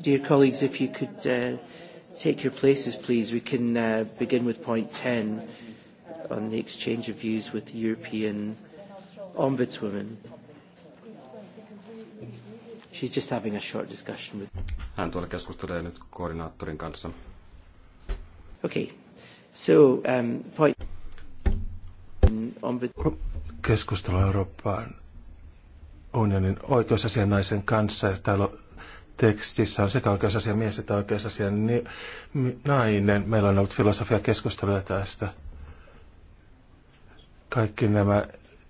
dear colleagues, if you could uh, take your places, please. We can uh, begin with point 10 on the exchange of views with the European Ombudswoman. She's just having a short discussion with... Hän tuolla keskustelee nyt koordinaattorin kanssa. Okay. So, um, point... Ombud... Keskustelu Euroopan unionin oikeusasianaisen kanssa. Täällä on tekstissä on sekä mies että oikeusasian nainen. Meillä on ollut filosofiakeskusteluja tästä. Kaikki nämä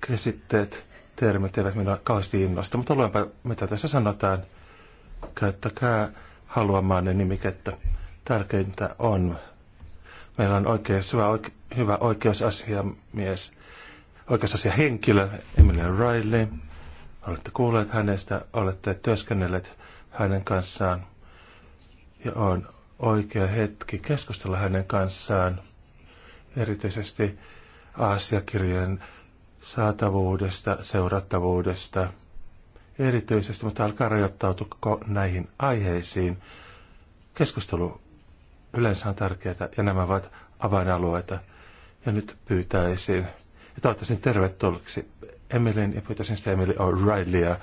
käsitteet, termit eivät minua kauheasti innosta, mutta luenpa, mitä tässä sanotaan. Käyttäkää haluamaanne nimikettä. Tärkeintä on, meillä on oikeus, hyvä, oike, hyvä oikeusasiamies, oikeusasiahenkilö Emily Riley. Olette kuulleet hänestä, olette työskennelleet hänen kanssaan ja on oikea hetki keskustella hänen kanssaan, erityisesti asiakirjojen saatavuudesta, seurattavuudesta, erityisesti, mutta alkaa rajoittautua näihin aiheisiin. Keskustelu yleensä on tärkeää ja nämä ovat avainalueita. Ja nyt pyytäisin, ja toivottaisin tervetulleeksi Emilin ja pyytäisin sitä Emily O'Reillyä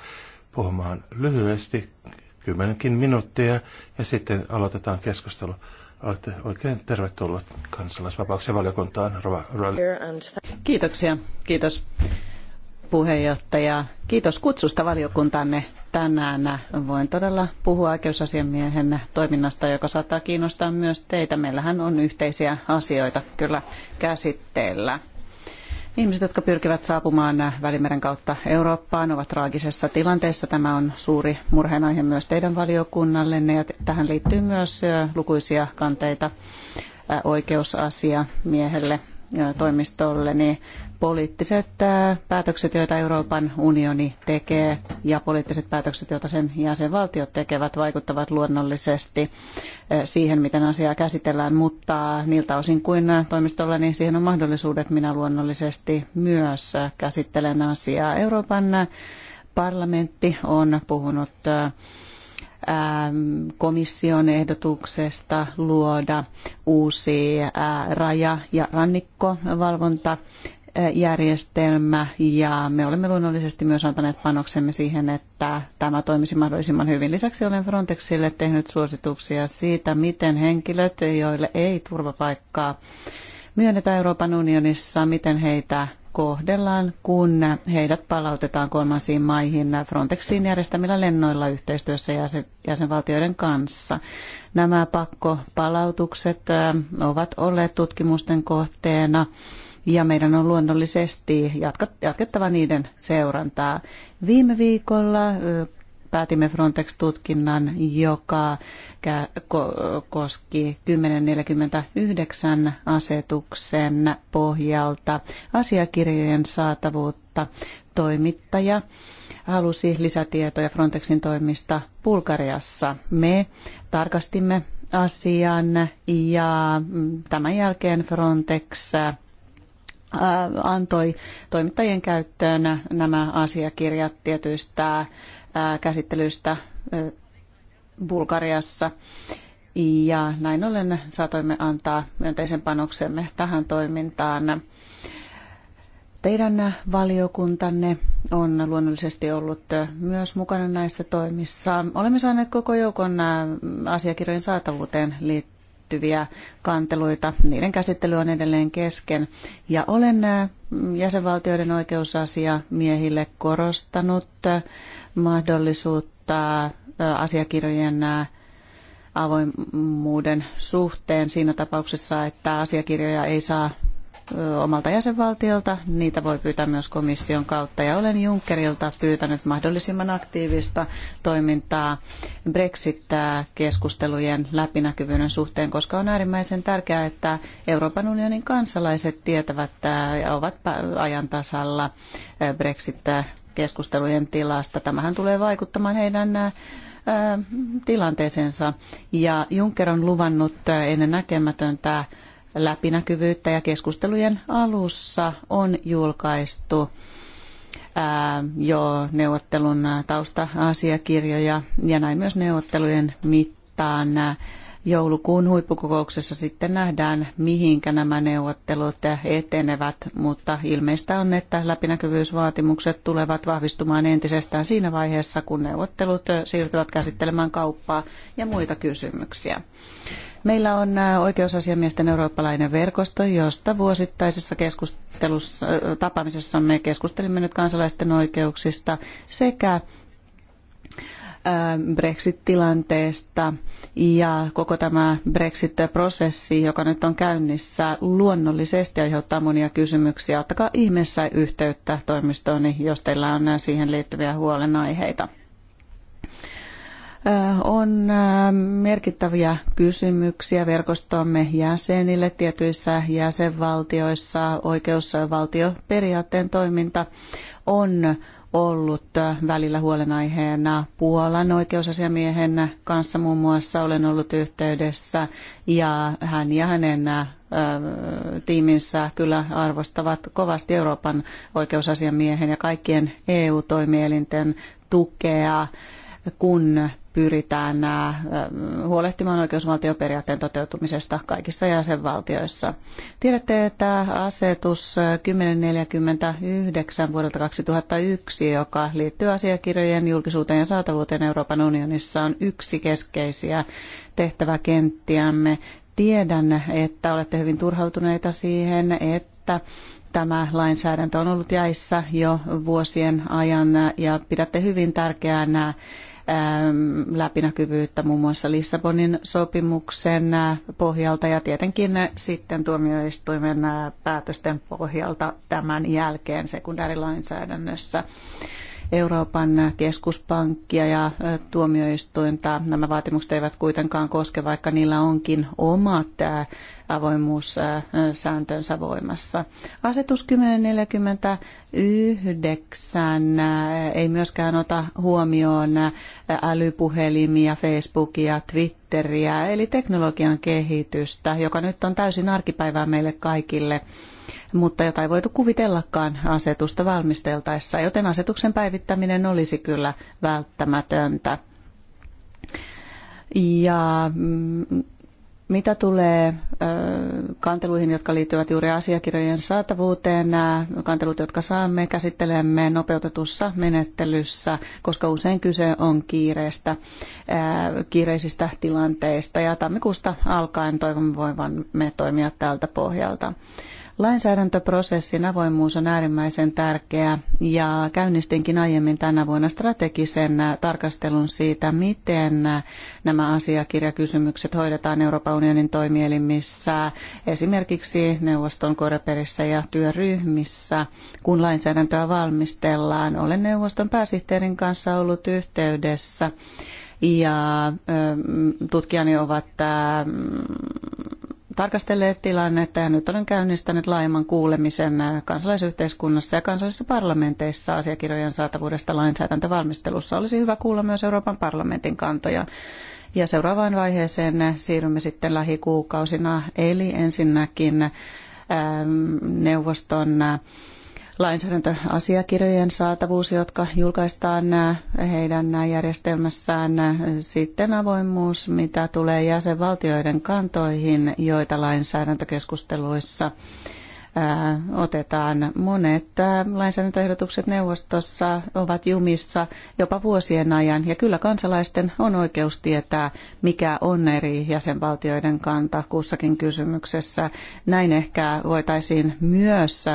puhumaan lyhyesti kymmenenkin minuuttia ja sitten aloitetaan keskustelu. Olette oikein tervetullut kansalaisvapauksien valiokuntaan. Kiitoksia. Kiitos puheenjohtaja. Kiitos kutsusta valiokuntanne tänään. Voin todella puhua oikeusasiamiehen toiminnasta, joka saattaa kiinnostaa myös teitä. Meillähän on yhteisiä asioita kyllä käsitteellä. Ihmiset, jotka pyrkivät saapumaan Välimeren kautta Eurooppaan, ovat traagisessa tilanteessa. Tämä on suuri murheenaihe myös teidän valiokunnallenne ja tähän liittyy myös lukuisia kanteita oikeusasia miehelle toimistolle, niin poliittiset päätökset, joita Euroopan unioni tekee ja poliittiset päätökset, joita sen jäsenvaltiot tekevät, vaikuttavat luonnollisesti siihen, miten asiaa käsitellään, mutta niiltä osin kuin toimistolla, niin siihen on mahdollisuudet. Minä luonnollisesti myös käsittelen asiaa. Euroopan parlamentti on puhunut komission ehdotuksesta luoda uusi raja- ja rannikkovalvonta järjestelmä ja me olemme luonnollisesti myös antaneet panoksemme siihen, että tämä toimisi mahdollisimman hyvin. Lisäksi olen Frontexille tehnyt suosituksia siitä, miten henkilöt, joille ei turvapaikkaa myönnetä Euroopan unionissa, miten heitä kohdellaan, kun heidät palautetaan kolmansiin maihin Frontexin järjestämillä lennoilla yhteistyössä jäsen, jäsenvaltioiden kanssa. Nämä pakkopalautukset ovat olleet tutkimusten kohteena ja meidän on luonnollisesti jatkettava niiden seurantaa. Viime viikolla päätimme Frontex-tutkinnan, joka koski 1049 asetuksen pohjalta asiakirjojen saatavuutta. Toimittaja halusi lisätietoja Frontexin toimista Bulgariassa. Me tarkastimme asian ja tämän jälkeen Frontex antoi toimittajien käyttöön nämä asiakirjat tietyistä käsittelyistä Bulgariassa. Ja näin ollen saatoimme antaa myönteisen panoksemme tähän toimintaan. Teidän valiokuntanne on luonnollisesti ollut myös mukana näissä toimissa. Olemme saaneet koko joukon asiakirjojen saatavuuteen liittyen liittyviä kanteluita. Niiden käsittely on edelleen kesken. Ja olen äh, jäsenvaltioiden oikeusasia miehille korostanut äh, mahdollisuutta äh, asiakirjojen avoimuuden suhteen siinä tapauksessa, että asiakirjoja ei saa omalta jäsenvaltiolta. Niitä voi pyytää myös komission kautta. Ja olen Junckerilta pyytänyt mahdollisimman aktiivista toimintaa Brexit-keskustelujen läpinäkyvyyden suhteen, koska on äärimmäisen tärkeää, että Euroopan unionin kansalaiset tietävät ja ovat ajan tasalla eh, Brexit-keskustelujen tilasta. Tämähän tulee vaikuttamaan heidän eh, eh, tilanteeseensa. Ja Juncker on luvannut ennen näkemätöntä läpinäkyvyyttä ja keskustelujen alussa on julkaistu jo neuvottelun tausta-asiakirjoja ja näin myös neuvottelujen mittaan joulukuun huippukokouksessa sitten nähdään, mihinkä nämä neuvottelut etenevät, mutta ilmeistä on, että läpinäkyvyysvaatimukset tulevat vahvistumaan entisestään siinä vaiheessa, kun neuvottelut siirtyvät käsittelemään kauppaa ja muita kysymyksiä. Meillä on oikeusasiamiesten eurooppalainen verkosto, josta vuosittaisessa keskustelussa, tapaamisessamme keskustelimme nyt kansalaisten oikeuksista sekä Äh, Brexit-tilanteesta ja koko tämä Brexit-prosessi, joka nyt on käynnissä, luonnollisesti aiheuttaa monia kysymyksiä. Ottakaa ihmeessä yhteyttä toimistooni, jos teillä on siihen liittyviä huolenaiheita. Äh, on äh, merkittäviä kysymyksiä verkostomme jäsenille tietyissä jäsenvaltioissa. Oikeusvaltioperiaatteen toiminta on ollut välillä huolenaiheena Puolan oikeusasiamiehen kanssa muun muassa olen ollut yhteydessä ja hän ja hänen tiiminsä kyllä arvostavat kovasti Euroopan oikeusasiamiehen ja kaikkien EU-toimielinten tukea kun pyritään huolehtimaan oikeusvaltioperiaatteen toteutumisesta kaikissa jäsenvaltioissa. Tiedätte, että asetus 1049 vuodelta 2001, joka liittyy asiakirjojen julkisuuteen ja saatavuuteen Euroopan unionissa, on yksi keskeisiä tehtäväkenttiämme. Tiedän, että olette hyvin turhautuneita siihen, että tämä lainsäädäntö on ollut jäissä jo vuosien ajan ja pidätte hyvin tärkeänä Ähm, läpinäkyvyyttä muun muassa Lissabonin sopimuksen äh, pohjalta ja tietenkin äh, sitten tuomioistuimen äh, päätösten pohjalta tämän jälkeen sekundäärilainsäädännössä. Euroopan keskuspankkia ja tuomioistuinta. Nämä vaatimukset eivät kuitenkaan koske, vaikka niillä onkin omat avoimuussääntönsä voimassa. Asetus 1049 ei myöskään ota huomioon älypuhelimia, Facebookia, Twitteriä, eli teknologian kehitystä, joka nyt on täysin arkipäivää meille kaikille – mutta jota ei voitu kuvitellakaan asetusta valmisteltaessa, joten asetuksen päivittäminen olisi kyllä välttämätöntä. Ja mm, mitä tulee kanteluihin, jotka liittyvät juuri asiakirjojen saatavuuteen, nämä kantelut, jotka saamme, käsittelemme nopeutetussa menettelyssä, koska usein kyse on kiireistä, kiireisistä tilanteista ja tammikuusta alkaen toivomme me toimia tältä pohjalta. Lainsäädäntöprosessin avoimuus on äärimmäisen tärkeä ja käynnistinkin aiemmin tänä vuonna strategisen tarkastelun siitä, miten nämä asiakirjakysymykset hoidetaan Euroopan unionin toimielimissä, esimerkiksi neuvoston koreperissä ja työryhmissä, kun lainsäädäntöä valmistellaan. Olen neuvoston pääsihteerin kanssa ollut yhteydessä ja tutkijani ovat tarkastelleet tilannetta ja nyt olen käynnistänyt laajemman kuulemisen äh, kansalaisyhteiskunnassa ja kansallisissa parlamenteissa asiakirjojen saatavuudesta lainsäädäntövalmistelussa. Olisi hyvä kuulla myös Euroopan parlamentin kantoja. Ja seuraavaan vaiheeseen siirrymme sitten lähikuukausina, eli ensinnäkin ähm, neuvoston äh, lainsäädäntöasiakirjojen saatavuus, jotka julkaistaan heidän järjestelmässään. Sitten avoimuus, mitä tulee jäsenvaltioiden kantoihin, joita lainsäädäntökeskusteluissa otetaan. Monet lainsäädäntöehdotukset neuvostossa ovat jumissa jopa vuosien ajan, ja kyllä kansalaisten on oikeus tietää, mikä on eri jäsenvaltioiden kanta kussakin kysymyksessä. Näin ehkä voitaisiin myös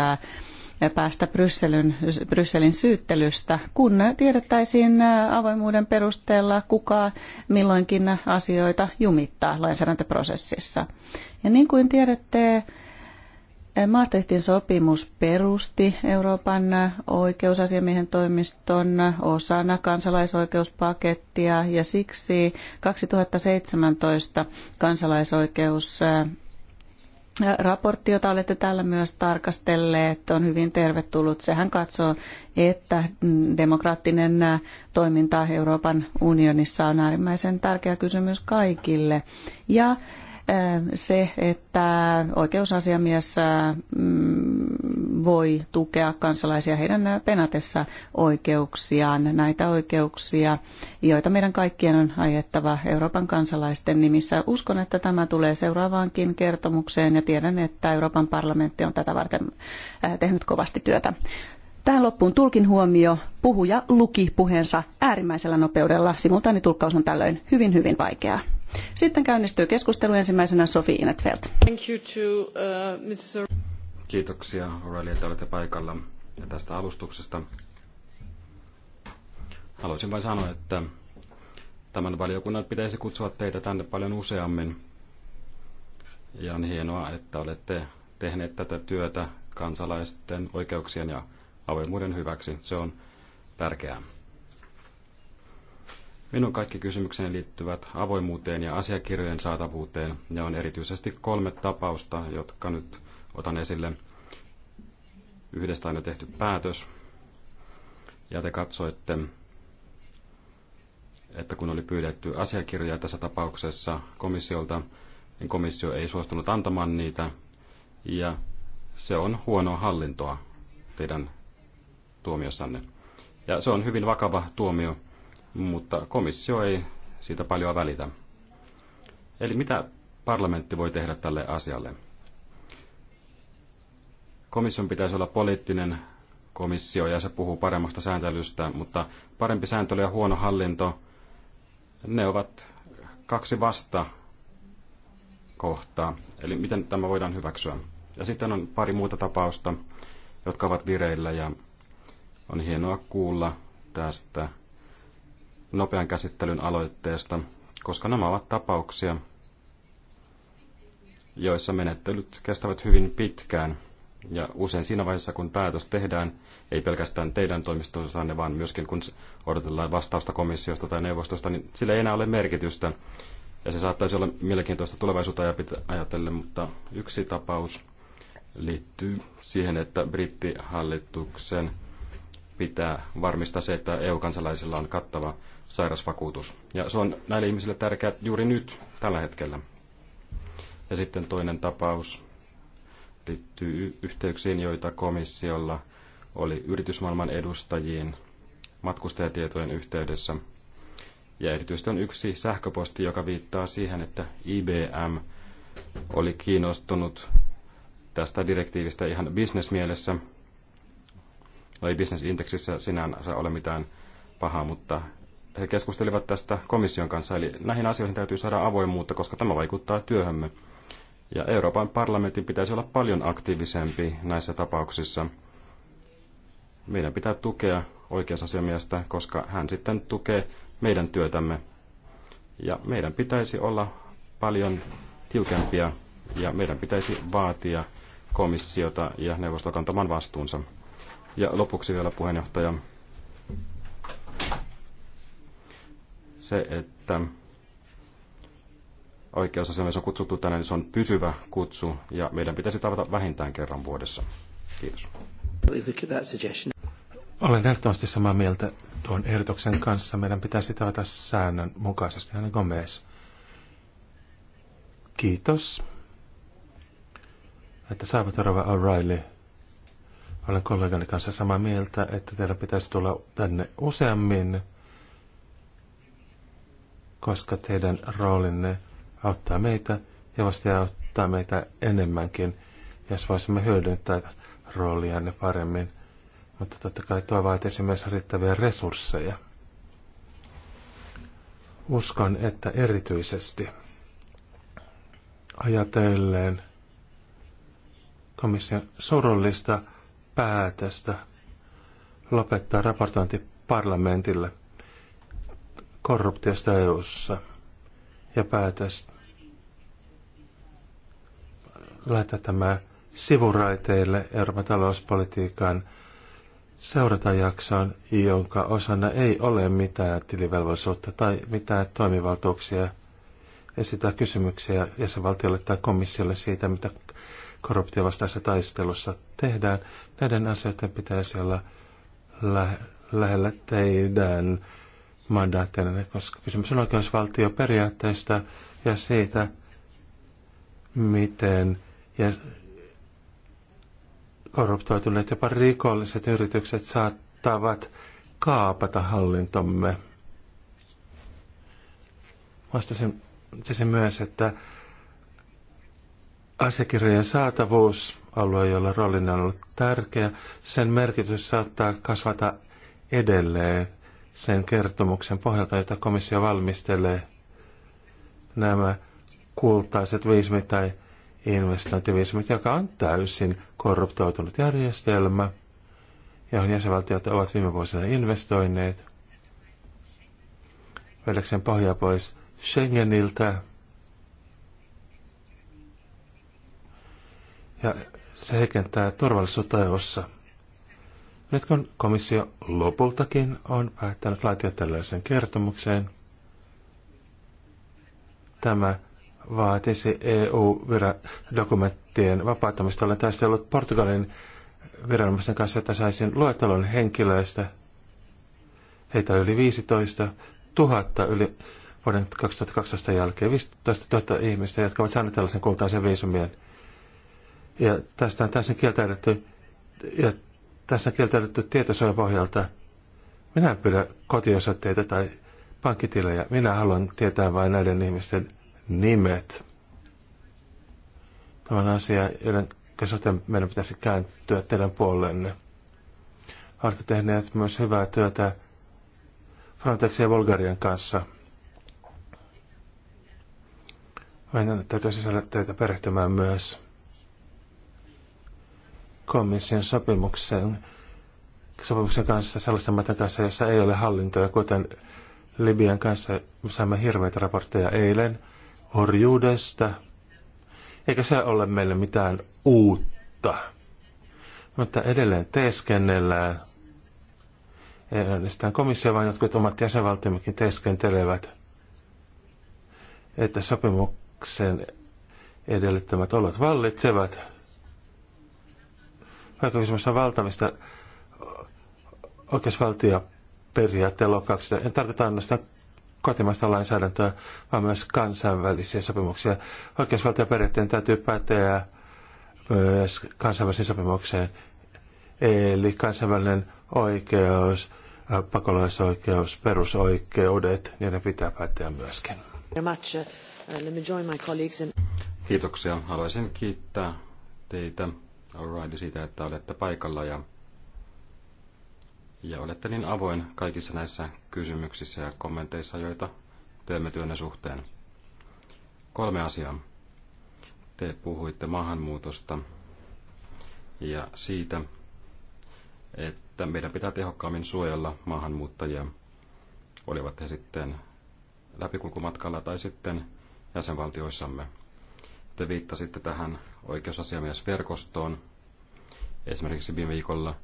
päästä Brysselin, Brysselin syyttelystä, kun tiedettäisiin avoimuuden perusteella, kuka milloinkin asioita jumittaa lainsäädäntöprosessissa. Ja niin kuin tiedätte, Maastrichtin sopimus perusti Euroopan oikeusasiamiehen toimiston osana kansalaisoikeuspakettia ja siksi 2017 kansalaisoikeus raportti, jota olette täällä myös tarkastelleet, on hyvin tervetullut. Sehän katsoo, että demokraattinen toiminta Euroopan unionissa on äärimmäisen tärkeä kysymys kaikille. Ja se, että oikeusasiamies mm, voi tukea kansalaisia heidän penatessa oikeuksiaan, näitä oikeuksia, joita meidän kaikkien on ajettava Euroopan kansalaisten nimissä. Uskon, että tämä tulee seuraavaankin kertomukseen ja tiedän, että Euroopan parlamentti on tätä varten tehnyt kovasti työtä. Tähän loppuun tulkin huomio. Puhuja luki puheensa äärimmäisellä nopeudella. Simultaanitulkkaus on tällöin hyvin, hyvin vaikeaa. Sitten käynnistyy keskustelu ensimmäisenä Sofi Inetfeldt. Thank you to, uh, Mr. Kiitoksia Aurelia, että olette paikalla ja tästä alustuksesta. Haluaisin vain sanoa, että tämän valiokunnan pitäisi kutsua teitä tänne paljon useammin. Ja on hienoa, että olette tehneet tätä työtä kansalaisten oikeuksien ja avoimuuden hyväksi. Se on tärkeää. Minun kaikki kysymykseni liittyvät avoimuuteen ja asiakirjojen saatavuuteen, ja on erityisesti kolme tapausta, jotka nyt otan esille. Yhdestä on jo tehty päätös, ja te katsoitte, että kun oli pyydetty asiakirjoja tässä tapauksessa komissiolta, niin komissio ei suostunut antamaan niitä, ja se on huonoa hallintoa teidän tuomiossanne. Ja se on hyvin vakava tuomio, mutta komissio ei siitä paljon välitä. Eli mitä parlamentti voi tehdä tälle asialle? Komission pitäisi olla poliittinen komissio ja se puhuu paremmasta sääntelystä, mutta parempi sääntely ja huono hallinto, ne ovat kaksi vasta kohtaa. Eli miten tämä voidaan hyväksyä? Ja sitten on pari muuta tapausta, jotka ovat vireillä ja on hienoa kuulla tästä nopean käsittelyn aloitteesta, koska nämä ovat tapauksia, joissa menettelyt kestävät hyvin pitkään. Ja usein siinä vaiheessa, kun päätös tehdään, ei pelkästään teidän toimistossanne, vaan myöskin kun odotellaan vastausta komissiosta tai neuvostosta, niin sillä ei enää ole merkitystä. Ja se saattaisi olla mielenkiintoista tulevaisuutta ja pitää ajatella, mutta yksi tapaus liittyy siihen, että brittihallituksen pitää varmistaa se, että EU-kansalaisilla on kattava sairausvakuutus. Ja se on näille ihmisille tärkeää juuri nyt, tällä hetkellä. Ja sitten toinen tapaus liittyy yhteyksiin, joita komissiolla oli yritysmaailman edustajiin matkustajatietojen yhteydessä. Ja erityisesti on yksi sähköposti, joka viittaa siihen, että IBM oli kiinnostunut tästä direktiivistä ihan bisnesmielessä. No ei bisnesindeksissä sinänsä ole mitään pahaa, mutta he keskustelivat tästä komission kanssa. Eli näihin asioihin täytyy saada avoimuutta, koska tämä vaikuttaa työhömme. Ja Euroopan parlamentin pitäisi olla paljon aktiivisempi näissä tapauksissa. Meidän pitää tukea oikeusasiamiestä, koska hän sitten tukee meidän työtämme. Ja meidän pitäisi olla paljon tiukempia ja meidän pitäisi vaatia komissiota ja neuvostokantaman vastuunsa. Ja lopuksi vielä puheenjohtaja se, että oikeusasiamies on kutsuttu tänne, niin se on pysyvä kutsu ja meidän pitäisi tavata vähintään kerran vuodessa. Kiitos. Olen ehdottomasti samaa mieltä tuon ehdotuksen kanssa. Meidän pitäisi tavata säännön mukaisesti, Anna Gomez. Kiitos, että saavat Rova O'Reilly. Olen kollegani kanssa samaa mieltä, että teidän pitäisi tulla tänne useammin – koska teidän roolinne auttaa meitä ja vasta auttaa meitä enemmänkin, jos voisimme hyödyntää roolianne paremmin. Mutta totta kai tuo vaatisi myös riittäviä resursseja. Uskon, että erityisesti ajatellen komission surullista päätöstä lopettaa raportointi parlamentille – korruptiosta EU-ssa ja päätös laittaa tämä sivuraiteille Euroopan talouspolitiikan seurantajaksoon, jonka osana ei ole mitään tilivelvollisuutta tai mitään toimivaltuuksia esittää kysymyksiä jäsenvaltiolle tai komissiolle siitä, mitä korruptiovastaisessa taistelussa tehdään. Näiden asioiden pitäisi olla lä- lähellä teidän mandaatteina, koska kysymys on oikeusvaltioperiaatteesta ja siitä, miten ja korruptoituneet jopa rikolliset yritykset saattavat kaapata hallintomme. Vastasin se myös, että asiakirjojen saatavuus alue, jolla roolin on ollut tärkeä, sen merkitys saattaa kasvata edelleen – sen kertomuksen pohjalta, jota komissio valmistelee nämä kultaiset viismit tai investointiviismit, joka on täysin korruptoitunut järjestelmä, johon jäsenvaltiot ovat viime vuosina investoineet. Vedäkseen pohja pois Schengeniltä. Ja se heikentää turvallisuutta EUssa. Nyt kun komissio lopultakin on päättänyt laatia tällaisen kertomukseen, tämä vaatisi EU-dokumenttien vapauttamista. Olen taistellut Portugalin viranomaisten kanssa, että saisin luettelon henkilöistä. Heitä on yli 15 000 yli vuoden 2012 jälkeen. 15 000 ihmistä, jotka ovat saaneet tällaisen kultaisen viisumien. Ja tästä on täysin kieltäydetty. Ja tässä kieltäytetty kieltäydytty tietosuojan pohjalta. Minä en pyydä kotiosoitteita tai pankkitilejä. Minä haluan tietää vain näiden ihmisten nimet. Tämä on asia, joiden suhteen meidän pitäisi kääntyä teidän puolenne. Olette tehneet myös hyvää työtä Frontexin ja Bulgarian kanssa. Meidän täytyy sisällä teitä perehtymään myös komission sopimuksen, sopimuksen kanssa sellaisten maiden kanssa, jossa ei ole hallintoa, kuten Libian kanssa saimme hirveitä raportteja eilen orjuudesta. Eikä se ole meille mitään uutta. Mutta edelleen teeskennellään. Ei äänestään komissio, vaan jotkut omat jäsenvaltiomikin teeskentelevät, että sopimuksen edellyttämät olot vallitsevat – vaikka kysymys on valtavista oikeusvaltioperiaatteen loukkauksista. En tarkoita ainoastaan kotimaista lainsäädäntöä, vaan myös kansainvälisiä sopimuksia. Oikeusvaltioperiaatteen täytyy päteä myös kansainväliseen sopimukseen, eli kansainvälinen oikeus, pakolaisoikeus, perusoikeudet, niiden pitää päteä myöskin. Uh, Kiitoksia. Haluaisin kiittää teitä Alright, siitä, että olette paikalla ja, ja olette niin avoin kaikissa näissä kysymyksissä ja kommenteissa, joita teemme työnne suhteen. Kolme asiaa. Te puhuitte maahanmuutosta ja siitä, että meidän pitää tehokkaammin suojella maahanmuuttajia, olivat he sitten läpikulkumatkalla tai sitten jäsenvaltioissamme. Te viittasitte tähän oikeusasiamiesverkostoon. Esimerkiksi viime viikolla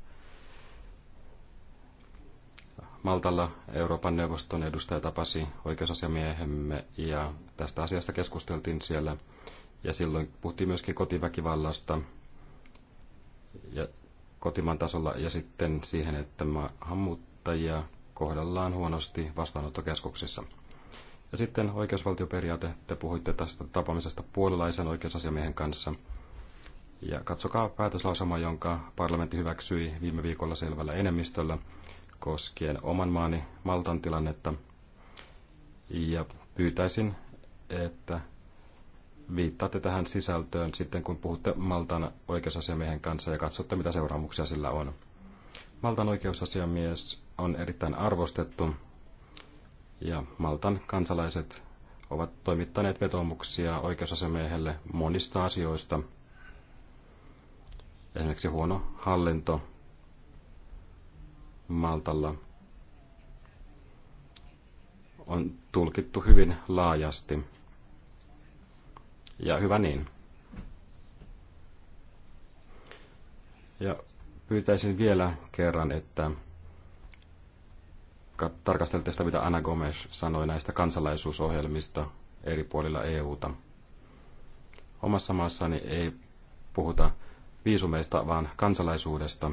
Maltalla Euroopan neuvoston edustaja tapasi oikeusasiamiehemme ja tästä asiasta keskusteltiin siellä. Ja silloin puhuttiin myöskin kotiväkivallasta ja kotimaan tasolla ja sitten siihen, että maahanmuuttajia kohdellaan huonosti vastaanottokeskuksissa. Ja sitten oikeusvaltioperiaate, te puhuitte tästä tapaamisesta puolilaisen oikeusasiamiehen kanssa. Ja katsokaa päätöslausuma, jonka parlamentti hyväksyi viime viikolla selvällä enemmistöllä koskien oman maani Maltan tilannetta. Ja pyytäisin, että viittaatte tähän sisältöön sitten, kun puhutte Maltan oikeusasiamiehen kanssa ja katsotte, mitä seuraamuksia sillä on. Maltan oikeusasiamies on erittäin arvostettu ja Maltan kansalaiset ovat toimittaneet vetomuksia oikeusasiamiehelle monista asioista. Esimerkiksi huono hallinto Maltalla on tulkittu hyvin laajasti. Ja hyvä niin. Ja pyytäisin vielä kerran, että tarkastelette sitä, mitä Anna Gomes sanoi näistä kansalaisuusohjelmista eri puolilla EUta. Omassa maassani ei puhuta viisumeista, vaan kansalaisuudesta.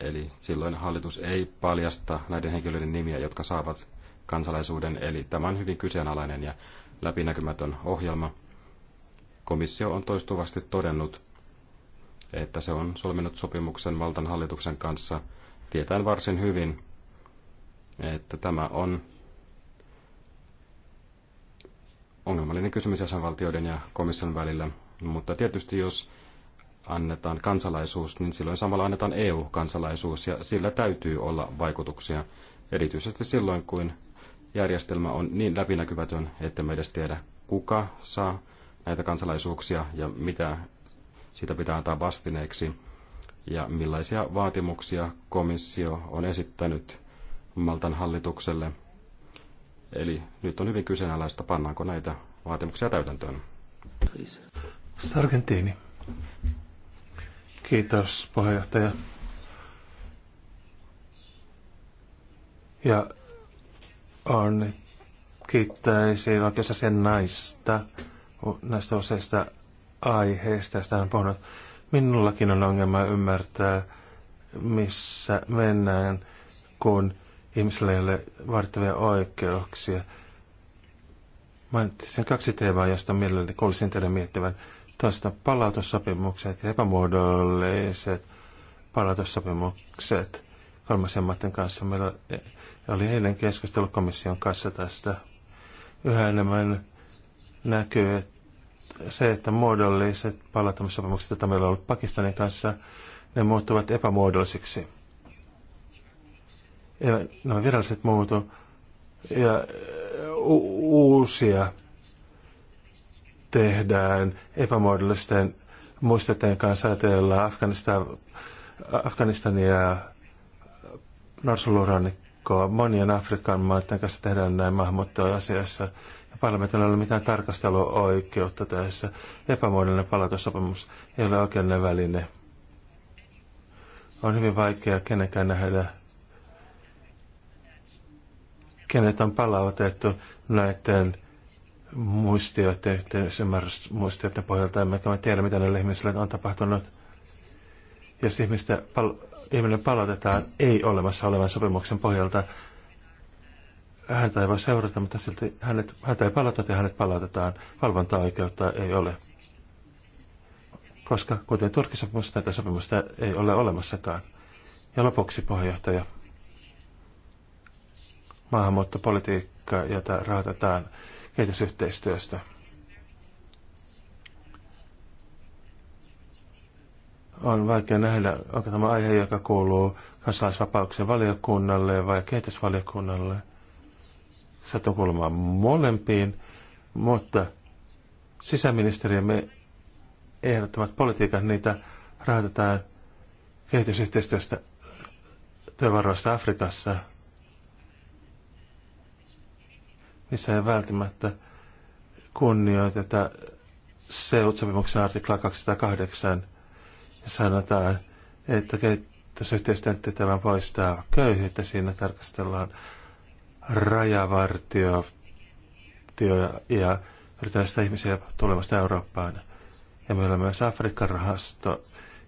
Eli silloin hallitus ei paljasta näiden henkilöiden nimiä, jotka saavat kansalaisuuden. Eli tämä on hyvin kyseenalainen ja läpinäkymätön ohjelma. Komissio on toistuvasti todennut, että se on solminut sopimuksen valtan hallituksen kanssa, tietäen varsin hyvin, että tämä on ongelmallinen kysymys jäsenvaltioiden ja komission välillä, mutta tietysti jos annetaan kansalaisuus, niin silloin samalla annetaan EU-kansalaisuus ja sillä täytyy olla vaikutuksia, erityisesti silloin, kun järjestelmä on niin läpinäkyvätön, että me edes tiedä, kuka saa näitä kansalaisuuksia ja mitä siitä pitää antaa vastineeksi ja millaisia vaatimuksia komissio on esittänyt Maltan hallitukselle. Eli nyt on hyvin kyseenalaista, pannaanko näitä vaatimuksia täytäntöön. Sargentini. Kiitos, puheenjohtaja. Ja on kiittäisin oikeastaan sen naista, näistä useista aiheista, joista hän puhunut. Minullakin on ongelma ymmärtää, missä mennään, kun ihmisille, joille vaadittavia oikeuksia. sen kaksi teemaa, josta mielelläni kuulisin teidän miettivän. Toista palautussopimukset ja epämuodolliset palautussopimukset kolmasen maiden kanssa. Meillä oli eilen keskustelu komission kanssa tästä. Yhä enemmän näkyy, että se, että muodolliset palautussopimukset, joita meillä on ollut Pakistanin kanssa, ne muuttuvat epämuodollisiksi ja nämä viralliset muoto ja uusia tehdään epämuodollisten muistojen kanssa ajatellaan Afganistan, Afganistania, Norsulurannikkoa, monien Afrikan maiden kanssa tehdään näin maahanmuuttoasiassa. Ja parlamentilla ei ole mitään tarkasteluoikeutta tässä. Epämuodollinen palautussopimus ei ole oikeinen väline. On hyvin vaikea kenenkään nähdä kenet on palautettu näiden muistioiden, muistioiden pohjalta, emmekä me tiedä, mitä näille ihmisille on tapahtunut. Jos ihmistä pal- ihminen palautetaan ei olemassa olevan sopimuksen pohjalta, häntä ei voi seurata, mutta silti hänet, häntä ei palata ja hänet palautetaan. Valvontaoikeutta ei ole. Koska kuten muista tätä sopimusta ei ole olemassakaan. Ja lopuksi puheenjohtaja maahanmuuttopolitiikka, jota rahoitetaan kehitysyhteistyöstä. On vaikea nähdä, onko tämä aihe, joka kuuluu kansalaisvapauksien valiokunnalle vai kehitysvaliokunnalle. Satun kuulumaan molempiin, mutta sisäministeriömme ehdottamat politiikat, niitä rahoitetaan kehitysyhteistyöstä työvaroista Afrikassa – missä ei välttämättä kunnioiteta seut-sopimuksen artikla 208 ja sanotaan, että kehitysyhteistyön tehtävän poistaa köyhyyttä. Siinä tarkastellaan rajavartio ja yritetään sitä ihmisiä tulemasta Eurooppaan. Ja meillä on myös Afrikan rahasto,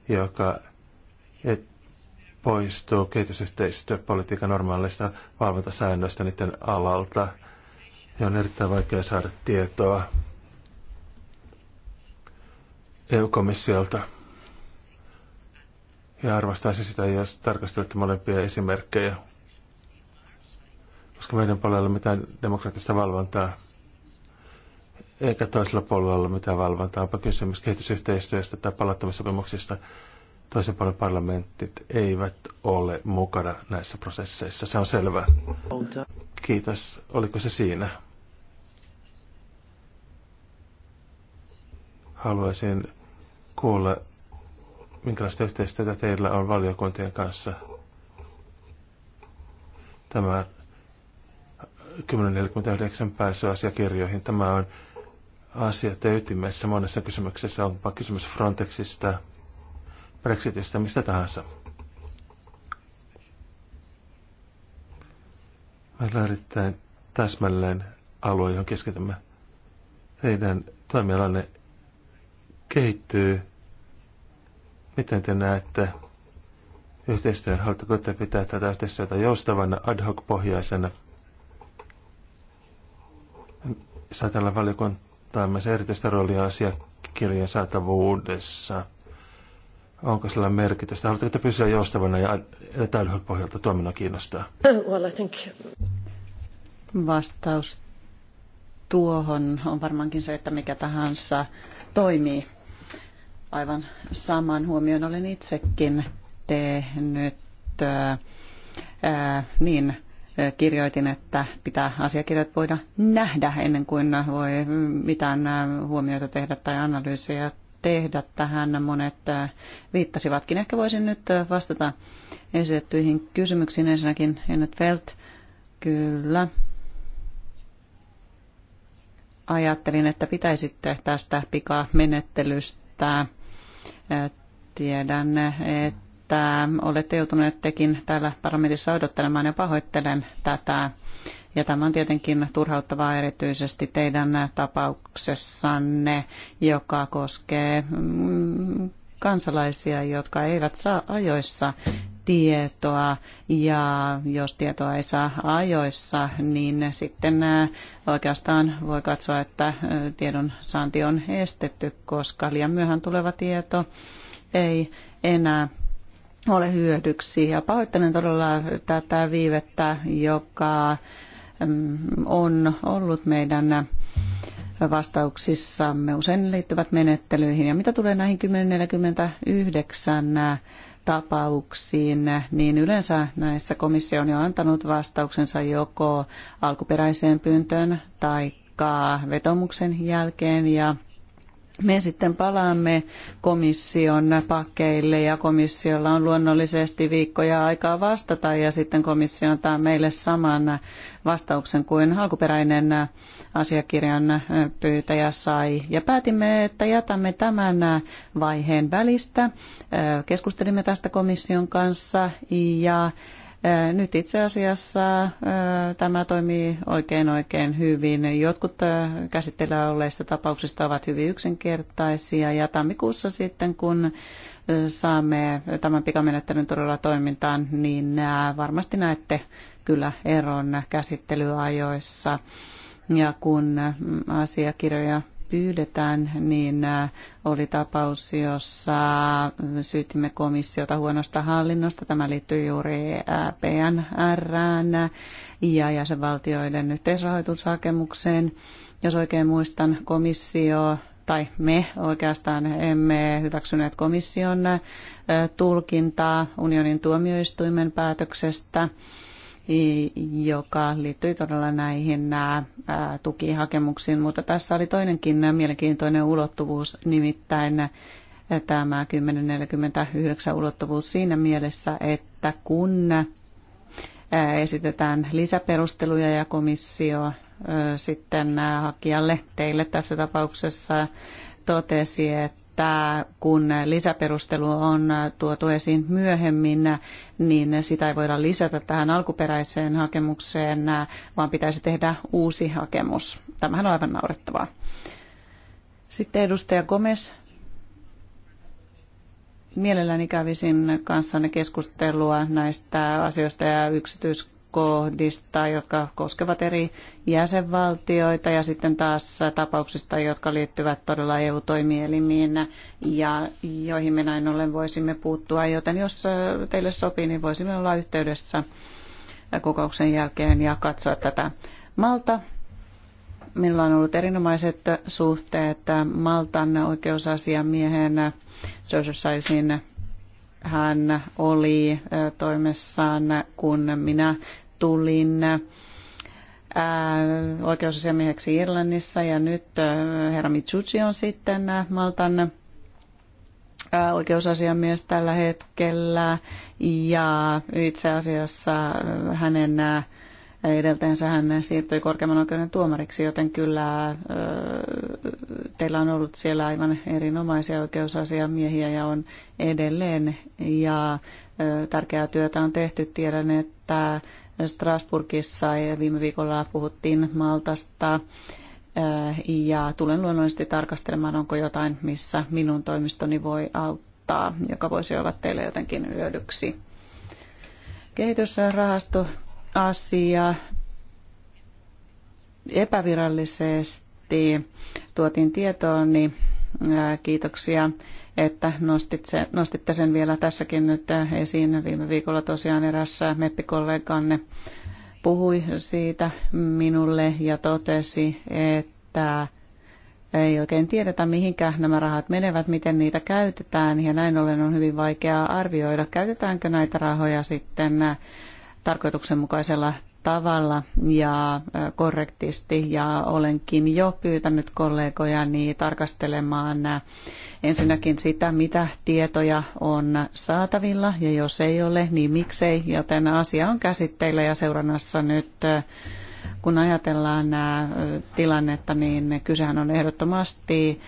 joka et poistuu kehitysyhteistyöpolitiikan normaaleista valvontasäännöistä niiden alalta – ja on erittäin vaikea saada tietoa EU-komissiolta. Ja arvostaisin sitä, jos tarkastelette molempia esimerkkejä, koska meidän puolella ei ole mitään demokraattista valvontaa, eikä toisella puolella ole mitään valvontaa. Onpa kysymys kehitysyhteistyöstä tai palauttamissopimuksista. Toisen puolen parlamentit eivät ole mukana näissä prosesseissa, se on selvää. Kiitos. Oliko se siinä? Haluaisin kuulla, minkälaista yhteistyötä teillä on valiokuntien kanssa. Tämä 1049 pääsyasiakirjoihin. Tämä on asia ytimessä monessa kysymyksessä, onpa kysymys Frontexista, Brexitistä, mistä tahansa. Meillä on erittäin täsmälleen alue, johon keskitymme. Teidän toimialanne kehittyy. Miten te näette yhteistyön? Haluatteko te pitää tätä yhteistyötä joustavana, ad hoc-pohjaisena? Saatella valiokuntaa myös erityistä roolia asiakirjan saatavuudessa. Onko sillä merkitystä? Haluatteko te pysyä joustavana ja edetä ad hoc-pohjalta? tuomina kiinnostaa. Well, I think... Vastaus tuohon on varmaankin se, että mikä tahansa toimii aivan saman huomion olen itsekin tehnyt. Ää, niin kirjoitin, että pitää asiakirjat voida nähdä ennen kuin voi mitään huomioita tehdä tai analyysiä tehdä tähän. Monet viittasivatkin. Ehkä voisin nyt vastata esitettyihin kysymyksiin. Ensinnäkin Ennet Felt, kyllä. Ajattelin, että pitäisitte tästä pikamenettelystä Tiedän, että olette joutuneet tekin täällä parlamentissa odottelemaan ja pahoittelen tätä. Ja tämä on tietenkin turhauttavaa erityisesti teidän tapauksessanne, joka koskee mm, kansalaisia, jotka eivät saa ajoissa tietoa ja jos tietoa ei saa ajoissa, niin sitten oikeastaan voi katsoa, että tiedon saanti on estetty, koska liian myöhään tuleva tieto ei enää ole hyödyksi. Ja pahoittelen todella tätä viivettä, joka on ollut meidän vastauksissamme usein liittyvät menettelyihin. Ja mitä tulee näihin 1049 tapauksiin, niin yleensä näissä komissio on jo antanut vastauksensa joko alkuperäiseen pyyntöön tai vetomuksen jälkeen ja me sitten palaamme komission pakkeille ja komissiolla on luonnollisesti viikkoja aikaa vastata ja sitten komissio antaa meille saman vastauksen kuin alkuperäinen asiakirjan pyytäjä sai. Ja päätimme, että jätämme tämän vaiheen välistä. Keskustelimme tästä komission kanssa ja nyt itse asiassa tämä toimii oikein oikein hyvin. Jotkut käsitteillä olleista tapauksista ovat hyvin yksinkertaisia ja tammikuussa sitten kun saamme tämän pikamenettelyn todella toimintaan, niin varmasti näette kyllä eron käsittelyajoissa. Ja kun asiakirjoja pyydetään, niin äh, oli tapaus, jossa syytimme komissiota huonosta hallinnosta. Tämä liittyy juuri äh, PNR ja jäsenvaltioiden yhteisrahoitushakemukseen. Jos oikein muistan, komissio tai me oikeastaan emme hyväksyneet komission äh, tulkintaa unionin tuomioistuimen päätöksestä joka liittyi todella näihin tukihakemuksiin, mutta tässä oli toinenkin mielenkiintoinen ulottuvuus, nimittäin tämä 1049 ulottuvuus siinä mielessä, että kun esitetään lisäperusteluja ja komissio sitten hakijalle, teille tässä tapauksessa, totesi, että että kun lisäperustelu on tuotu esiin myöhemmin, niin sitä ei voida lisätä tähän alkuperäiseen hakemukseen, vaan pitäisi tehdä uusi hakemus. Tämähän on aivan naurettavaa. Sitten edustaja Gomez. Mielelläni kävisin kanssanne keskustelua näistä asioista ja yksityiskohdista kohdista, jotka koskevat eri jäsenvaltioita ja sitten taas tapauksista, jotka liittyvät todella EU-toimielimiin ja joihin me näin ollen voisimme puuttua. Joten jos teille sopii, niin voisimme olla yhteydessä kokouksen jälkeen ja katsoa tätä Malta. Meillä on ollut erinomaiset suhteet Maltan oikeusasiamiehen Joseph Saisin hän oli toimessaan, kun minä tulin oikeusasiamieheksi Irlannissa ja nyt herra Mitsuchi on sitten Maltan oikeusasiamies tällä hetkellä ja itse asiassa hänen Edeltäjänsä hän siirtyi korkeimman oikeuden tuomariksi, joten kyllä teillä on ollut siellä aivan erinomaisia oikeusasiamiehiä ja on edelleen. Ja tärkeää työtä on tehty. Tiedän, että Strasburgissa ja viime viikolla puhuttiin Maltasta. Ja tulen luonnollisesti tarkastelemaan, onko jotain, missä minun toimistoni voi auttaa, joka voisi olla teille jotenkin hyödyksi. Kehitysrahasto asia. Epävirallisesti tuotiin tietoon, niin kiitoksia, että nostitte, nostitte sen vielä tässäkin nyt esiin. Viime viikolla tosiaan eräs meppikolleganne puhui siitä minulle ja totesi, että ei oikein tiedetä, mihinkä nämä rahat menevät, miten niitä käytetään, ja näin ollen on hyvin vaikeaa arvioida, käytetäänkö näitä rahoja sitten tarkoituksenmukaisella tavalla ja korrektisti ja olenkin jo pyytänyt kollegojani niin tarkastelemaan ensinnäkin sitä, mitä tietoja on saatavilla ja jos ei ole, niin miksei, joten asia on käsitteillä ja seurannassa nyt kun ajatellaan tilannetta, niin kysehän on ehdottomasti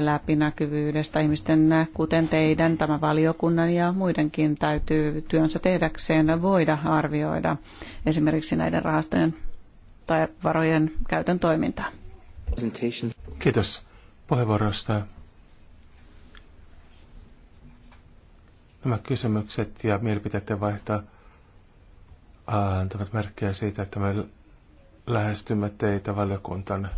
läpinäkyvyydestä. Ihmisten, kuten teidän, tämän valiokunnan ja muidenkin täytyy työnsä tehdäkseen voida arvioida esimerkiksi näiden rahastojen tai varojen käytön toimintaa. Kiitos puheenvuorosta. Nämä kysymykset ja mielipiteet vaihtaa antavat merkkejä siitä, että me lähestymme teitä valiokuntana.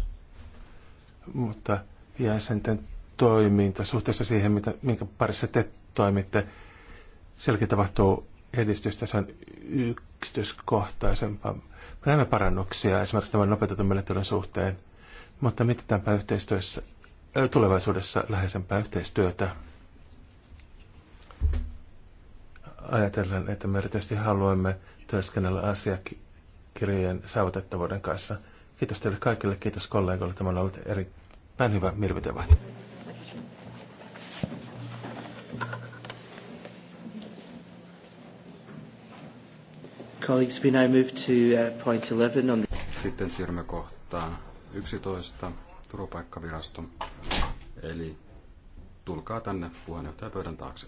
Mutta jäsenten toiminta suhteessa siihen, mitä, minkä parissa te toimitte. Sielläkin tapahtuu edistystä, se on yksityiskohtaisempaa. Me näemme parannuksia esimerkiksi tämän nopeutetun menettelyn suhteen, mutta mietitäänpä yhteistyössä, tulevaisuudessa läheisempää yhteistyötä. ajatellen, että me erityisesti haluamme työskennellä asiakirjojen saavutettavuuden kanssa. Kiitos teille kaikille, kiitos kollegoille. Tämä on ollut eri, näin hyvä mielipite vain. Colleagues, we now move to uh, point 11 on the... Sitten siirrymme kohtaan 11, turvapaikkavirasto. Eli tulkaa tänne puheenjohtajapöydän taakse.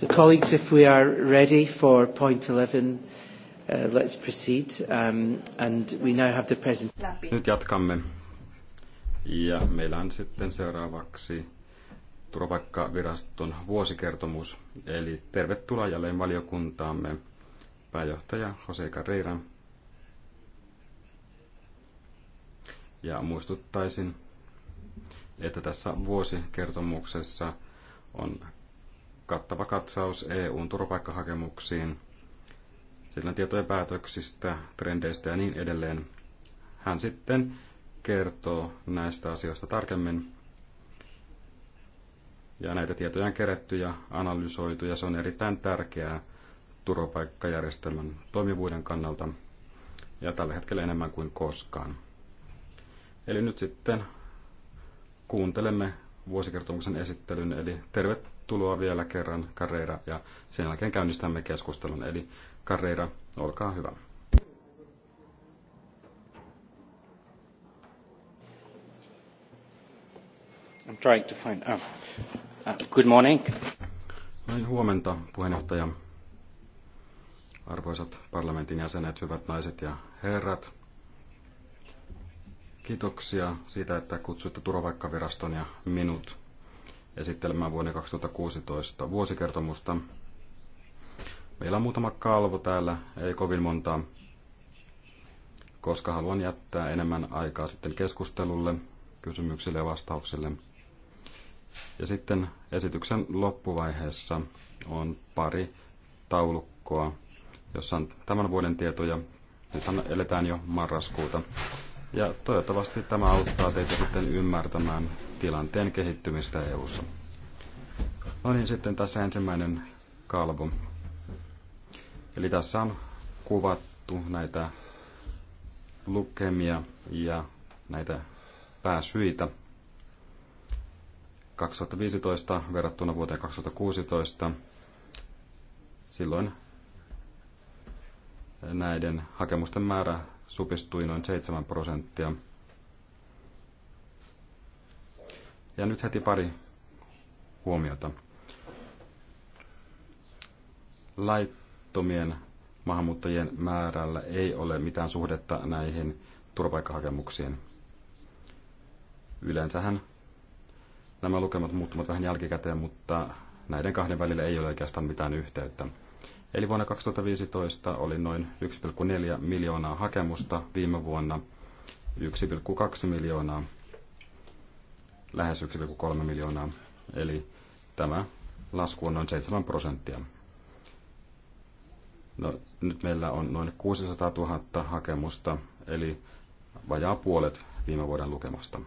So, colleagues, if we are ready for point 11, uh, let's proceed. Um, and we now have the present... Nyt jatkamme. Ja meillä on sitten seuraavaksi Turvapaikkaviraston vuosikertomus. Eli tervetuloa jälleen valiokuntaamme pääjohtaja Jose Carreira. Ja muistuttaisin, että tässä vuosikertomuksessa on kattava katsaus EUn turvapaikkahakemuksiin, sillä tietoja päätöksistä, trendeistä ja niin edelleen. Hän sitten kertoo näistä asioista tarkemmin. Ja näitä tietoja on kerätty ja analysoitu, ja se on erittäin tärkeää turvapaikkajärjestelmän toimivuuden kannalta, ja tällä hetkellä enemmän kuin koskaan. Eli nyt sitten kuuntelemme vuosikertomuksen esittelyn, eli tervetuloa Tervetuloa vielä kerran, Carreira, ja sen jälkeen käynnistämme keskustelun. Eli Carreira, olkaa hyvä. I'm trying to find... uh, Uh, good morning. Noin huomenta, puheenjohtaja. Arvoisat parlamentin jäsenet, hyvät naiset ja herrat. Kiitoksia siitä, että kutsuitte Turvapaikkaviraston ja minut esittelemään vuonna 2016 vuosikertomusta. Meillä on muutama kalvo täällä, ei kovin montaa, koska haluan jättää enemmän aikaa sitten keskustelulle, kysymyksille ja vastauksille. Ja sitten esityksen loppuvaiheessa on pari taulukkoa, jossa on tämän vuoden tietoja. Nyt eletään jo marraskuuta. Ja toivottavasti tämä auttaa teitä sitten ymmärtämään tilanteen kehittymistä EU-ssa. No niin, sitten tässä ensimmäinen kalvo. Eli tässä on kuvattu näitä lukemia ja näitä pääsyitä 2015 verrattuna vuoteen 2016. Silloin näiden hakemusten määrä supistui noin 7 prosenttia – Ja nyt heti pari huomiota. Laittomien maahanmuuttajien määrällä ei ole mitään suhdetta näihin turvapaikkahakemuksiin. Yleensähän nämä lukemat muuttuvat vähän jälkikäteen, mutta näiden kahden välillä ei ole oikeastaan mitään yhteyttä. Eli vuonna 2015 oli noin 1,4 miljoonaa hakemusta, viime vuonna 1,2 miljoonaa lähes 1,3 miljoonaa, eli tämä lasku on noin 7 prosenttia. No, nyt meillä on noin 600 000 hakemusta, eli vajaa puolet viime vuoden lukemasta.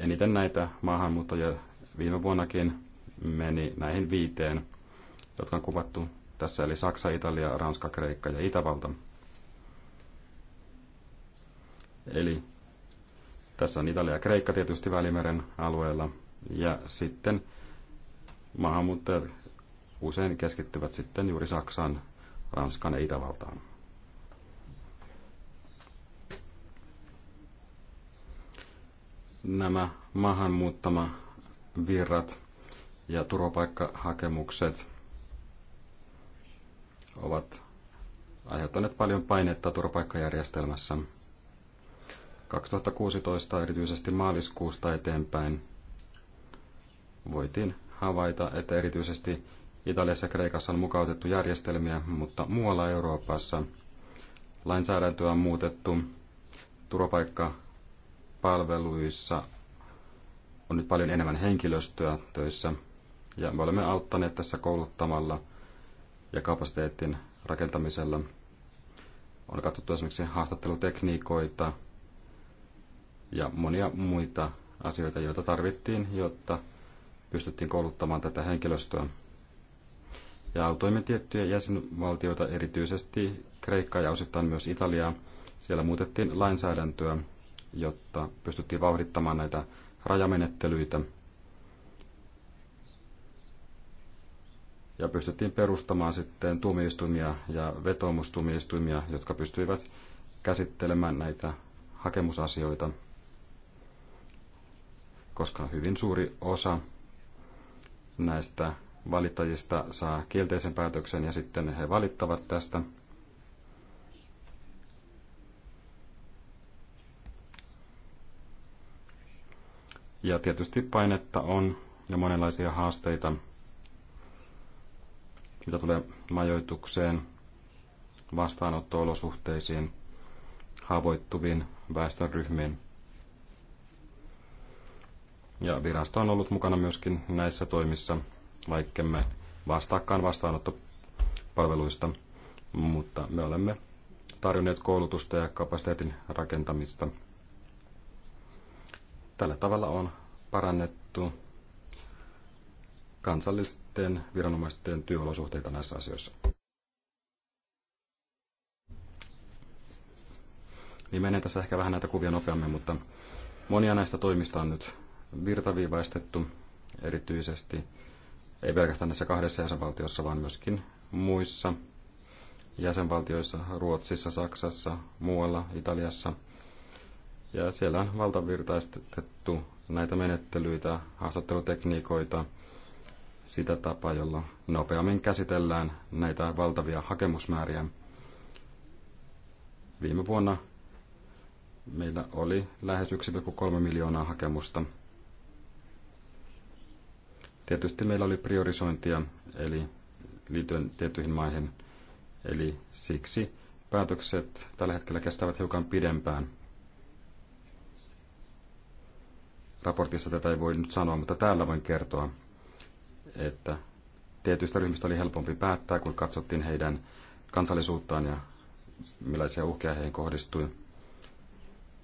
Eniten näitä maahanmuuttajia viime vuonnakin meni näihin viiteen, jotka on kuvattu tässä, eli Saksa, Italia, Ranska, Kreikka ja Itävalta. Eli tässä on Italia ja Kreikka tietysti Välimeren alueella. Ja sitten maahanmuuttajat usein keskittyvät sitten juuri Saksaan, Ranskan ja Itävaltaan. Nämä maahanmuuttama virrat ja turvapaikkahakemukset ovat aiheuttaneet paljon painetta turvapaikkajärjestelmässä. 2016 erityisesti maaliskuusta eteenpäin voitiin havaita, että erityisesti Italiassa ja Kreikassa on mukautettu järjestelmiä, mutta muualla Euroopassa lainsäädäntöä on muutettu. Turvapaikkapalveluissa on nyt paljon enemmän henkilöstöä töissä ja me olemme auttaneet tässä kouluttamalla ja kapasiteetin rakentamisella. On katsottu esimerkiksi haastattelutekniikoita, ja monia muita asioita, joita tarvittiin, jotta pystyttiin kouluttamaan tätä henkilöstöä. Ja autoimme tiettyjä jäsenvaltioita, erityisesti Kreikkaa ja osittain myös Italiaa. Siellä muutettiin lainsäädäntöä, jotta pystyttiin vauhdittamaan näitä rajamenettelyitä. Ja pystyttiin perustamaan sitten tuomioistuimia ja vetoomustuomioistuimia, jotka pystyivät käsittelemään näitä hakemusasioita – koska hyvin suuri osa näistä valittajista saa kielteisen päätöksen ja sitten he valittavat tästä. Ja tietysti painetta on ja monenlaisia haasteita, mitä tulee majoitukseen, vastaanotto-olosuhteisiin, haavoittuviin väestöryhmiin. Ja virasto on ollut mukana myöskin näissä toimissa, vaikkemme vastaakaan vastaanottopalveluista, mutta me olemme tarjonneet koulutusta ja kapasiteetin rakentamista. Tällä tavalla on parannettu kansallisten viranomaisten työolosuhteita näissä asioissa. Niin menen tässä ehkä vähän näitä kuvia nopeammin, mutta monia näistä toimista on nyt virtaviivaistettu erityisesti, ei pelkästään näissä kahdessa jäsenvaltiossa, vaan myöskin muissa jäsenvaltioissa, Ruotsissa, Saksassa, muualla, Italiassa. Ja siellä on valtavirtaistettu näitä menettelyitä, haastattelutekniikoita, sitä tapaa, jolla nopeammin käsitellään näitä valtavia hakemusmääriä. Viime vuonna meillä oli lähes 1,3 miljoonaa hakemusta Tietysti meillä oli priorisointia eli liittyen tiettyihin maihin, eli siksi päätökset tällä hetkellä kestävät hiukan pidempään. Raportissa tätä ei voi nyt sanoa, mutta täällä voin kertoa, että tietyistä ryhmistä oli helpompi päättää, kun katsottiin heidän kansallisuuttaan ja millaisia uhkia heihin kohdistui.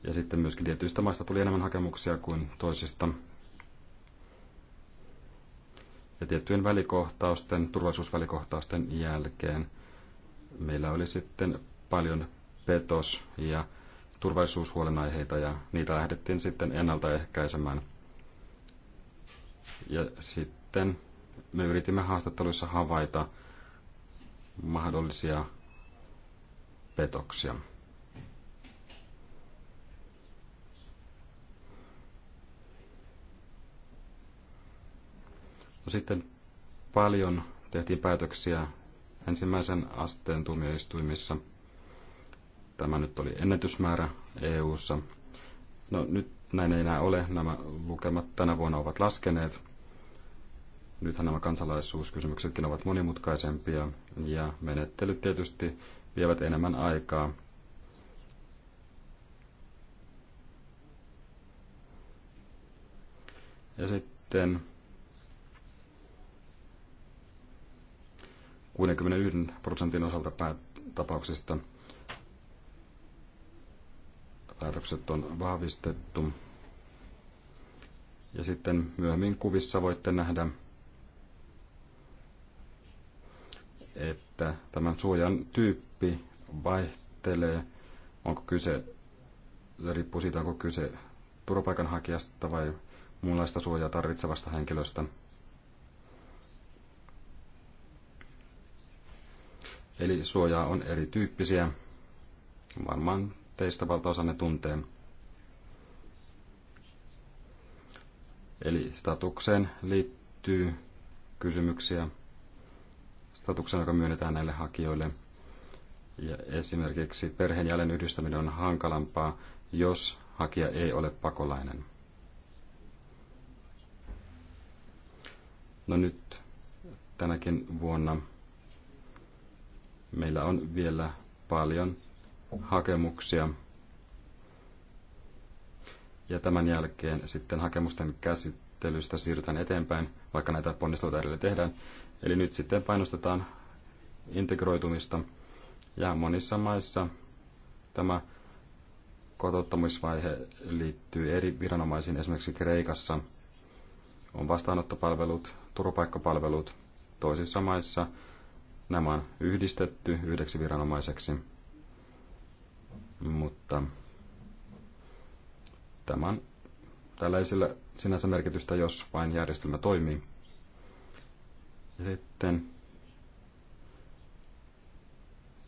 Ja sitten myöskin tietyistä maista tuli enemmän hakemuksia kuin toisista, ja tiettyjen välikohtausten, turvallisuusvälikohtausten jälkeen meillä oli sitten paljon petos- ja turvallisuushuolenaiheita ja niitä lähdettiin sitten ennaltaehkäisemään. Ja sitten me yritimme haastatteluissa havaita mahdollisia petoksia. No sitten paljon tehtiin päätöksiä ensimmäisen asteen tuomioistuimissa. Tämä nyt oli ennätysmäärä EU:ssa. No nyt näin ei enää ole. Nämä lukemat tänä vuonna ovat laskeneet. Nythän nämä kansalaisuuskysymyksetkin ovat monimutkaisempia ja menettelyt tietysti vievät enemmän aikaa. Ja sitten 61 prosentin osalta tapauksista päätökset on vahvistettu. Ja sitten myöhemmin kuvissa voitte nähdä, että tämän suojan tyyppi vaihtelee. Onko kyse, riippuu siitä, onko kyse turvapaikanhakijasta vai muunlaista suojaa tarvitsevasta henkilöstä. Eli suojaa on erityyppisiä. Varmaan teistä ne tuntee. Eli statukseen liittyy kysymyksiä statuksen, joka myönnetään näille hakijoille. Ja esimerkiksi perheen jälleen yhdistäminen on hankalampaa, jos hakija ei ole pakolainen. No nyt tänäkin vuonna meillä on vielä paljon hakemuksia. Ja tämän jälkeen sitten hakemusten käsittelystä siirrytään eteenpäin, vaikka näitä ponnisteluita edelleen tehdään. Eli nyt sitten painostetaan integroitumista. Ja monissa maissa tämä kotouttamisvaihe liittyy eri viranomaisiin, esimerkiksi Kreikassa on vastaanottopalvelut, turvapaikkapalvelut, toisissa maissa – Nämä on yhdistetty yhdeksi viranomaiseksi, mutta tämän, tällä ei sillä sinänsä merkitystä, jos vain järjestelmä toimii. Ja sitten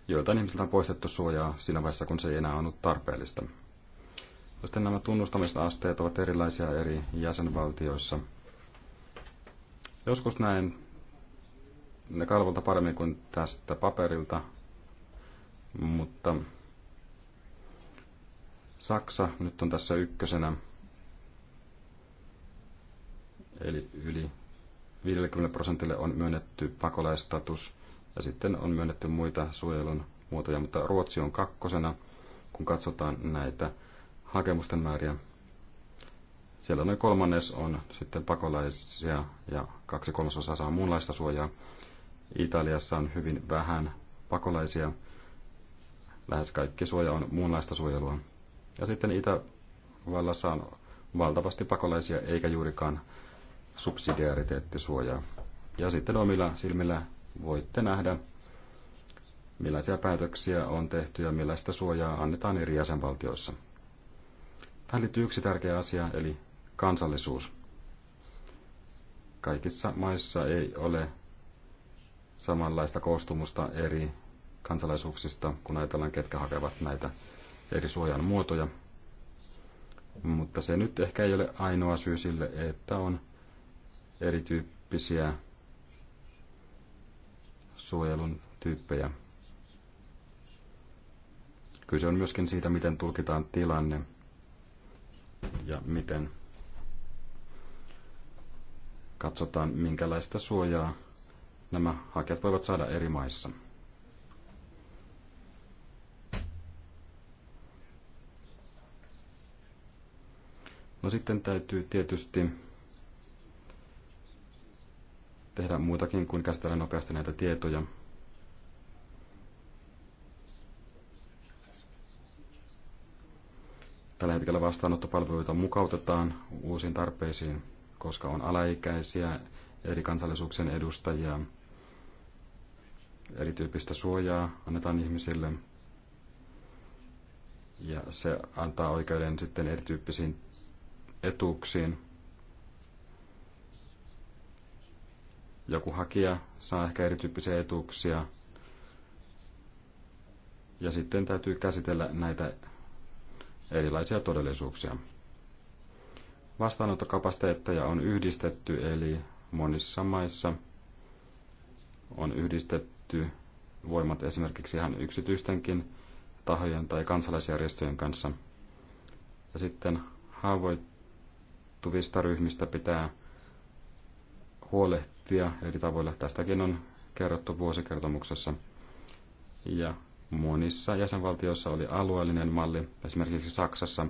joiltain ihmisiltä on poistettu suojaa siinä vaiheessa, kun se ei enää ollut tarpeellista. Sitten nämä tunnustamisasteet ovat erilaisia eri jäsenvaltioissa. Joskus näin ne kalvolta paremmin kuin tästä paperilta, mutta Saksa nyt on tässä ykkösenä, eli yli 50 prosentille on myönnetty pakolaistatus ja sitten on myönnetty muita suojelun muotoja, mutta Ruotsi on kakkosena, kun katsotaan näitä hakemusten määriä. Siellä noin kolmannes on sitten pakolaisia ja kaksi kolmasosaa saa muunlaista suojaa. Italiassa on hyvin vähän pakolaisia. Lähes kaikki suoja on muunlaista suojelua. Ja sitten Itävallassa on valtavasti pakolaisia eikä juurikaan subsidiariteettisuojaa. Ja sitten omilla silmillä voitte nähdä, millaisia päätöksiä on tehty ja millaista suojaa annetaan eri jäsenvaltioissa. Tähän liittyy yksi tärkeä asia, eli kansallisuus. Kaikissa maissa ei ole samanlaista koostumusta eri kansalaisuuksista, kun ajatellaan, ketkä hakevat näitä eri suojan muotoja. Mutta se nyt ehkä ei ole ainoa syy sille, että on erityyppisiä suojelun tyyppejä. Kyse on myöskin siitä, miten tulkitaan tilanne ja miten katsotaan, minkälaista suojaa nämä hakijat voivat saada eri maissa. No sitten täytyy tietysti tehdä muutakin kuin käsitellä nopeasti näitä tietoja. Tällä hetkellä vastaanottopalveluita mukautetaan uusiin tarpeisiin, koska on alaikäisiä, eri kansallisuuksien edustajia, erityyppistä suojaa annetaan ihmisille. Ja se antaa oikeuden sitten erityyppisiin etuuksiin. Joku hakija saa ehkä erityyppisiä etuuksia. Ja sitten täytyy käsitellä näitä erilaisia todellisuuksia. Vastaanottokapasiteetteja on yhdistetty, eli monissa maissa on yhdistetty yhdistetty voimat esimerkiksi ihan yksityistenkin tahojen tai kansalaisjärjestöjen kanssa. Ja sitten haavoittuvista ryhmistä pitää huolehtia eri tavoilla. Tästäkin on kerrottu vuosikertomuksessa. Ja monissa jäsenvaltioissa oli alueellinen malli, esimerkiksi Saksassa.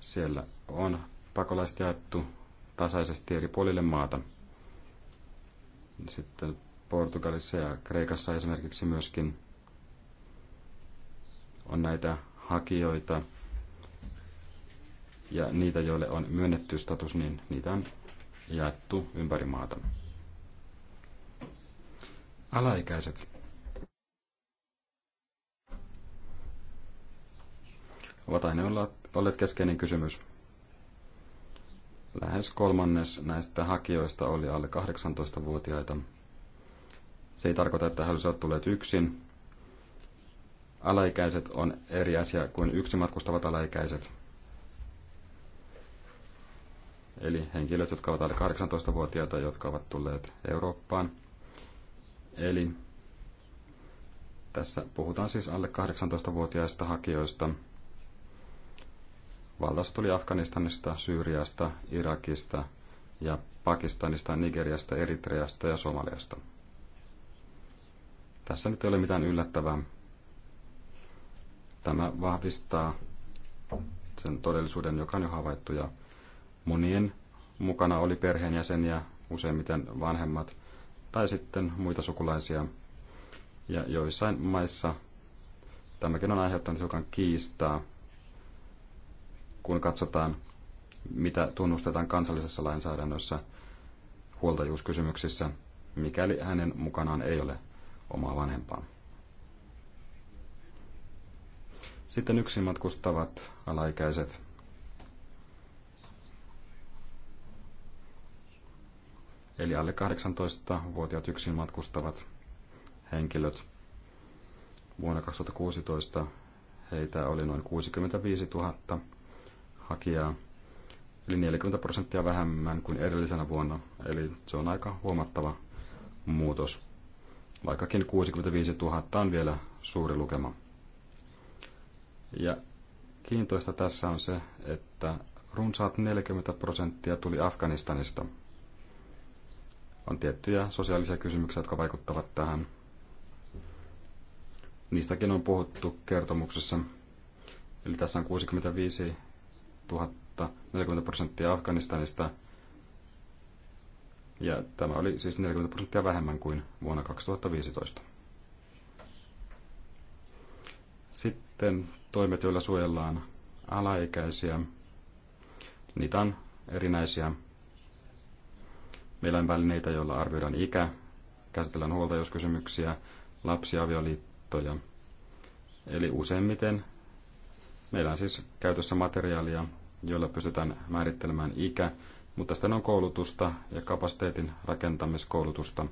Siellä on pakolaiset jaettu tasaisesti eri puolille maata. Sitten Portugalissa ja Kreikassa esimerkiksi myöskin on näitä hakijoita ja niitä, joille on myönnetty status, niin niitä on jaettu ympäri maata. Alaikäiset. Ovat aina olleet keskeinen kysymys lähes kolmannes näistä hakijoista oli alle 18-vuotiaita. Se ei tarkoita, että he olisivat tulleet yksin. Alaikäiset on eri asia kuin yksin matkustavat alaikäiset. Eli henkilöt, jotka ovat alle 18-vuotiaita, jotka ovat tulleet Eurooppaan. Eli tässä puhutaan siis alle 18-vuotiaista hakijoista – Valtaus tuli Afganistanista, Syyriasta, Irakista ja Pakistanista, Nigeriasta, Eritreasta ja Somaliasta. Tässä nyt ei ole mitään yllättävää. Tämä vahvistaa sen todellisuuden, joka on jo havaittu. Ja monien mukana oli perheenjäseniä, useimmiten vanhemmat tai sitten muita sukulaisia. Ja joissain maissa tämäkin on aiheuttanut hiukan kiistaa kun katsotaan, mitä tunnustetaan kansallisessa lainsäädännössä huoltajuuskysymyksissä, mikäli hänen mukanaan ei ole omaa vanhempaa. Sitten yksin matkustavat alaikäiset. Eli alle 18-vuotiaat yksin matkustavat henkilöt. Vuonna 2016 heitä oli noin 65 000 hakijaa, eli 40 prosenttia vähemmän kuin edellisenä vuonna, eli se on aika huomattava muutos, vaikkakin 65 000 on vielä suuri lukema. Ja kiintoista tässä on se, että runsaat 40 prosenttia tuli Afganistanista. On tiettyjä sosiaalisia kysymyksiä, jotka vaikuttavat tähän. Niistäkin on puhuttu kertomuksessa. Eli tässä on 65 000, 40 prosenttia Afganistanista. Ja tämä oli siis 40 prosenttia vähemmän kuin vuonna 2015. Sitten toimet, joilla suojellaan alaikäisiä. Niitä on erinäisiä. Meillä on välineitä, joilla arvioidaan ikä, käsitellään huoltajuuskysymyksiä, lapsiavioliittoja. Eli useimmiten meillä on siis käytössä materiaalia, joilla pystytään määrittelemään ikä, mutta sitten on koulutusta ja kapasiteetin rakentamiskoulutusta.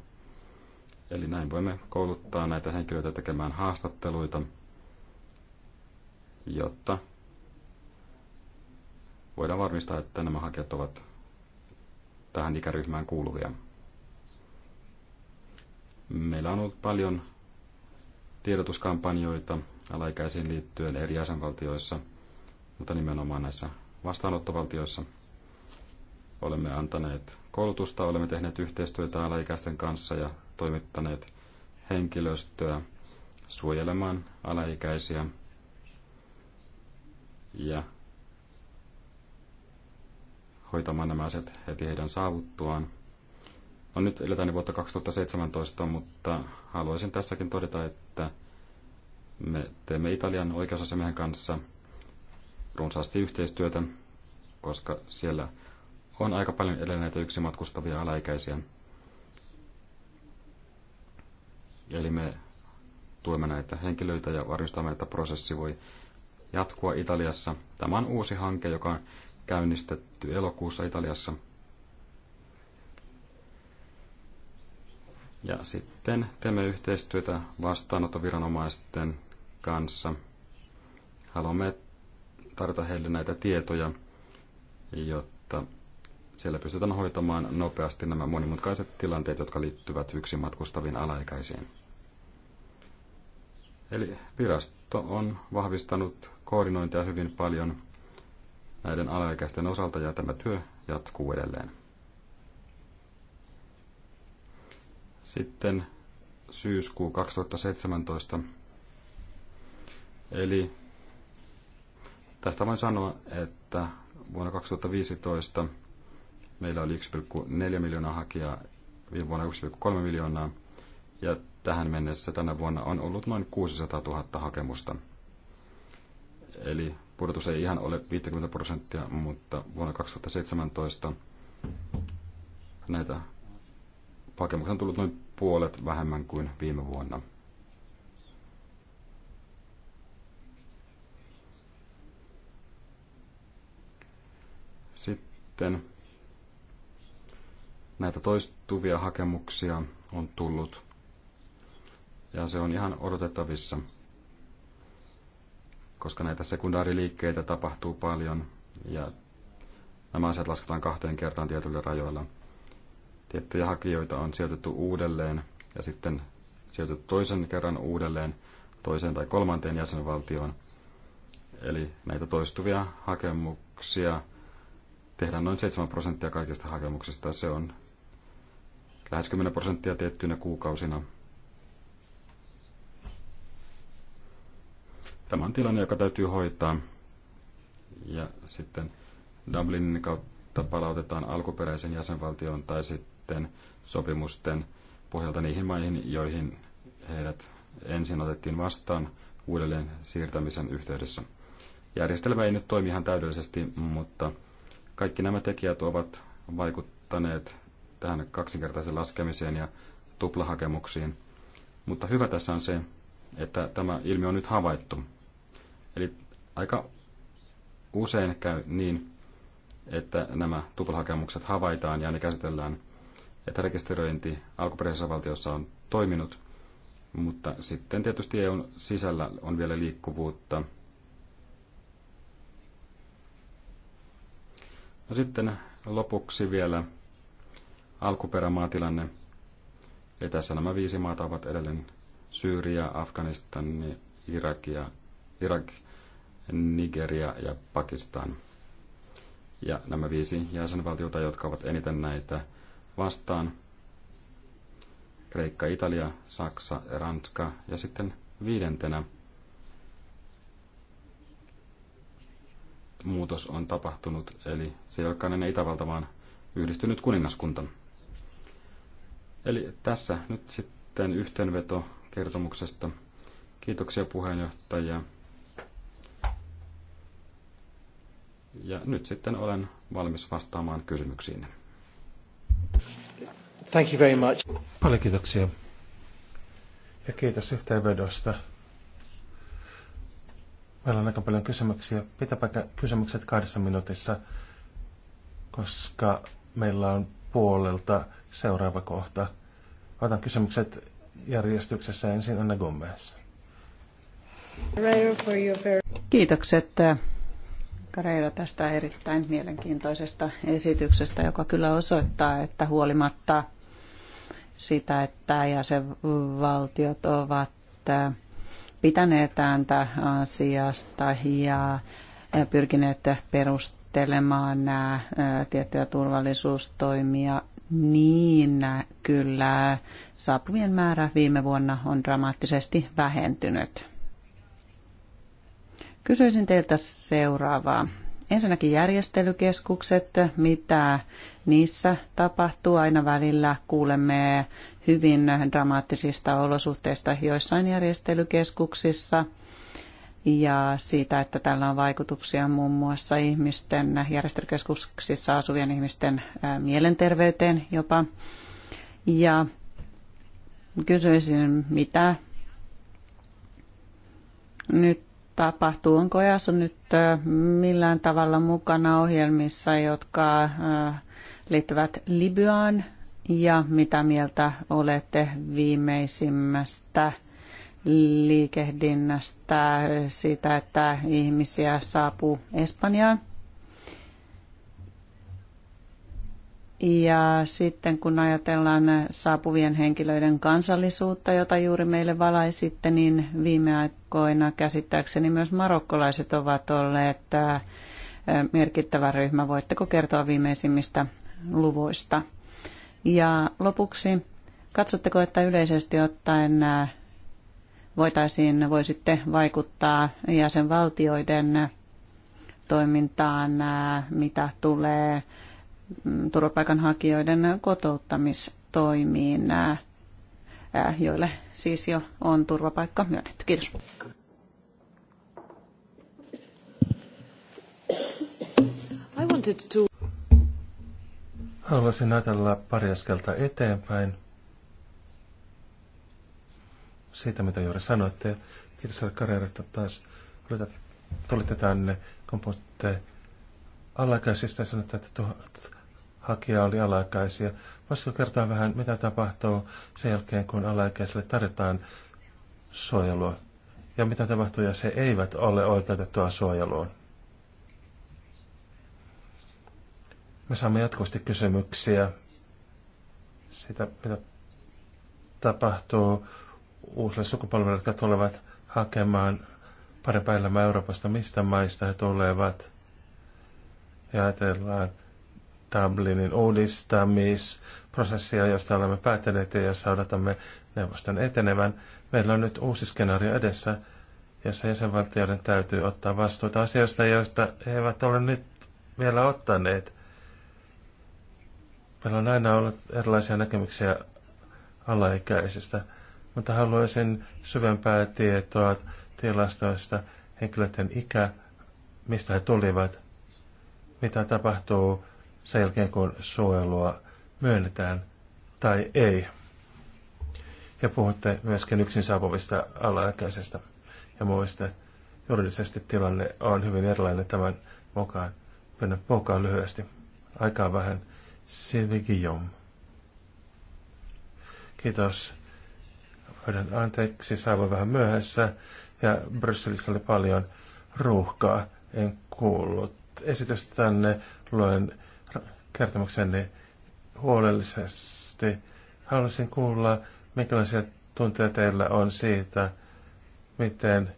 Eli näin voimme kouluttaa näitä henkilöitä tekemään haastatteluita, jotta voidaan varmistaa, että nämä hakijat ovat tähän ikäryhmään kuuluvia. Meillä on ollut paljon tiedotuskampanjoita alaikäisiin liittyen eri jäsenvaltioissa, mutta nimenomaan näissä vastaanottovaltioissa. Olemme antaneet koulutusta, olemme tehneet yhteistyötä alaikäisten kanssa ja toimittaneet henkilöstöä suojelemaan alaikäisiä. Ja hoitamaan nämä asiat heti heidän saavuttuaan. on nyt eletään vuotta 2017, mutta haluaisin tässäkin todeta, että me teemme Italian oikeusasemien kanssa – runsaasti yhteistyötä, koska siellä on aika paljon edelleen näitä yksin matkustavia alaikäisiä. Eli me tuemme näitä henkilöitä ja varmistamme, että prosessi voi jatkua Italiassa. Tämä on uusi hanke, joka on käynnistetty elokuussa Italiassa. Ja sitten teemme yhteistyötä vastaanottoviranomaisten kanssa. Haluamme, että tarjota heille näitä tietoja, jotta siellä pystytään hoitamaan nopeasti nämä monimutkaiset tilanteet, jotka liittyvät yksin matkustaviin alaikäisiin. Eli virasto on vahvistanut koordinointia hyvin paljon näiden alaikäisten osalta ja tämä työ jatkuu edelleen. Sitten syyskuu 2017. Eli Tästä voin sanoa, että vuonna 2015 meillä oli 1,4 miljoonaa hakijaa, viime vuonna 1,3 miljoonaa, ja tähän mennessä tänä vuonna on ollut noin 600 000 hakemusta. Eli pudotus ei ihan ole 50 prosenttia, mutta vuonna 2017 näitä hakemuksia on tullut noin puolet vähemmän kuin viime vuonna. Sitten näitä toistuvia hakemuksia on tullut. Ja se on ihan odotettavissa, koska näitä sekundaariliikkeitä tapahtuu paljon ja nämä asiat lasketaan kahteen kertaan tietyillä rajoilla. Tiettyjä hakijoita on sijoitettu uudelleen ja sitten sijoitettu toisen kerran uudelleen toiseen tai kolmanteen jäsenvaltioon. Eli näitä toistuvia hakemuksia tehdään noin 7 prosenttia kaikista hakemuksista. Se on lähes 10 prosenttia tiettyinä kuukausina. Tämä on tilanne, joka täytyy hoitaa. Ja sitten Dublinin kautta palautetaan alkuperäisen jäsenvaltion tai sitten sopimusten pohjalta niihin maihin, joihin heidät ensin otettiin vastaan uudelleen siirtämisen yhteydessä. Järjestelmä ei nyt toimi ihan täydellisesti, mutta kaikki nämä tekijät ovat vaikuttaneet tähän kaksinkertaisen laskemiseen ja tuplahakemuksiin. Mutta hyvä tässä on se, että tämä ilmiö on nyt havaittu. Eli aika usein käy niin, että nämä tuplahakemukset havaitaan ja ne käsitellään, että rekisteröinti alkuperäisessä valtiossa on toiminut, mutta sitten tietysti EUn sisällä on vielä liikkuvuutta No sitten lopuksi vielä alkuperämaatilanne. Eli tässä nämä viisi maata ovat edelleen Syyria, Afganistan, Irakia, Irak, Nigeria ja Pakistan. Ja nämä viisi jäsenvaltiota, jotka ovat eniten näitä vastaan, Kreikka, Italia, Saksa, Ranska ja sitten viidentenä muutos on tapahtunut, eli se ei olekaan enää Itävalta, vaan yhdistynyt kuningaskunta. Eli tässä nyt sitten yhteenveto kertomuksesta. Kiitoksia puheenjohtaja. Ja nyt sitten olen valmis vastaamaan kysymyksiin. Thank you very much. Paljon kiitoksia. Ja kiitos yhteenvedosta. Meillä on aika paljon kysymyksiä. Pitäpä kysymykset kahdessa minuutissa, koska meillä on puolelta seuraava kohta. Otan kysymykset järjestyksessä ensin Anna Gomez. Kiitokset Kareira äh, tästä erittäin mielenkiintoisesta esityksestä, joka kyllä osoittaa, että huolimatta sitä, että jäsenvaltiot ovat äh, pitäneet ääntä asiasta ja pyrkineet perustelemaan nämä tiettyjä turvallisuustoimia, niin kyllä saapuvien määrä viime vuonna on dramaattisesti vähentynyt. Kysyisin teiltä seuraavaa. Ensinnäkin järjestelykeskukset, mitä niissä tapahtuu. Aina välillä kuulemme hyvin dramaattisista olosuhteista joissain järjestelykeskuksissa ja siitä, että tällä on vaikutuksia muun muassa ihmisten, järjestelykeskuksissa asuvien ihmisten mielenterveyteen jopa. Ja kysyisin, mitä nyt tapahtuu? Onko EASO nyt millään tavalla mukana ohjelmissa, jotka liittyvät Libyaan ja mitä mieltä olette viimeisimmästä liikehdinnästä siitä, että ihmisiä saapuu Espanjaan? Ja sitten kun ajatellaan saapuvien henkilöiden kansallisuutta, jota juuri meille valaisitte, niin viime aikoina käsittääkseni myös marokkolaiset ovat olleet merkittävä ryhmä. Voitteko kertoa viimeisimmistä luvuista? Ja lopuksi, katsotteko, että yleisesti ottaen voitaisiin, voisitte vaikuttaa jäsenvaltioiden toimintaan, mitä tulee mm, turvapaikanhakijoiden kotouttamistoimiin, joille siis jo on turvapaikka myönnetty. Kiitos. I wanted to... Haluaisin ajatella pari askelta eteenpäin siitä, mitä juuri sanoitte. Kiitos että että taas tulitte tänne, kun puhutte alaikäisistä ja sanotte, että tuhat hakija oli alaikäisiä. Voisiko kertoa vähän, mitä tapahtuu sen jälkeen, kun alaikäiselle tarjotaan suojelua? Ja mitä tapahtuu, jos he eivät ole oikeutettua suojeluun? Me saamme jatkuvasti kysymyksiä sitä, mitä tapahtuu uusille sukupolville, jotka tulevat hakemaan parempaa elämää Euroopasta, mistä maista he tulevat. Ja ajatellaan Dublinin uudistamisprosessia, josta olemme päättäneet ja jossa odotamme neuvoston etenevän. Meillä on nyt uusi skenaario edessä, jossa jäsenvaltioiden täytyy ottaa vastuuta asioista, joista he eivät ole nyt vielä ottaneet. Meillä on aina ollut erilaisia näkemyksiä alaikäisistä, mutta haluaisin syvempää tietoa tilastoista, henkilöiden ikä, mistä he tulivat, mitä tapahtuu sen jälkeen, kun suojelua myönnetään tai ei. Ja puhutte myöskin yksin saapuvista alaikäisistä ja muista. Juridisesti tilanne on hyvin erilainen tämän mukaan. Pyydän mukaan lyhyesti. Aikaa vähän. Silvi Guillaume. Kiitos. Pyydän anteeksi, saavuin vähän myöhässä ja Brysselissä oli paljon ruuhkaa. En kuullut esitystä tänne. Luen kertomuksenne huolellisesti. Haluaisin kuulla, minkälaisia tunteita teillä on siitä, miten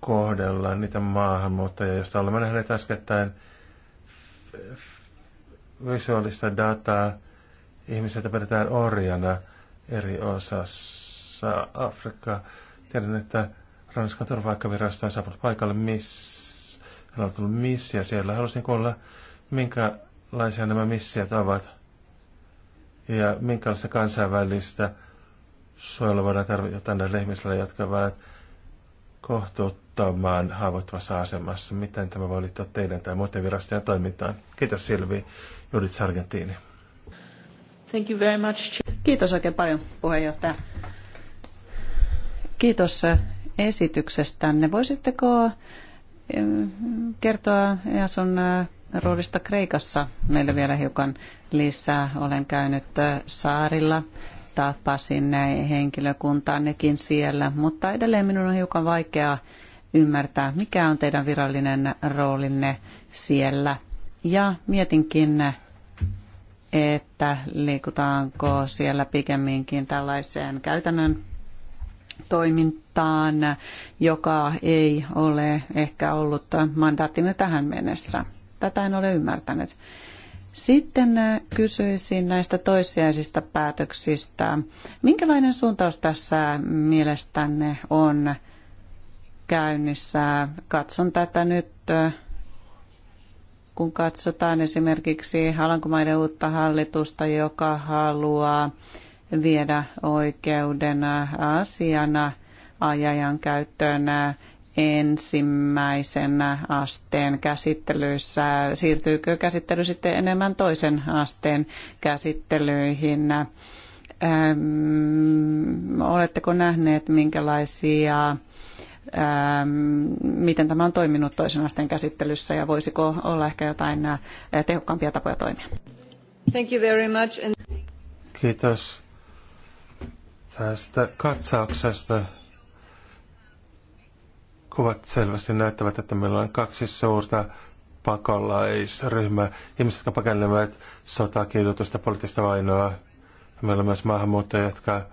kohdellaan niitä maahanmuuttajia, joista olemme nähneet äskettäin visuaalista dataa. Ihmisiltä pidetään orjana eri osassa Afrikkaa. Tiedän, että Ranskan turvaikkavirasto on saapunut paikalle, miss, hän on tullut missiä siellä. Haluaisin kuulla, minkälaisia nämä missiat ovat ja minkälaista kansainvälistä suojelua voidaan tarvita tänne ihmisille, jotka ovat kohtuut auttamaan haavoittuvassa asemassa. Miten tämä voi liittyä teidän tai muiden virastojen toimintaan? Kiitos Silvi, Judith Sargentini. Thank you very much. Kiitos oikein paljon puheenjohtaja. Kiitos esityksestänne. Voisitteko kertoa EASON äh, roolista Kreikassa meille vielä hiukan lisää. Olen käynyt äh, saarilla, tapasin äh, henkilökuntaa nekin siellä, mutta edelleen minun on hiukan vaikeaa ymmärtää, mikä on teidän virallinen roolinne siellä. Ja mietinkin, että liikutaanko siellä pikemminkin tällaiseen käytännön toimintaan, joka ei ole ehkä ollut mandaattinen tähän mennessä. Tätä en ole ymmärtänyt. Sitten kysyisin näistä toissijaisista päätöksistä. Minkälainen suuntaus tässä mielestänne on? käynnissä. Katson tätä nyt, kun katsotaan esimerkiksi Alankomaiden uutta hallitusta, joka haluaa viedä oikeuden asiana ajajan käyttöön ensimmäisen asteen käsittelyissä? Siirtyykö käsittely sitten enemmän toisen asteen käsittelyihin? Öm, oletteko nähneet, minkälaisia Ähm, miten tämä on toiminut toisen asteen käsittelyssä ja voisiko olla ehkä jotain äh, tehokkaampia tapoja toimia. Thank you very much. And... Kiitos tästä katsauksesta. Kuvat selvästi näyttävät, että meillä on kaksi suurta pakolaisryhmää. Ihmiset, jotka pakenevat sotaa, kidutusta, poliittista vainoa. Meillä on myös maahanmuuttajia, jotka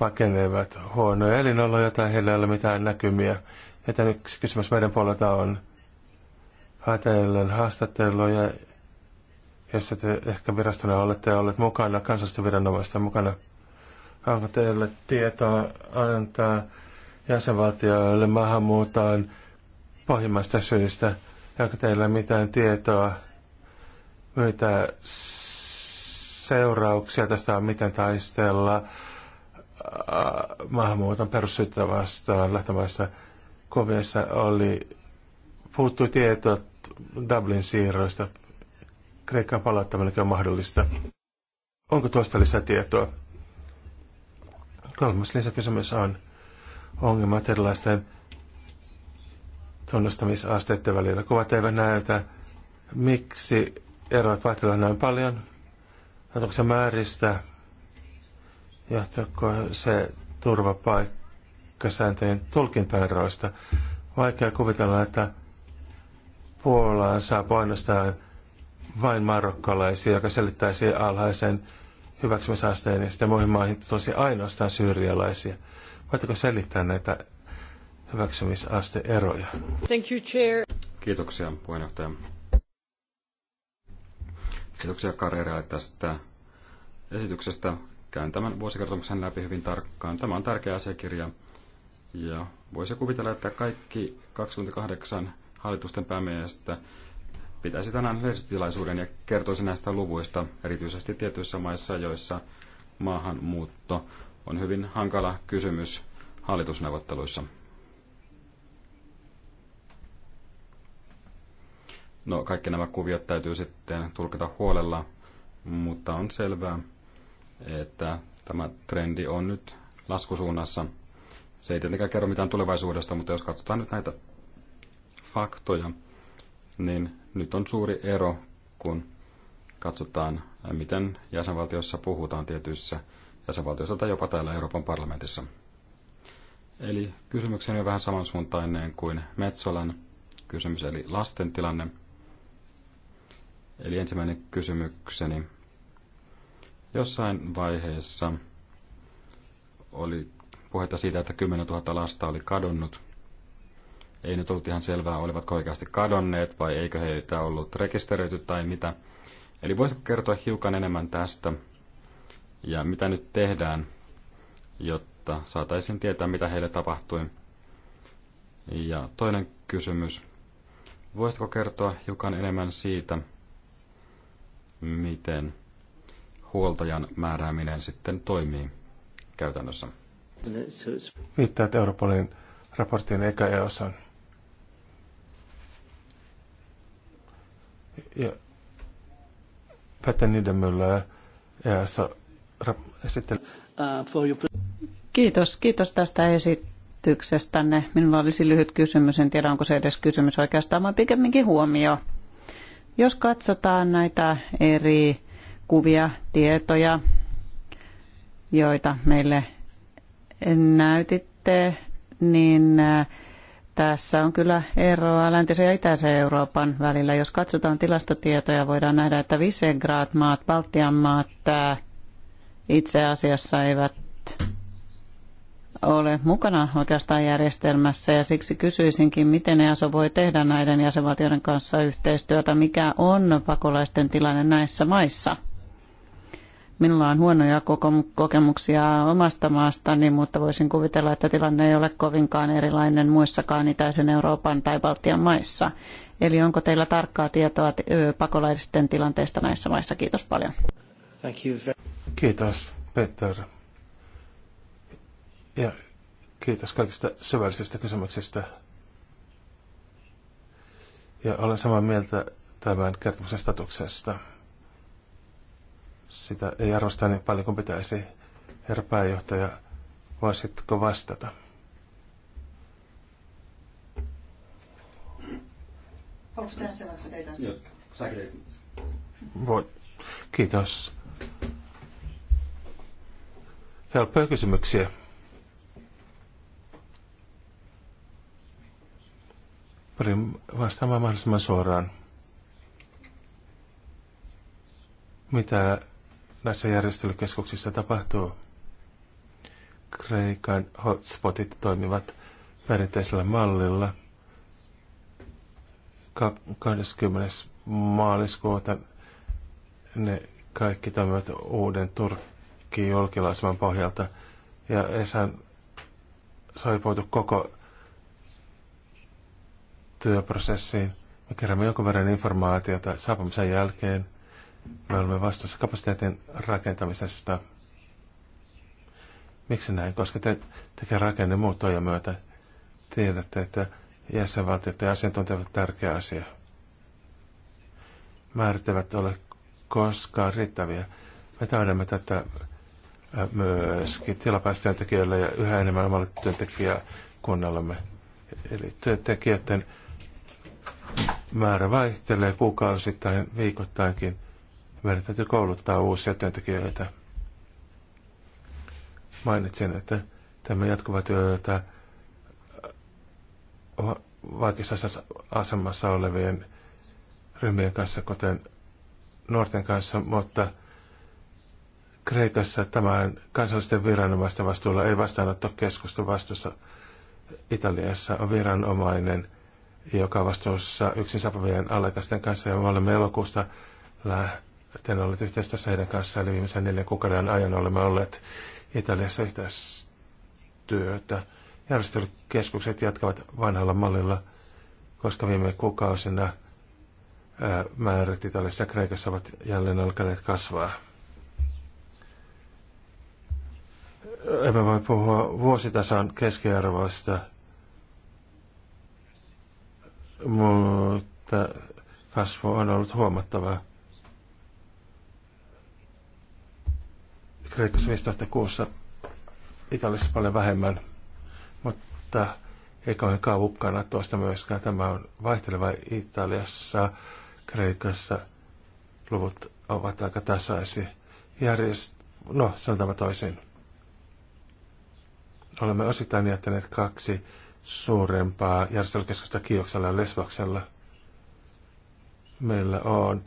pakenevat huonoja elinoloja tai heillä ei ole mitään näkymiä. että yksi kysymys meidän puolelta on haetellen haastatteluja, jossa te ehkä virastona olette olleet mukana, kansallisten viranomaisten mukana. Onko teille tietoa antaa jäsenvaltioille maahanmuuttoon pohjimmaista syistä? Onko teillä mitään tietoa, mitä seurauksia tästä on, miten taistella? Äh, maahanmuuton perussyyttä vastaan lähtömaissa koveessa oli, puuttui tietot Dublin siirroista. Kreikkaan palauttaminenkin on mahdollista. Onko tuosta lisätietoa? Kolmas lisäkysymys on ongelmat erilaisten tunnustamisasteiden välillä. Kuvat eivät näytä, miksi erot vaihtelevat näin paljon. Onko se määristä, johtuuko se turvapaikkasääntöjen tulkintaeroista. Vaikea kuvitella, että Puolaan saa ainoastaan vain marokkalaisia, joka selittäisi alhaisen hyväksymisasteen ja sitten muihin maihin tulisi ainoastaan syyrialaisia. Voitteko selittää näitä hyväksymisasteeroja? Thank you, chair. Kiitoksia puheenjohtaja. Kiitoksia Karjeralle tästä esityksestä käyn tämän vuosikertomuksen läpi hyvin tarkkaan. Tämä on tärkeä asiakirja ja voisi kuvitella, että kaikki 28 hallitusten päämiestä pitäisi tänään lehdistötilaisuuden ja kertoisi näistä luvuista, erityisesti tietyissä maissa, joissa maahanmuutto on hyvin hankala kysymys hallitusneuvotteluissa. No, kaikki nämä kuviot täytyy sitten tulkita huolella, mutta on selvää, että tämä trendi on nyt laskusuunnassa. Se ei tietenkään kerro mitään tulevaisuudesta, mutta jos katsotaan nyt näitä faktoja, niin nyt on suuri ero, kun katsotaan, miten jäsenvaltiossa puhutaan tietyissä jäsenvaltioissa tai jopa täällä Euroopan parlamentissa. Eli kysymykseni on vähän samansuuntainen kuin Metsolan kysymys, eli lasten tilanne. Eli ensimmäinen kysymykseni Jossain vaiheessa oli puhetta siitä, että 10 000 lasta oli kadonnut. Ei nyt ollut ihan selvää, olivatko oikeasti kadonneet vai eikö heitä ollut rekisteröity tai mitä. Eli voisitko kertoa hiukan enemmän tästä ja mitä nyt tehdään, jotta saataisiin tietää, mitä heille tapahtui. Ja toinen kysymys. Voisitko kertoa hiukan enemmän siitä, miten huoltajan määrääminen sitten toimii käytännössä. Viittaa Europolin raportin eka osan. Ja Petter Niedermüller ja Kiitos, kiitos tästä esityksestänne. Minulla olisi lyhyt kysymys, en tiedä onko se edes kysymys oikeastaan, vaan pikemminkin huomio. Jos katsotaan näitä eri kuvia, tietoja, joita meille näytitte, niin äh, tässä on kyllä eroa läntisen ja itäisen Euroopan välillä. Jos katsotaan tilastotietoja, voidaan nähdä, että Visegrad-maat, Baltian maat äh, itse asiassa eivät ole mukana oikeastaan järjestelmässä ja siksi kysyisinkin, miten EASO voi tehdä näiden jäsenvaltioiden kanssa yhteistyötä, mikä on pakolaisten tilanne näissä maissa? Minulla on huonoja kokemuksia omasta maastani, mutta voisin kuvitella, että tilanne ei ole kovinkaan erilainen muissakaan itäisen Euroopan tai Baltian maissa. Eli onko teillä tarkkaa tietoa pakolaisten tilanteesta näissä maissa? Kiitos paljon. Kiitos, Peter. Ja kiitos kaikista syvällisistä kysymyksistä. Ja olen samaa mieltä tämän kertomuksen statuksesta. Sitä ei arvosta niin paljon kuin pitäisi. Herra pääjohtaja, voisitko vastata? Onko tässä vaiheessa teitä? Voi. Kiitos. Helppoja kysymyksiä. Pyrin vastaamaan mahdollisimman suoraan. Mitä näissä järjestelykeskuksissa tapahtuu. Kreikan hotspotit toimivat perinteisellä mallilla. 20. maaliskuuta ne kaikki toimivat uuden Turkki julkilausuman pohjalta. Ja Esan saipuutu koko työprosessiin. Me keräämme jonkun verran informaatiota saapumisen jälkeen – me olemme vastuussa kapasiteetin rakentamisesta. Miksi näin? Koska te tekee rakenne myötä. Tiedätte, että jäsenvaltiot ja asiantuntijat ovat tärkeä asia. Määrittävät ole koskaan riittäviä. Me täydemme tätä myöskin tilapäistyöntekijöille ja yhä enemmän omalle työntekijäkunnallamme. Eli työntekijöiden määrä vaihtelee kuukausittain, viikoittainkin – meidän täytyy kouluttaa uusia työntekijöitä. Mainitsin, että tämä jatkuva työ, jota vaikeassa asemassa olevien ryhmien kanssa, kuten nuorten kanssa, mutta Kreikassa tämän kansallisten viranomaisten vastuulla ei vastaanottokeskusten vastuussa. Italiassa on viranomainen, joka vastuussa yksin sapavien allekasten kanssa ja me olemme elokuusta lähtien te olet yhteistyössä heidän kanssaan, eli viimeisen neljän kuukauden ajan olemme olleet Italiassa yhteistyötä. Järjestelykeskukset jatkavat vanhalla mallilla, koska viime kuukausina määrät Italiassa ja Kreikassa ovat jälleen alkaneet kasvaa. Emme voi puhua vuositason keskiarvoista, mutta kasvu on ollut huomattavaa. Kreikassa 5000 kuussa, Italiassa paljon vähemmän, mutta ei kauhean kaavukkaana tuosta myöskään. Tämä on vaihteleva Italiassa, Kreikassa luvut ovat aika tasaisia. Järjest... No, sanotaan toisin. Olemme osittain jättäneet kaksi suurempaa järjestelykeskusta Kioksella ja Lesvaksella. Meillä on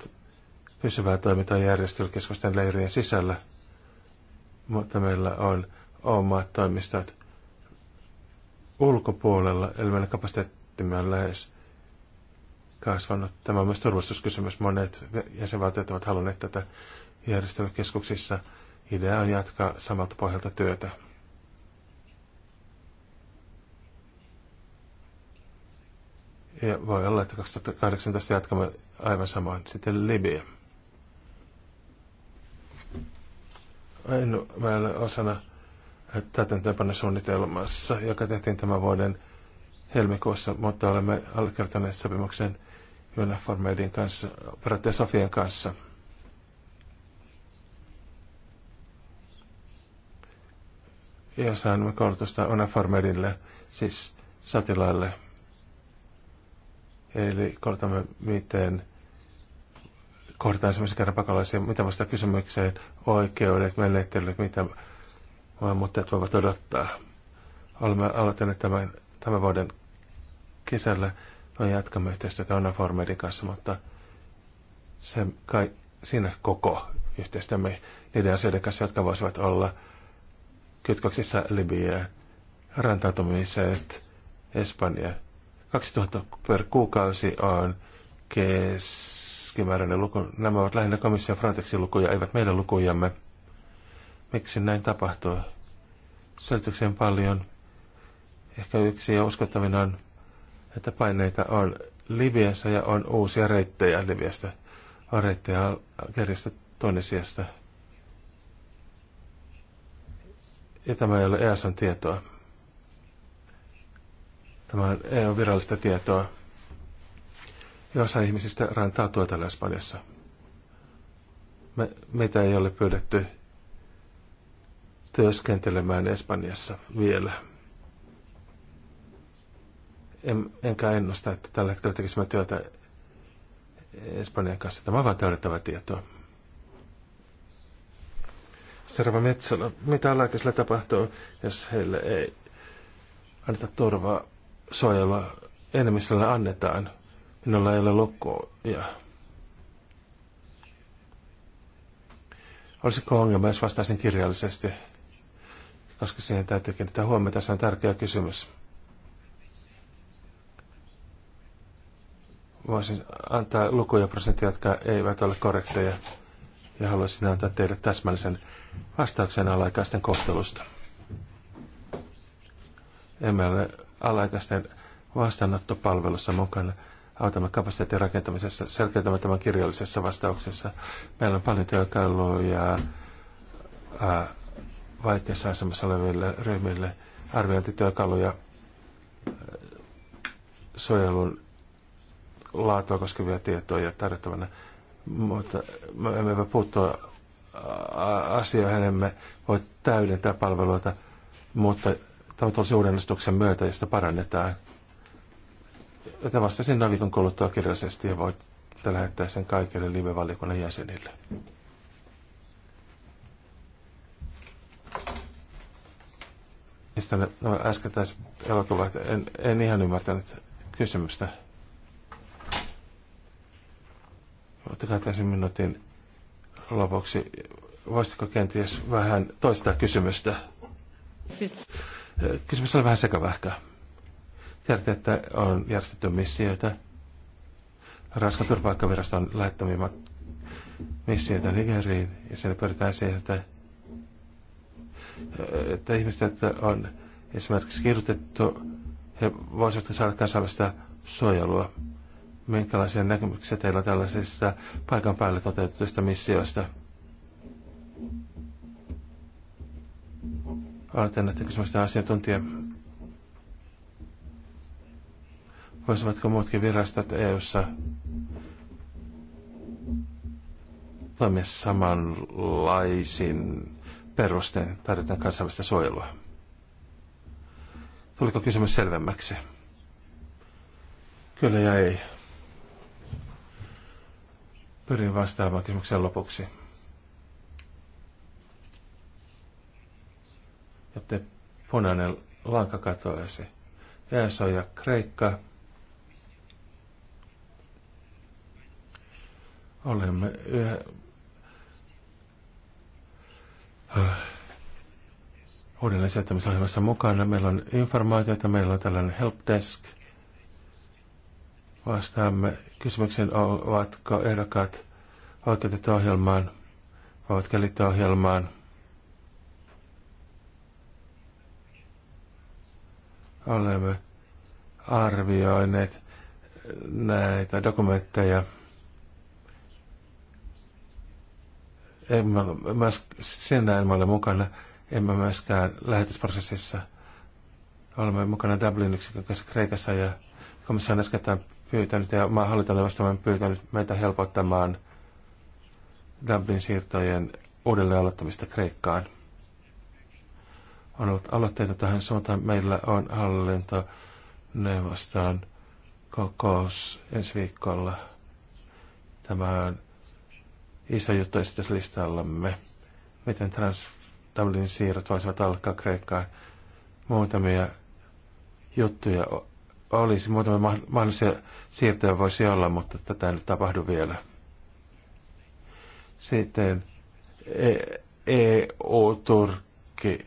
pysyvää toimintaa järjestelykeskusten leirien sisällä – mutta meillä on omat toimistot ulkopuolella, eli meillä kapasiteettimme on lähes kasvanut. Tämä on myös turvallisuuskysymys. Monet jäsenvaltiot ovat halunneet tätä järjestelykeskuksissa. Idea on jatkaa samalta pohjalta työtä. Ja voi olla, että 2018 jatkamme aivan samaan. Sitten Libya. En en osana suunnitelmassa, joka tehtiin tämän vuoden helmikuussa, mutta olemme allekirjoittaneet sopimuksen UNFOR Medin kanssa, operaatio Sofian kanssa. Ja saamme koulutusta UNFOR Medille, siis sotilaille. Eli koulutamme, miten kohdataan esimerkiksi kerran pakolaisia, mitä vasta kysymykseen oikeudet, menettelyt, mitä maahanmuuttajat voivat odottaa. Olemme aloittaneet tämän, tämän vuoden kesällä. No jatkamme yhteistyötä Onnaformedin kanssa, mutta se kai, siinä koko yhteistyömme niiden asioiden kanssa, jotka voisivat olla kytköksissä Libyaan, rantautumiset, Espanja. 2000 per kuukausi on kes keskimääräinen luku. Nämä ovat lähinnä komission Frontexin lukuja, eivät meidän lukujamme. Miksi näin tapahtuu? Selitykseen paljon. Ehkä yksi ja uskottavina on, että paineita on Libiassa ja on uusia reittejä Libiasta. On reittejä Algerista Tunisiasta. Ja tämä ei ole EASan tietoa. Tämä on EU-virallista tietoa ja osa ihmisistä rantaa tuotella Espanjassa. Me, meitä ei ole pyydetty työskentelemään Espanjassa vielä. En, enkä ennusta, että tällä hetkellä tekisimme työtä Espanjan kanssa. Tämä on vain täydettävä tietoa. Serva Metsälä. Mitä lääkisellä tapahtuu, jos heille ei anneta turvaa suojella enemmistöllä annetaan – Minulla ei ole lukkoja. Olisiko ongelma, jos vastaisin kirjallisesti? Koska siihen täytyy kiinnittää huomiota, se on tärkeä kysymys. Voisin antaa lukuja prosenttia, jotka eivät ole korrekteja, ja haluaisin antaa teille täsmällisen vastauksen alaikaisten kohtelusta. Emme ole alaikäisten vastaanottopalvelussa mukana autamme kapasiteetin rakentamisessa, selkeytämme tämän kirjallisessa vastauksessa. Meillä on paljon työkaluja vaikeassa asemassa oleville ryhmille, arviointityökaluja, suojelun laatua koskevia tietoja tarjottavana, mutta me emme voi puuttua asioihin, emme voi täydentää palveluita, mutta tavallaan uudennustuksen myötä, josta parannetaan – että vastasin noin kouluttua kirjallisesti ja voit lähettää sen kaikille live-valiokunnan jäsenille. Mistä ne no, äskettäiset elokuvat, en, en ihan ymmärtänyt kysymystä. Ottakaa tässä minuutin lopuksi. Voisitko kenties vähän toistaa kysymystä? Kysymys oli vähän sekavähkää. Tiedätte, että on järjestetty missioita. Ranskan turvapaikkaviraston lähettämiä missioita Nigeriin ja sen pyritään siihen, että, että ihmiset, jotka on esimerkiksi kirjoitettu, he voisivat saada kansainvälistä suojelua. Minkälaisia näkemyksiä teillä on tällaisista paikan päälle toteutetuista missioista? Olette näiden kysymysten asiantuntija. Voisivatko muutkin virastot EU-ssa toimia samanlaisin perustein tarjotaan kansainvälistä suojelua? Tuliko kysymys selvemmäksi? Kyllä ja ei. Pyrin vastaamaan kysymykseen lopuksi. Jotta punainen lanka katoaisi. ESO ja Kreikka olemme yhä äh, uudelleen sijoittamisohjelmassa mukana. Meillä on informaatiota, meillä on tällainen helpdesk. Vastaamme kysymykseen, ovatko ehdokkaat oikeutettu ohjelmaan, ovatko liittyä ohjelmaan. Olemme arvioineet näitä dokumentteja. emme, sen näin mä olen mukana, emme myöskään lähetysprosessissa. Olemme mukana Dublin yksikön kanssa Kreikassa ja komissaan äsken pyytänyt ja maan hallintoneuvosto on pyytänyt meitä helpottamaan Dublin siirtojen uudelleen aloittamista Kreikkaan. On ollut aloitteita tähän suuntaan. Meillä on hallintoneuvoston kokous ensi viikolla. Tämä on iso juttu esityslistallamme. Miten trans Dublinin siirrot voisivat alkaa Kreikkaan? Muutamia juttuja olisi, muutamia mahdollisia siirtoja voisi olla, mutta tätä ei nyt tapahdu vielä. Sitten EU-Turkki e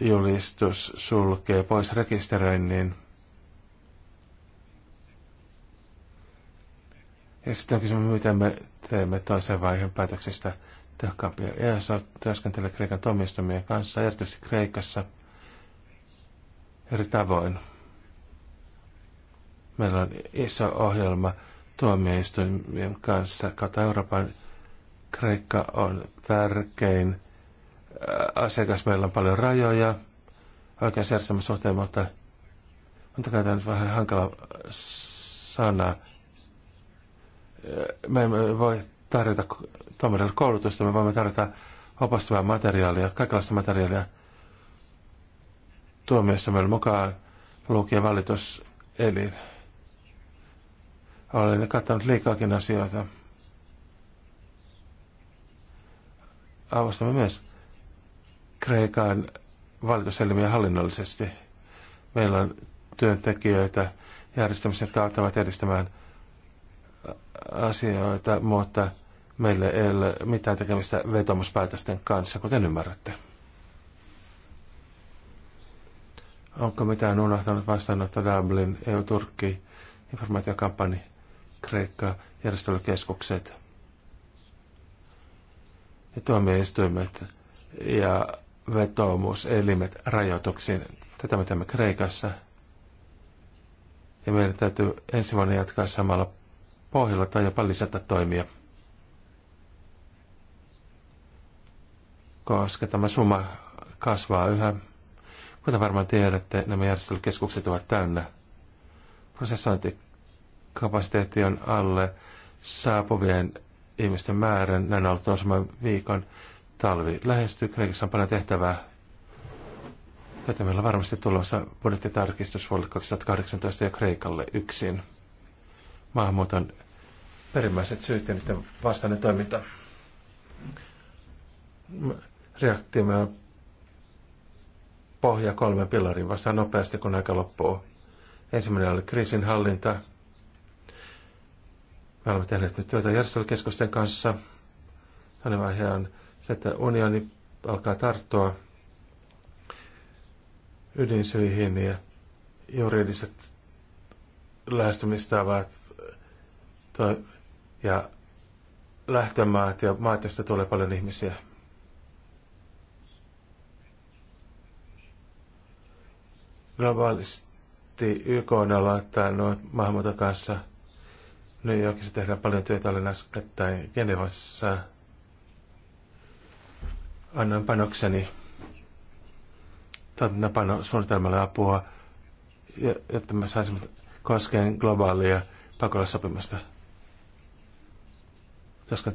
julistus sulkee pois rekisteröinnin Ja sitten on kysymys, mitä me teemme toisen vaiheen päätöksistä tehokkaampia. EASA työskentelee Kreikan tuomioistuimien kanssa, erityisesti Kreikassa, eri tavoin. Meillä on iso ohjelma tuomioistuimien kanssa kautta Euroopan. Kreikka on tärkein äh, asiakas. Meillä on paljon rajoja oikeusjärjestelmän suhteen, mutta on nyt vähän hankala sana me emme voi tarjota tuomarille koulutusta, me voimme tarjota opastavaa materiaalia, kaikenlaista materiaalia tuomioissa meillä mukaan lukien elin. Olen katsonut liikaakin asioita. Avustamme myös Kreikan valituselimiä hallinnollisesti. Meillä on työntekijöitä järjestämisiä, jotka auttavat edistämään – asioita, mutta meillä ei ole mitään tekemistä vetomuspäätösten kanssa, kuten ymmärrätte. Onko mitään unohtanut vastaanotto Dublin, EU-Turkki, informaatiokampanji, Kreikka, järjestelykeskukset ja tuomioistuimet ja vetoomuselimet rajoituksiin. Tätä me teemme Kreikassa. Ja meidän täytyy ensi vuonna jatkaa samalla pohjalla tai jopa lisätä toimia. Koska tämä summa kasvaa yhä. Kuten varmaan tiedätte, nämä järjestelykeskukset ovat täynnä. Prosessointikapasiteetti on alle saapuvien ihmisten määrän. Näin on ollut tuon viikon talvi lähestyy. Kreikassa on paljon tehtävää. Tätä meillä on varmasti tulossa budjettitarkistus vuodelle 2018 ja Kreikalle yksin maahanmuuton perimmäiset syyt ja niiden vastainen toiminta. Reaktiomme on pohja kolmen pilarin vastaan nopeasti, kun aika loppuu. Ensimmäinen oli kriisin hallinta. Me olemme tehneet nyt työtä järjestelykeskusten kanssa. Toinen vaihe on se, että unioni alkaa tarttua ydinsyihin ja juridiset lähestymistavat ja lähtömaat ja maat, joista tulee paljon ihmisiä. Globaalisti YK on aloittanut maahanmuuton kanssa. New Yorkissa tehdään paljon työtä, olen äskettäin Genevassa. Annan panokseni täytäntöpano suunnitelmalle apua, jotta me saisimme koskeen globaalia pakolaissopimusta tässä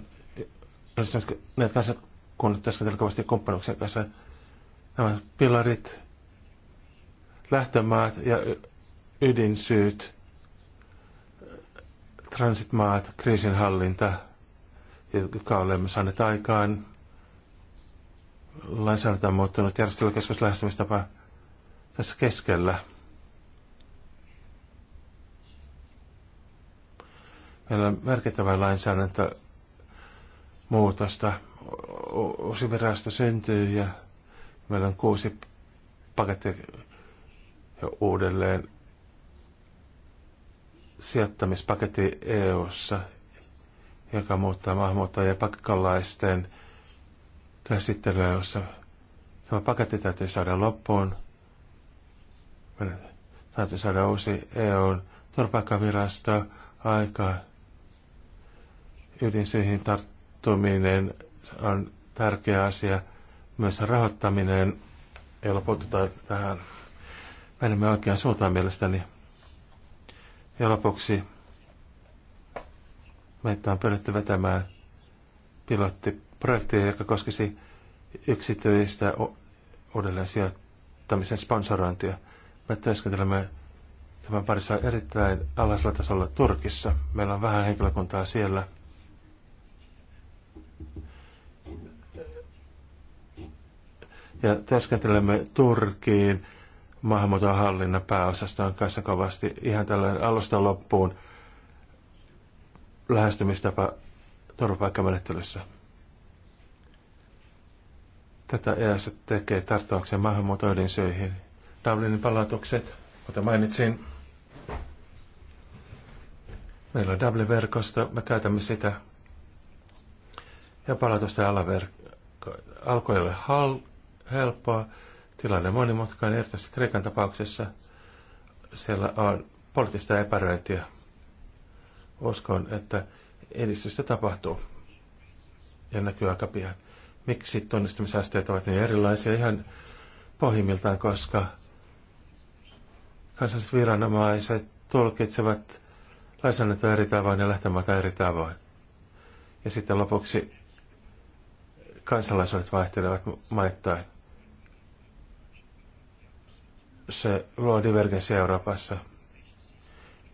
näitä kansakunnat tässä kovasti kumppanuuksien kanssa. Nämä pilarit, lähtömaat ja ydinsyyt, transitmaat, kriisinhallinta, jotka olemme saaneet aikaan, lainsäädäntö on muuttunut, järjestelykeskus lähestymistapa tässä keskellä. Meillä on merkittävä lainsäädäntö muutosta. Osiverasta syntyy ja meillä on kuusi pakettia jo uudelleen sijoittamispaketti EU-ssa, joka muuttaa maahanmuuttajien pakkalaisten käsittelyä, jossa e tämä paketti täytyy saada loppuun. Meidän täytyy saada uusi EUn turvapaikkavirasto aikaan ydinsyihin tarttua puuttuminen on tärkeä asia. Myös rahoittaminen, jolla puututaan tähän, menemme oikeaan suuntaan mielestäni. Ja lopuksi meitä on pyritty vetämään pilottiprojektia, joka koskisi yksityistä uudelleen sijoittamisen sponsorointia. Me työskentelemme tämän parissa erittäin alhaisella tasolla Turkissa. Meillä on vähän henkilökuntaa siellä. ja täskentelemme Turkiin maahanmuuton hallinnan pääosastaan kanssa kovasti ihan tällainen alusta loppuun lähestymistapa turvapaikkamenettelyssä. Tätä EAS tekee tarttuakseen maahanmuuton ydinsyihin. Dublinin palautukset, kuten mainitsin, Meillä on Dublin-verkosto, me käytämme sitä. Ja palautusten alaverkko. Alkoille hal- helppoa. Tilanne on monimutkainen, erityisesti Kreikan tapauksessa. Siellä on poliittista epäröintiä. Uskon, että edistystä tapahtuu ja näkyy aika pian. Miksi tunnistamisasteet ovat niin erilaisia ihan pohjimmiltaan, koska kansalliset viranomaiset tulkitsevat lainsäädäntöä eri tavoin ja lähtemättä eri tavoin. Ja sitten lopuksi kansalaisuudet vaihtelevat maittain se luo divergenssi Euroopassa.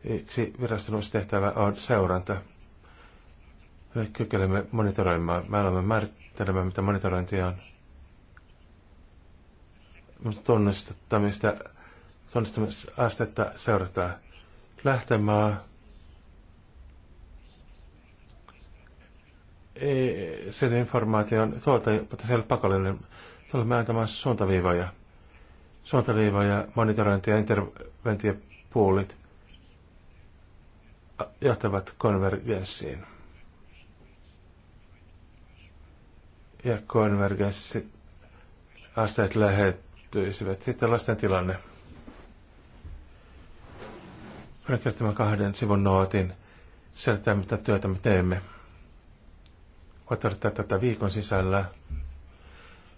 Yksi viraston tehtävä on seuranta. Me kykenemme monitoroimaan. Me alamme määrittelemään, mitä monitorointi on. Mutta tunnistamista, tunnistamisastetta seurataan. Lähtemaa ei, sen informaation tuolta, mutta se ei ole pakollinen. Tulemme antamaan suuntaviivoja ja monitorointi ja interventiopuolit johtavat konvergenssiin. Ja konvergenssi asteet lähettyisivät. Sitten lasten tilanne. Olen kertomaan kahden sivun nootin selittää, mitä työtä me teemme. Voit odottaa tätä viikon sisällä.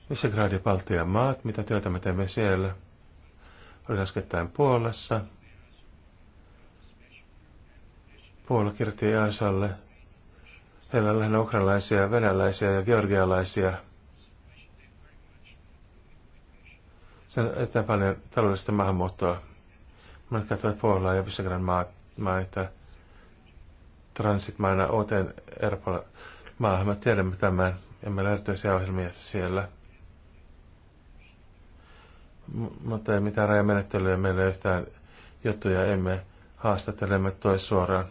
Missä graadi Baltian maat, mitä työtä me teemme siellä. Olin äskettäin Puolassa. Puola kirjoitti Jaasalle. Heillä on lähinnä ukrainalaisia, venäläisiä ja georgialaisia. Sen eteen paljon taloudellista maahanmuuttoa. Monet katsovat Puolaa ja maat, maita transitmaina uuteen Euroopan maahan. Mä tiedämme tämän. Emme löytäisiä ohjelmia siellä mutta ei mitään rajamenettelyä meillä yhtään juttuja emme haastattelemme toi suoraan.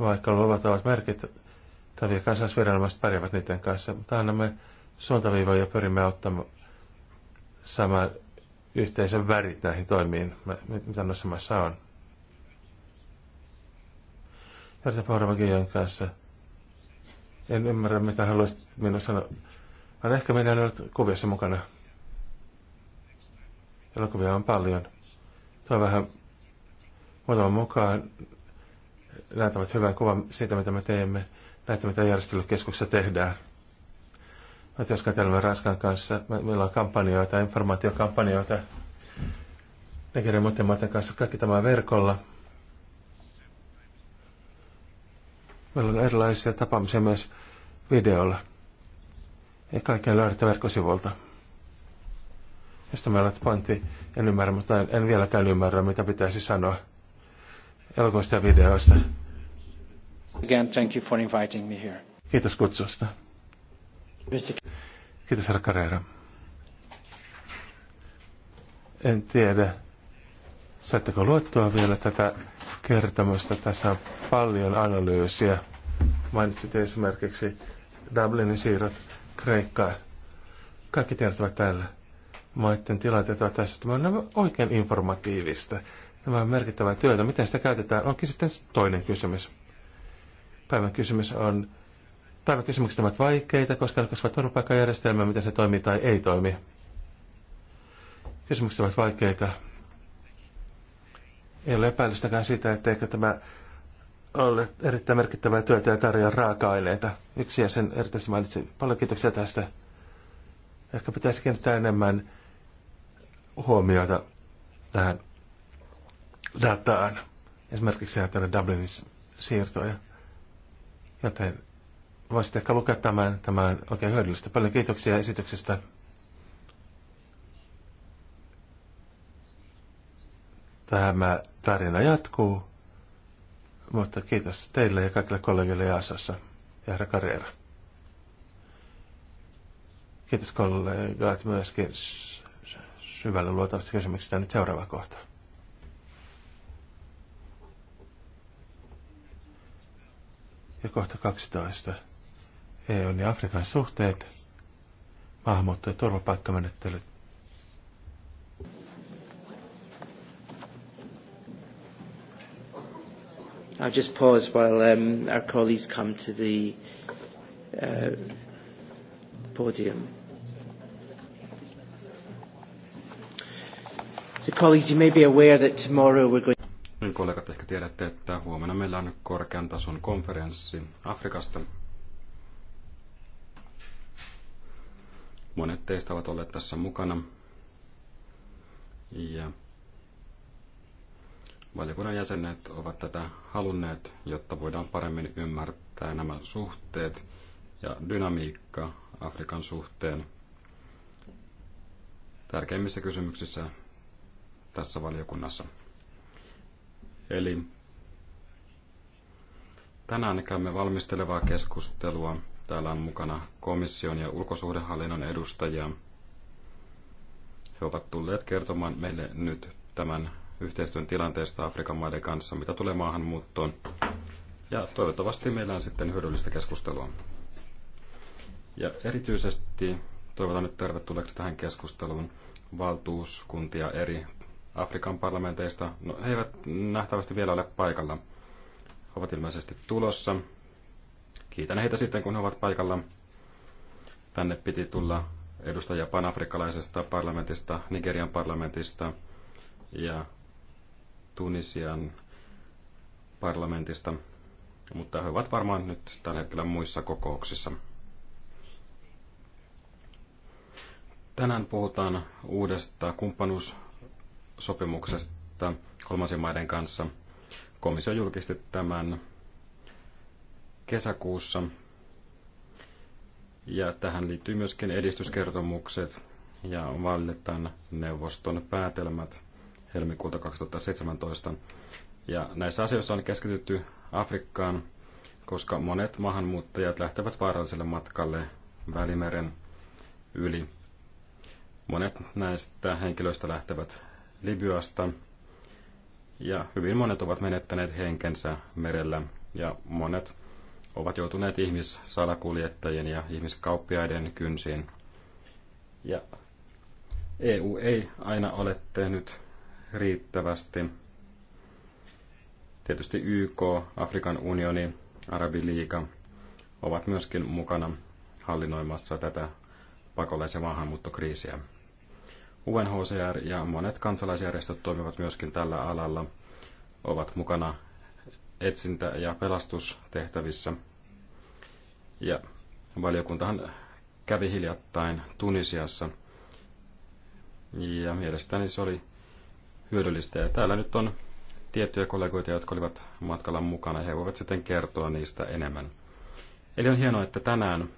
Vaikka luvat ovat merkittäviä, kansallisviranomaiset pärjäävät niiden kanssa, mutta annamme suuntaviivoja ja pyrimme auttamaan saman yhteisen värit näihin toimiin, mitä noissa maissa on. Jarta Pauravakijan kanssa. En ymmärrä, mitä haluaisit minun sanoa vaan ehkä meillä ei ole kuviossa mukana. Elokuvia on paljon. Tuo vähän muutaman mukaan näyttävät hyvän kuvan siitä, mitä me teemme, näitä mitä järjestelykeskuksessa tehdään. Mä työskentelemme Ranskan kanssa, meillä on kampanjoita, informaatiokampanjoita, nekin muiden maiden kanssa, kaikki tämä verkolla. Meillä on erilaisia tapaamisia myös videolla. Ja kaikkea löydätte verkkosivulta. Ja sitten meillä on pointti, en ymmärrä, mutta en vieläkään ymmärrä, mitä pitäisi sanoa elokuvista ja videoista. Again, thank you for inviting me here. Kiitos kutsusta. Kiitos, herra Carrera. En tiedä, saatteko luettua vielä tätä kertomusta. Tässä on paljon analyysiä. Mainitsit esimerkiksi Dublinin siirrot Kreikkaa. Kaikki tiedottavat täällä. Maiden tilanteet ovat tässä. Tämä on oikein informatiivista. Tämä on merkittävää työtä. Miten sitä käytetään? Onkin sitten toinen kysymys. Päivän kysymys on, päivän kysymykset ovat vaikeita, koska ne koskevat turvapaikkajärjestelmää, miten se toimii tai ei toimi. Kysymykset ovat vaikeita. Ei ole epäilystäkään siitä, että tämä olleet erittäin merkittävää työtä ja tarjoa raaka-aineita. Yksi sen erityisesti mainitsin. Paljon kiitoksia tästä. Ehkä pitäisi kiinnittää enemmän huomiota tähän dataan. Esimerkiksi ajatellen Dublinin siirtoja. Joten voisit ehkä lukea tämän. tämän oikein hyödyllistä. Paljon kiitoksia esityksestä. Tämä tarina jatkuu. Mutta kiitos teille ja kaikille kollegille Jaasassa ja herra Carrera. Kiitos kollegat myöskin syvälle luotavasti kysymyksistä nyt seuraava kohta. Ja kohta 12. EU ja Afrikan suhteet, maahanmuutto- ja turvapaikkamenettelyt I'll just pause while um, our colleagues come to the uh, podium. So colleagues, you may be aware that tomorrow we're going niin kollegat ehkä tiedätte, että huomenna meillä on korkean tason konferenssi Afrikasta. Monet teistä ovat olleet tässä mukana. Ja Valiokunnan jäsenet ovat tätä halunneet, jotta voidaan paremmin ymmärtää nämä suhteet ja dynamiikka Afrikan suhteen tärkeimmissä kysymyksissä tässä valiokunnassa. Eli tänään käymme valmistelevaa keskustelua. Täällä on mukana komission ja ulkosuhdehallinnon edustajia. He ovat tulleet kertomaan meille nyt tämän yhteistyön tilanteesta Afrikan maiden kanssa, mitä tulee maahanmuuttoon. Ja toivottavasti meillä on sitten hyödyllistä keskustelua. Ja erityisesti toivotan nyt tervetulleeksi tähän keskusteluun valtuuskuntia eri Afrikan parlamenteista. No, he eivät nähtävästi vielä ole paikalla. He ovat ilmeisesti tulossa. Kiitän heitä sitten, kun he ovat paikalla. Tänne piti tulla edustajia panafrikkalaisesta parlamentista, Nigerian parlamentista ja Tunisian parlamentista, mutta he ovat varmaan nyt tällä hetkellä muissa kokouksissa. Tänään puhutaan uudesta kumppanuussopimuksesta kolmansien maiden kanssa. Komissio julkisti tämän kesäkuussa. Ja tähän liittyy myöskin edistyskertomukset ja valitaan neuvoston päätelmät helmikuuta 2017. Ja näissä asioissa on keskitytty Afrikkaan, koska monet maahanmuuttajat lähtevät vaaralliselle matkalle Välimeren yli. Monet näistä henkilöistä lähtevät Libyasta ja hyvin monet ovat menettäneet henkensä merellä ja monet ovat joutuneet ihmissalakuljettajien ja ihmiskauppiaiden kynsiin. Ja EU ei aina ole tehnyt riittävästi. Tietysti YK, Afrikan unioni, Arabiliiga ovat myöskin mukana hallinnoimassa tätä pakolaisen maahanmuuttokriisiä. UNHCR ja monet kansalaisjärjestöt toimivat myöskin tällä alalla, ovat mukana etsintä- ja pelastustehtävissä. Ja valiokuntahan kävi hiljattain Tunisiassa. Ja mielestäni se oli hyödyllistä. Ja täällä nyt on tiettyjä kollegoita, jotka olivat matkalla mukana. He voivat sitten kertoa niistä enemmän. Eli on hienoa, että tänään,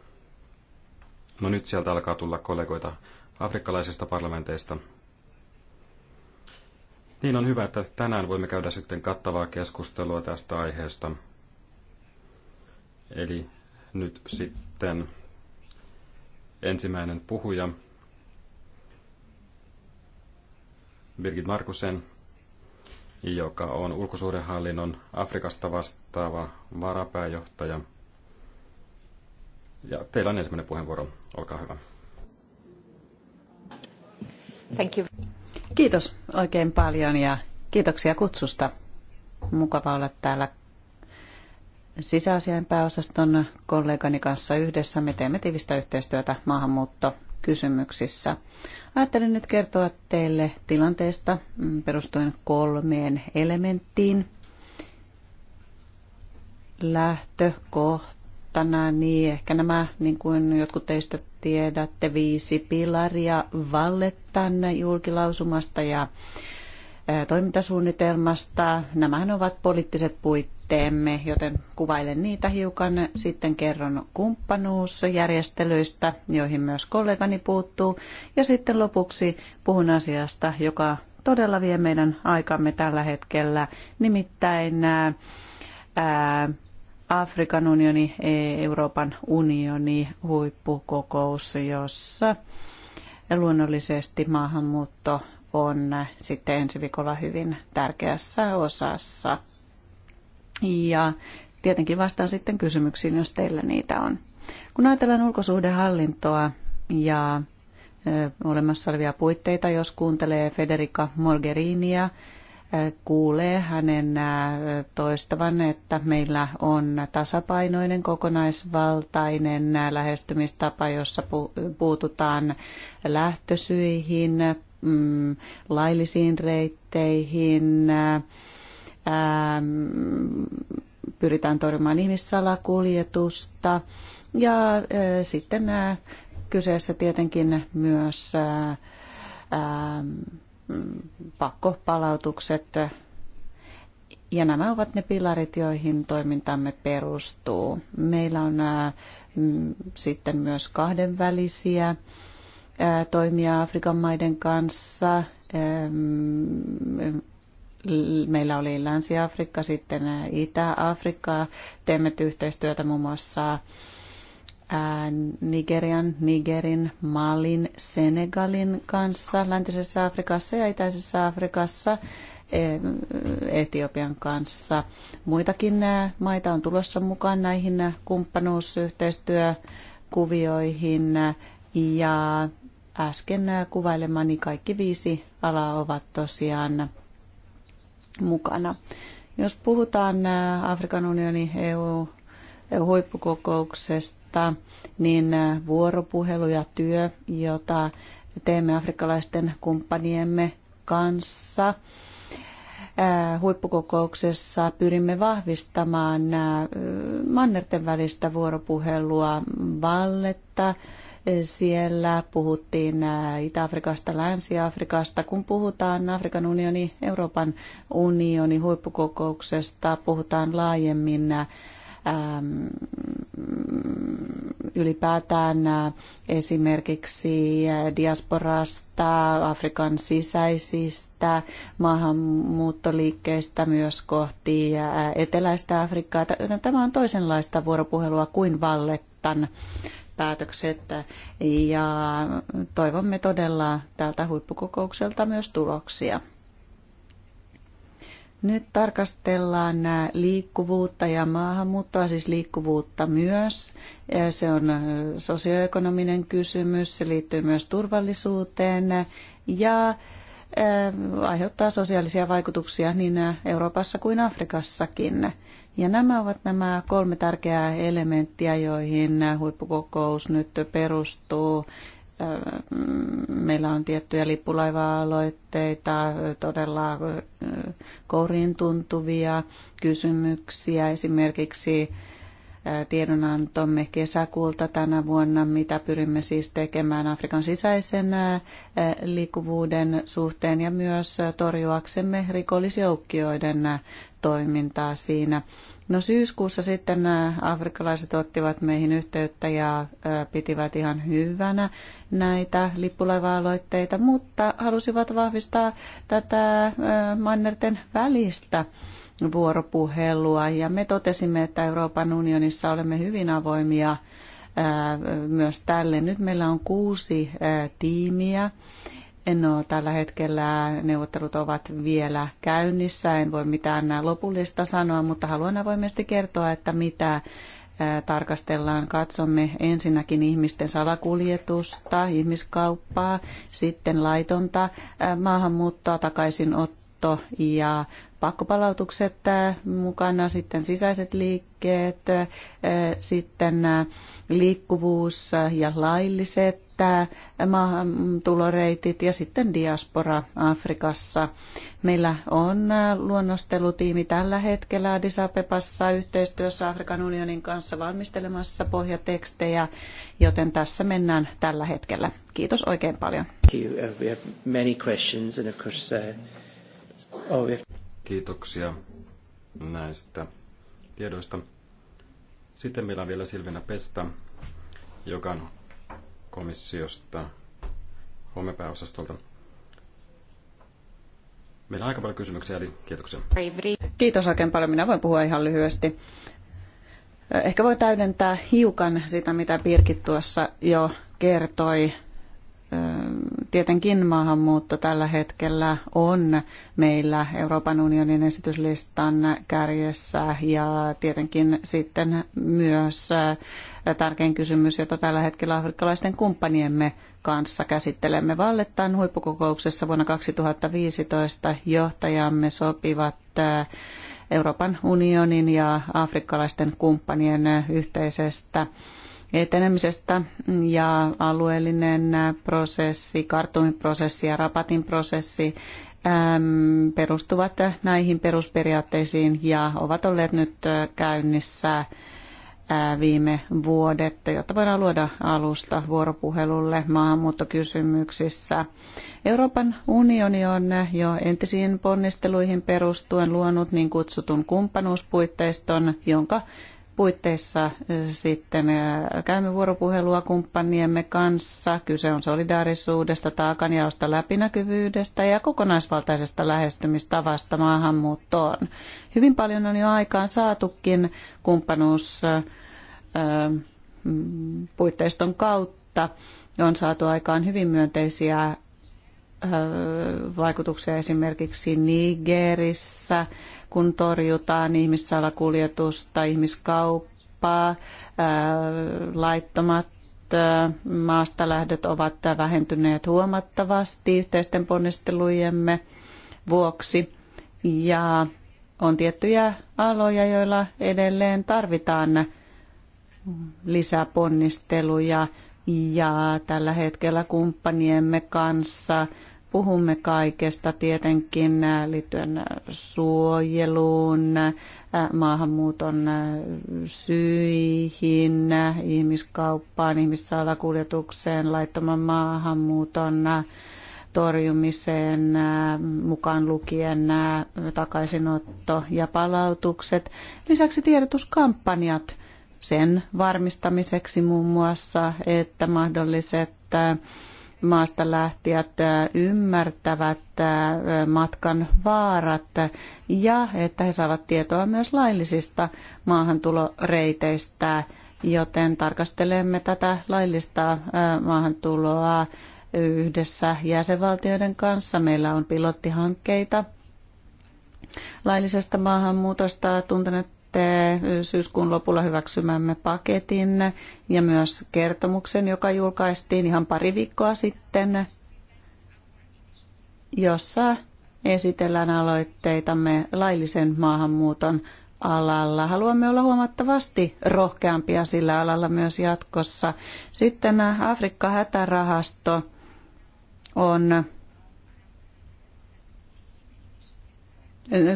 no nyt sieltä alkaa tulla kollegoita afrikkalaisista parlamenteista. Niin on hyvä, että tänään voimme käydä sitten kattavaa keskustelua tästä aiheesta. Eli nyt sitten ensimmäinen puhuja Birgit Markusen, joka on ulkosuhdehallinnon Afrikasta vastaava varapääjohtaja. Ja teillä on ensimmäinen puheenvuoro. Olkaa hyvä. Thank you. Kiitos oikein paljon ja kiitoksia kutsusta. Mukava olla täällä sisäasiain pääosaston kollegani kanssa yhdessä. Me teemme tiivistä yhteistyötä maahanmuutto- kysymyksissä. Ajattelin nyt kertoa teille tilanteesta mm, perustuen kolmeen elementtiin. Lähtökohtana, niin ehkä nämä, niin kuin jotkut teistä tiedätte, viisi pilaria vallettan julkilausumasta ja toimintasuunnitelmasta. Nämähän ovat poliittiset puitteet teemme, joten kuvailen niitä hiukan. Sitten kerron kumppanuusjärjestelyistä, joihin myös kollegani puuttuu. Ja sitten lopuksi puhun asiasta, joka todella vie meidän aikamme tällä hetkellä, nimittäin ää, Afrikan unioni, Euroopan unioni huippukokous, jossa luonnollisesti maahanmuutto on sitten ensi viikolla hyvin tärkeässä osassa. Ja tietenkin vastaan sitten kysymyksiin, jos teillä niitä on. Kun ajatellaan ulkosuhdehallintoa ja olemassa olevia puitteita, jos kuuntelee Federica Morgherinia, kuulee hänen toistavan, että meillä on tasapainoinen, kokonaisvaltainen lähestymistapa, jossa puututaan lähtösyihin, mm, laillisiin reitteihin, Ähm, pyritään torjumaan ihmissalakuljetusta ja äh, sitten äh, kyseessä tietenkin myös äh, ähm, pakkopalautukset. Ja nämä ovat ne pilarit, joihin toimintamme perustuu. Meillä on sitten myös kahdenvälisiä toimia Afrikan maiden kanssa ähm, meillä oli Länsi-Afrikka, sitten äh, Itä-Afrikka, teemme yhteistyötä muun muassa äh, Nigerian, Nigerin, Malin, Senegalin kanssa, Läntisessä Afrikassa ja Itäisessä Afrikassa, e- Etiopian kanssa. Muitakin äh, maita on tulossa mukaan näihin kumppanuusyhteistyökuvioihin ja äsken kuvailemani kaikki viisi alaa ovat tosiaan mukana. Jos puhutaan Afrikan unionin EU e huippukokouksesta, niin vuoropuhelu ja työ, jota teemme afrikkalaisten kumppaniemme kanssa, huippukokouksessa pyrimme vahvistamaan mannerten välistä vuoropuhelua, valletta, siellä puhuttiin äh, Itä-Afrikasta, Länsi-Afrikasta. Kun puhutaan Afrikan unioni, Euroopan unioni huippukokouksesta, puhutaan laajemmin äh, ylipäätään äh, esimerkiksi diasporasta, Afrikan sisäisistä maahanmuuttoliikkeistä myös kohti eteläistä Afrikkaa. Tämä on toisenlaista vuoropuhelua kuin Vallettan päätökset ja toivomme todella tältä huippukokoukselta myös tuloksia. Nyt tarkastellaan liikkuvuutta ja maahanmuuttoa, siis liikkuvuutta myös. Se on sosioekonominen kysymys, se liittyy myös turvallisuuteen ja eh, aiheuttaa sosiaalisia vaikutuksia niin Euroopassa kuin Afrikassakin. Ja nämä ovat nämä kolme tärkeää elementtiä, joihin huippukokous nyt perustuu. Meillä on tiettyjä lippulaiva-aloitteita, todella kouriin tuntuvia kysymyksiä, esimerkiksi tiedonantomme kesäkuulta tänä vuonna, mitä pyrimme siis tekemään Afrikan sisäisen liikkuvuuden suhteen ja myös torjuaksemme rikollisjoukkioiden toimintaa siinä. No syyskuussa sitten afrikkalaiset ottivat meihin yhteyttä ja pitivät ihan hyvänä näitä lippulaiva-aloitteita, mutta halusivat vahvistaa tätä mannerten välistä vuoropuhelua ja me totesimme, että Euroopan unionissa olemme hyvin avoimia myös tälle. Nyt meillä on kuusi tiimiä. No, tällä hetkellä neuvottelut ovat vielä käynnissä, en voi mitään lopullista sanoa, mutta haluan avoimesti kertoa, että mitä tarkastellaan, katsomme ensinnäkin ihmisten salakuljetusta, ihmiskauppaa, sitten laitonta maahanmuuttoa, takaisinottoa ja pakkopalautukset äh, mukana, sitten sisäiset liikkeet, äh, sitten äh, liikkuvuus ja lailliset maahantuloreitit ja sitten diaspora Afrikassa. Meillä on luonnostelutiimi tällä hetkellä Addis Abebassa yhteistyössä Afrikan unionin kanssa valmistelemassa pohjatekstejä, joten tässä mennään tällä hetkellä. Kiitos oikein paljon. Thank you. Uh, we have many questions and of course uh, oh, we have... Kiitoksia näistä tiedoista. Sitten meillä on vielä Silvina Pesta, joka on komissiosta homepääosastolta. Meillä on aika paljon kysymyksiä, eli kiitoksia. Kiitos oikein paljon. Minä voin puhua ihan lyhyesti. Ehkä voi täydentää hiukan sitä, mitä Pirkit tuossa jo kertoi Tietenkin maahanmuutto tällä hetkellä on meillä Euroopan unionin esityslistan kärjessä ja tietenkin sitten myös tärkein kysymys, jota tällä hetkellä afrikkalaisten kumppaniemme kanssa käsittelemme. Vallettaan huippukokouksessa vuonna 2015 johtajamme sopivat Euroopan unionin ja afrikkalaisten kumppanien yhteisestä etenemisestä ja alueellinen prosessi, kartumin prosessi ja rapatin prosessi perustuvat näihin perusperiaatteisiin ja ovat olleet nyt äh, käynnissä äh, viime vuodet, jotta voidaan luoda alusta vuoropuhelulle maahanmuuttokysymyksissä. Euroopan unioni on jo entisiin ponnisteluihin perustuen luonut niin kutsutun kumppanuuspuitteiston, jonka puitteissa sitten käymme vuoropuhelua kumppaniemme kanssa. Kyse on solidaarisuudesta, taakanjaosta, läpinäkyvyydestä ja kokonaisvaltaisesta lähestymistavasta maahanmuuttoon. Hyvin paljon on jo aikaan saatukin kumppanuus puitteiston kautta on saatu aikaan hyvin myönteisiä vaikutuksia esimerkiksi Nigerissä, kun torjutaan ihmissalakuljetusta, ihmiskauppaa, laittomat maasta lähdöt ovat vähentyneet huomattavasti yhteisten ponnistelujemme vuoksi. Ja on tiettyjä aloja, joilla edelleen tarvitaan lisäponnisteluja ja tällä hetkellä kumppaniemme kanssa puhumme kaikesta tietenkin liittyen suojeluun, maahanmuuton syihin, ihmiskauppaan, ihmissalakuljetukseen, laittoman maahanmuuton torjumiseen, mukaan lukien takaisinotto ja palautukset. Lisäksi tiedotuskampanjat – sen varmistamiseksi muun muassa, että mahdolliset maasta lähtijät ymmärtävät matkan vaarat ja että he saavat tietoa myös laillisista maahantuloreiteistä, joten tarkastelemme tätä laillista maahantuloa yhdessä jäsenvaltioiden kanssa. Meillä on pilottihankkeita laillisesta maahanmuutosta tunteneet syyskuun lopulla hyväksymämme paketin ja myös kertomuksen, joka julkaistiin ihan pari viikkoa sitten, jossa esitellään aloitteitamme laillisen maahanmuuton alalla. Haluamme olla huomattavasti rohkeampia sillä alalla myös jatkossa. Sitten Afrikka-hätärahasto on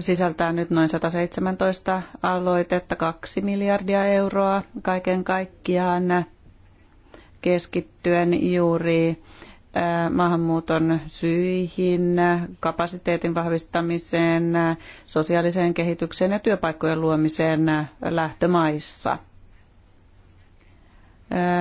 sisältää nyt noin 117 aloitetta, 2 miljardia euroa kaiken kaikkiaan keskittyen juuri maahanmuuton syihin, kapasiteetin vahvistamiseen, sosiaaliseen kehitykseen ja työpaikkojen luomiseen lähtömaissa.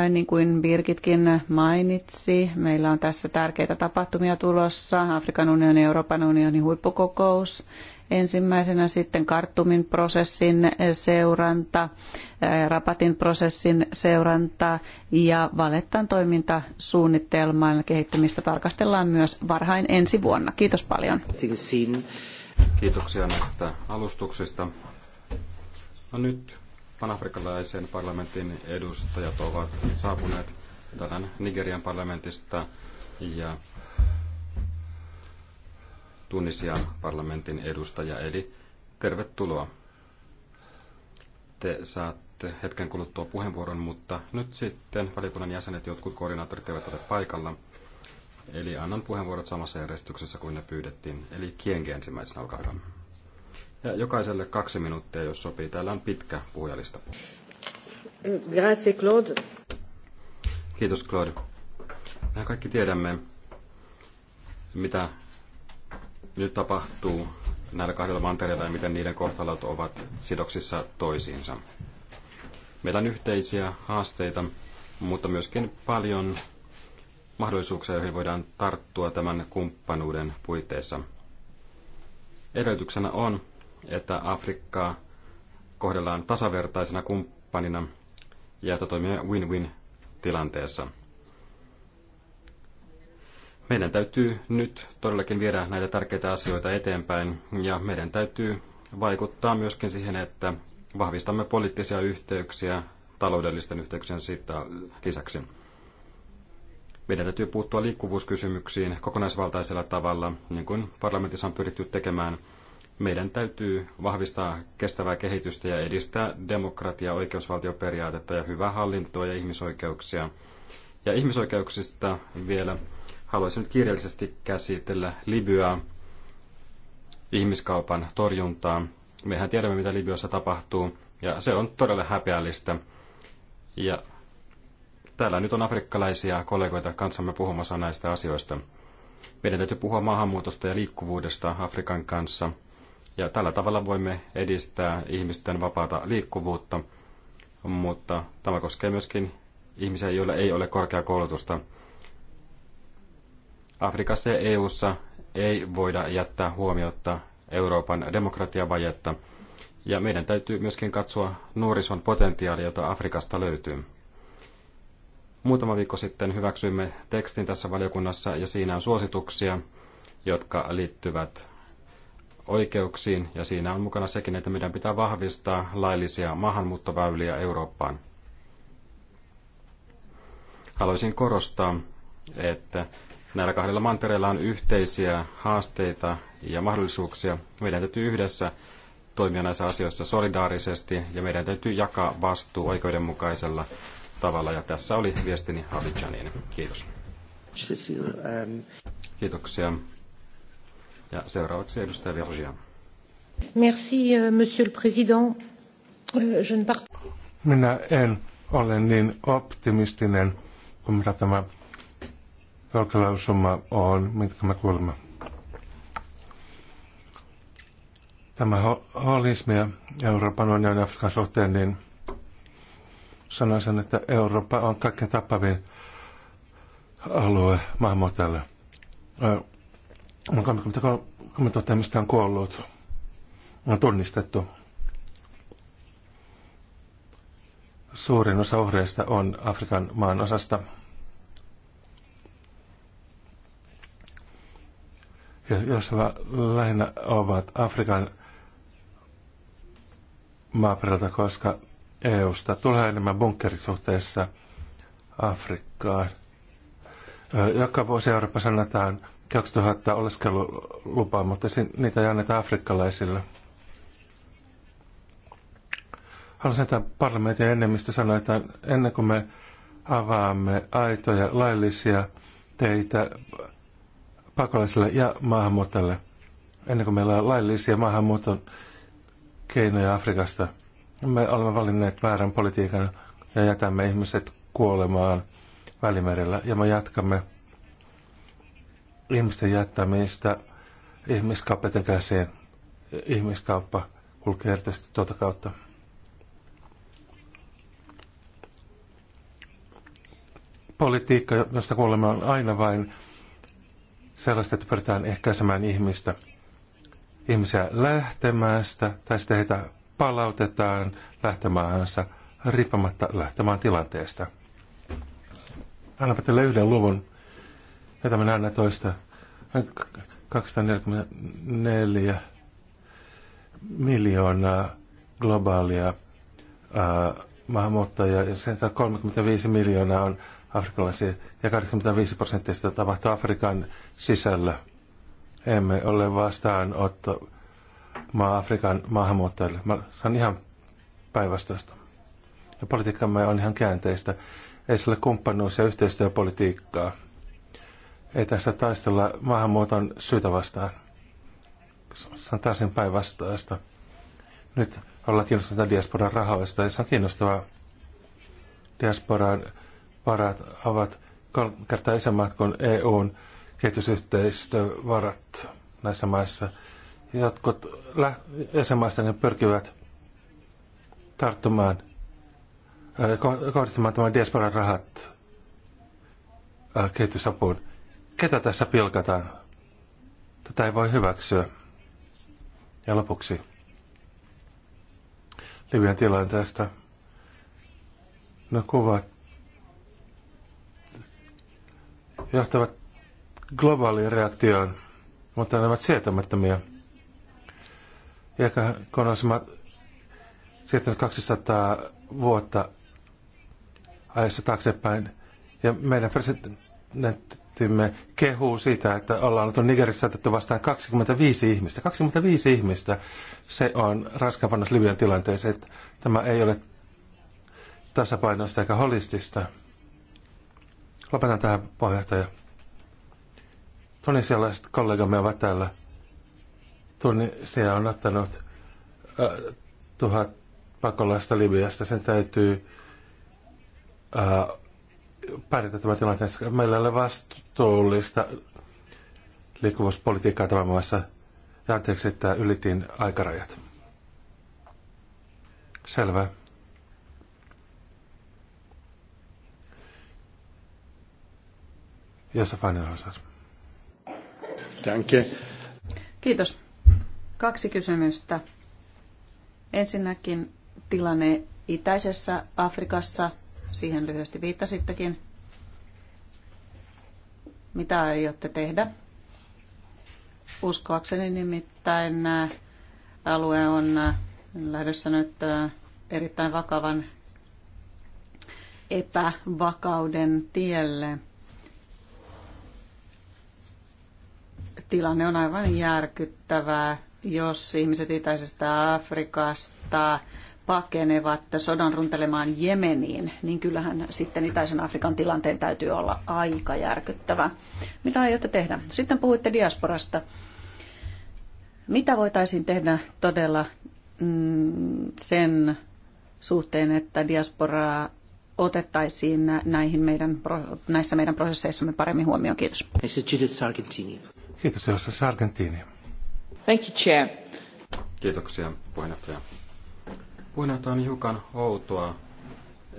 Niin kuin Birgitkin mainitsi, meillä on tässä tärkeitä tapahtumia tulossa. Afrikan unionin ja Euroopan unionin huippukokous Ensimmäisenä sitten karttumin prosessin seuranta, äh, rapatin prosessin seuranta ja valettan toimintasuunnitelman kehittymistä tarkastellaan myös varhain ensi vuonna. Kiitos paljon. Kiitoksia näistä alustuksista. No nyt panafrikkalaisen parlamentin edustajat ovat saapuneet tänään Nigerian parlamentista ja Tunisian parlamentin edustaja, eli tervetuloa. Te saatte hetken kuluttua puheenvuoron, mutta nyt sitten valiokunnan jäsenet, jotkut koordinaattorit eivät ole paikalla. Eli annan puheenvuorot samassa järjestyksessä kuin ne pyydettiin. Eli Kienke ensimmäisen alkaa hyvä. Ja jokaiselle kaksi minuuttia, jos sopii. Täällä on pitkä puhujalista. Grazie, Claude. Kiitos, Claude. Mehän kaikki tiedämme, mitä nyt tapahtuu näillä kahdella mantereella ja miten niiden kohtalot ovat sidoksissa toisiinsa. Meillä on yhteisiä haasteita, mutta myöskin paljon mahdollisuuksia, joihin voidaan tarttua tämän kumppanuuden puitteissa. Edellytyksenä on, että Afrikkaa kohdellaan tasavertaisena kumppanina ja että toimii win-win tilanteessa – meidän täytyy nyt todellakin viedä näitä tärkeitä asioita eteenpäin ja meidän täytyy vaikuttaa myöskin siihen, että vahvistamme poliittisia yhteyksiä taloudellisten yhteyksien siitä lisäksi. Meidän täytyy puuttua liikkuvuuskysymyksiin kokonaisvaltaisella tavalla, niin kuin parlamentissa on pyritty tekemään. Meidän täytyy vahvistaa kestävää kehitystä ja edistää demokratiaa, oikeusvaltioperiaatetta ja hyvää hallintoa ja ihmisoikeuksia. Ja ihmisoikeuksista vielä Haluaisin nyt kirjallisesti käsitellä Libyaa, ihmiskaupan torjuntaa. Mehän tiedämme, mitä Libyassa tapahtuu, ja se on todella häpeällistä. Ja täällä nyt on afrikkalaisia kollegoita kanssamme puhumassa näistä asioista. Meidän täytyy puhua maahanmuutosta ja liikkuvuudesta Afrikan kanssa. Ja tällä tavalla voimme edistää ihmisten vapaata liikkuvuutta, mutta tämä koskee myöskin ihmisiä, joilla ei ole korkeakoulutusta. Afrikassa ja EU:ssa ei voida jättää huomiota Euroopan demokratiavajetta, ja meidän täytyy myöskin katsoa nuorison potentiaalia, jota Afrikasta löytyy. Muutama viikko sitten hyväksyimme tekstin tässä valiokunnassa, ja siinä on suosituksia, jotka liittyvät oikeuksiin, ja siinä on mukana sekin, että meidän pitää vahvistaa laillisia maahanmuuttoväyliä Eurooppaan. Haluaisin korostaa, että Näillä kahdella mantereella on yhteisiä haasteita ja mahdollisuuksia. Meidän täytyy yhdessä toimia näissä asioissa solidaarisesti ja meidän täytyy jakaa vastuu oikeudenmukaisella tavalla. Ja tässä oli viestini Abidjaniin. Kiitos. Kiitoksia. Ja seuraavaksi edustaja Virgia. Merci, euh, monsieur le président. Euh, minä en ole niin optimistinen kuin mitä tämä velkalausuma on, mitkä me kuulemme. Tämä holismi ja Euroopan unionin Afrikan suhteen, niin sanoisin, että Eurooppa on kaikkein tappavin alue maahanmuuttajalle. 33 000 ihmistä on kuollut, on tunnistettu. Suurin osa uhreista on Afrikan maan osasta. jossa lähinnä ovat Afrikan maaperältä, koska EUsta tulee enemmän bunkkerisuhteessa Afrikkaan. Joka vuosi Euroopassa annetaan 2000 oleskelulupaa, mutta niitä ei anneta afrikkalaisille. Haluaisin, että parlamentin enemmistö sanoi, että ennen kuin me avaamme aitoja laillisia teitä pakolaisille ja maahanmuuttajille, ennen kuin meillä on laillisia maahanmuuton keinoja Afrikasta. Me olemme valinneet väärän politiikan ja jätämme ihmiset kuolemaan Välimerellä ja me jatkamme ihmisten jättämistä ihmiskauppaiden käsiin. Ihmiskauppa kulkee erityisesti tuota kautta. Politiikka, josta kuolema on aina vain sellaista, että pyritään ehkäisemään ihmistä, ihmisiä lähtemästä tai sitten heitä palautetaan lähtemäänsä riippumatta lähtemään tilanteesta. Anna teille yhden luvun, jota minä aina toista. 244 miljoonaa globaalia ää, maahanmuuttajia ja 135 miljoonaa on afrikkalaisia ja 85 prosenttia sitä tapahtuu Afrikan sisällä. Emme ole vastaanotto maa Afrikan maahanmuuttajille. Mä on ihan päinvastaista. Ja politiikkamme on ihan käänteistä. Ei sillä kumppanuus- ja yhteistyöpolitiikkaa. Ei tässä taistella maahanmuuton syytä vastaan. Se on täysin päinvastaista. Nyt ollaan kiinnostuneita diasporan rahoista ja se on kiinnostavaa diasporan varat ovat kertaa isommat kuin EUn kehitysyhteistyövarat näissä maissa. Jotkut jäsenmaista ne pyrkivät tarttumaan, äh, kohdistamaan tämän diasporan rahat äh, kehitysapuun. Ketä tässä pilkataan? Tätä ei voi hyväksyä. Ja lopuksi Libyan tilanteesta. No kuvat johtavat globaaliin reaktioon, mutta ne ovat sietämättömiä. Ehkä kun olisimme siirtyneet 200 vuotta ajassa taaksepäin, ja meidän presidenttimme kehuu siitä, että ollaan oltu Nigerissä otettu vastaan 25 ihmistä. 25 ihmistä, se on Ranskan pannut Libyan tilanteeseen, että tämä ei ole tasapainoista eikä holistista. Lopetan tähän puheenjohtaja. Tunisialaiset kollegamme ovat täällä. Tunisia on ottanut äh, tuhat pakolaista Libyasta. Sen täytyy äh, pärjätä tämä tilanteen. Meillä ei ole vastuullista liikkuvuuspolitiikkaa tämän muassa. Ja anteeksi, että ylitin aikarajat. Selvä. Jesse Rosas. Kiitos. Kaksi kysymystä. Ensinnäkin tilanne itäisessä Afrikassa, siihen lyhyesti viittasittekin. Mitä aiotte tehdä? Uskoakseni nimittäin äh, alue on äh, lähdössä nyt äh, erittäin vakavan epävakauden tielle. tilanne on aivan järkyttävää, jos ihmiset itäisestä Afrikasta pakenevat sodan runtelemaan Jemeniin, niin kyllähän sitten itäisen Afrikan tilanteen täytyy olla aika järkyttävä. Mitä aiotte tehdä? Sitten puhuitte diasporasta. Mitä voitaisiin tehdä todella mm, sen suhteen, että diasporaa otettaisiin näihin meidän, näissä meidän prosesseissamme paremmin huomioon. Kiitos. Judith Sargentini. Kiitos, Jossa Sargentini. Thank you, Chair. Kiitoksia, puheenjohtaja. Puheenjohtaja on hiukan outoa,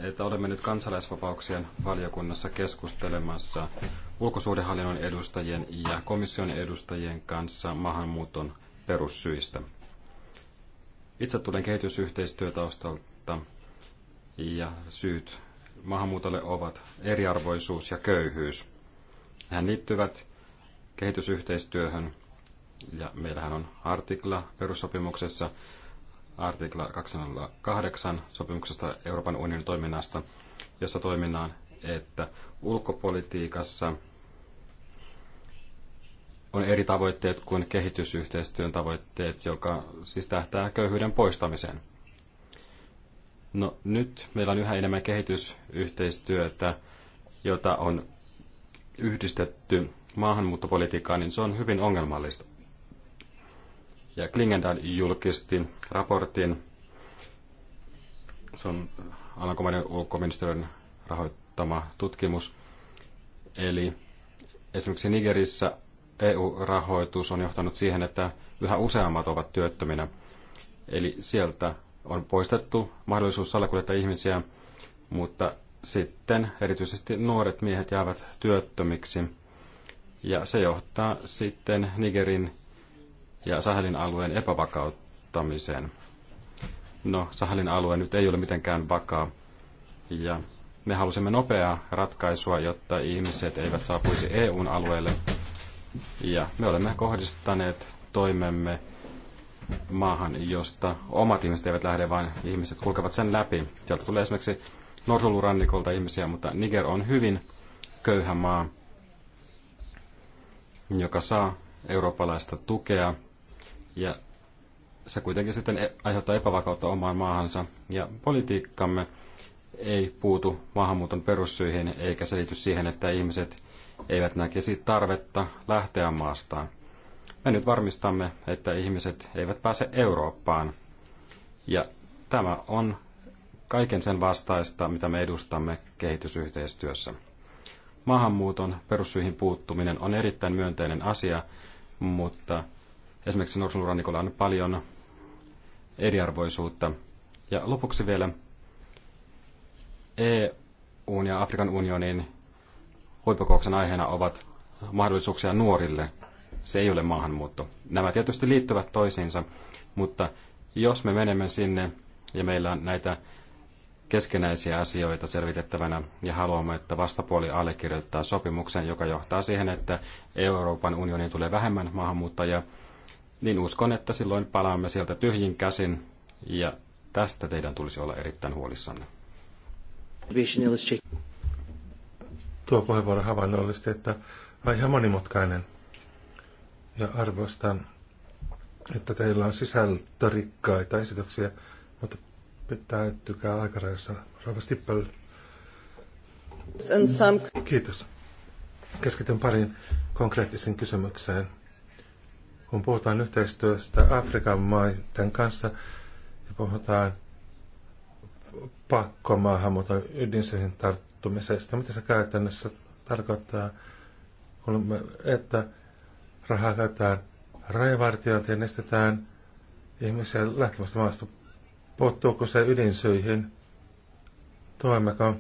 että olemme nyt kansalaisvapauksien valiokunnassa keskustelemassa ulkosuhdehallinnon edustajien ja komission edustajien kanssa maahanmuuton perussyistä. Itse tulen kehitysyhteistyötaustalta ja syyt maahanmuutolle ovat eriarvoisuus ja köyhyys. Hän liittyvät kehitysyhteistyöhön. Ja meillähän on artikla perussopimuksessa, artikla 208 sopimuksesta Euroopan unionin toiminnasta, jossa toiminnaan, että ulkopolitiikassa on eri tavoitteet kuin kehitysyhteistyön tavoitteet, joka siis tähtää köyhyyden poistamiseen. No nyt meillä on yhä enemmän kehitysyhteistyötä, jota on yhdistetty maahanmuuttopolitiikkaa, niin se on hyvin ongelmallista. Ja Klingendal julkisti raportin, se on alankomainen ulkoministeriön rahoittama tutkimus. Eli esimerkiksi Nigerissä EU-rahoitus on johtanut siihen, että yhä useammat ovat työttöminä. Eli sieltä on poistettu mahdollisuus salakuljettaa ihmisiä, mutta sitten erityisesti nuoret miehet jäävät työttömiksi – ja se johtaa sitten Nigerin ja Sahelin alueen epävakauttamiseen. No, Sahelin alue nyt ei ole mitenkään vakaa. Ja me halusimme nopeaa ratkaisua, jotta ihmiset eivät saapuisi EUn alueelle. Ja me olemme kohdistaneet toimemme maahan, josta omat ihmiset eivät lähde, vaan ihmiset kulkevat sen läpi. Sieltä tulee esimerkiksi Norsulurannikolta ihmisiä, mutta Niger on hyvin köyhä maa joka saa eurooppalaista tukea ja se kuitenkin sitten e- aiheuttaa epävakautta omaan maahansa ja politiikkamme ei puutu maahanmuuton perussyihin eikä selity siihen, että ihmiset eivät näkisi tarvetta lähteä maastaan. Me nyt varmistamme, että ihmiset eivät pääse Eurooppaan. Ja tämä on kaiken sen vastaista, mitä me edustamme kehitysyhteistyössä maahanmuuton perussyihin puuttuminen on erittäin myönteinen asia, mutta esimerkiksi Norsunurannikolla on paljon eriarvoisuutta. Ja lopuksi vielä EU ja Afrikan unionin huippukokouksen aiheena ovat mahdollisuuksia nuorille. Se ei ole maahanmuutto. Nämä tietysti liittyvät toisiinsa, mutta jos me menemme sinne ja meillä on näitä keskenäisiä asioita selvitettävänä ja haluamme, että vastapuoli allekirjoittaa sopimuksen, joka johtaa siihen, että Euroopan unioniin tulee vähemmän maahanmuuttajia, niin uskon, että silloin palaamme sieltä tyhjin käsin ja tästä teidän tulisi olla erittäin huolissanne. Tuo puheenvuoro havainnollisti, että aihe on monimutkainen ja arvostan, että teillä on sisältörikkaita esityksiä, mutta tykkää aikarajassa. Rauha Stippel. Kiitos. Keskityn pariin konkreettiseen kysymykseen. Kun puhutaan yhteistyöstä Afrikan maiden kanssa ja puhutaan pakkomaahanmuuton ydinsyihin tarttumisesta, mitä se käytännössä tarkoittaa, että rahaa käytetään rajavartiointiin, estetään ihmisiä lähtemästä maasta Puuttuuko se ydinsyihin? Toimeko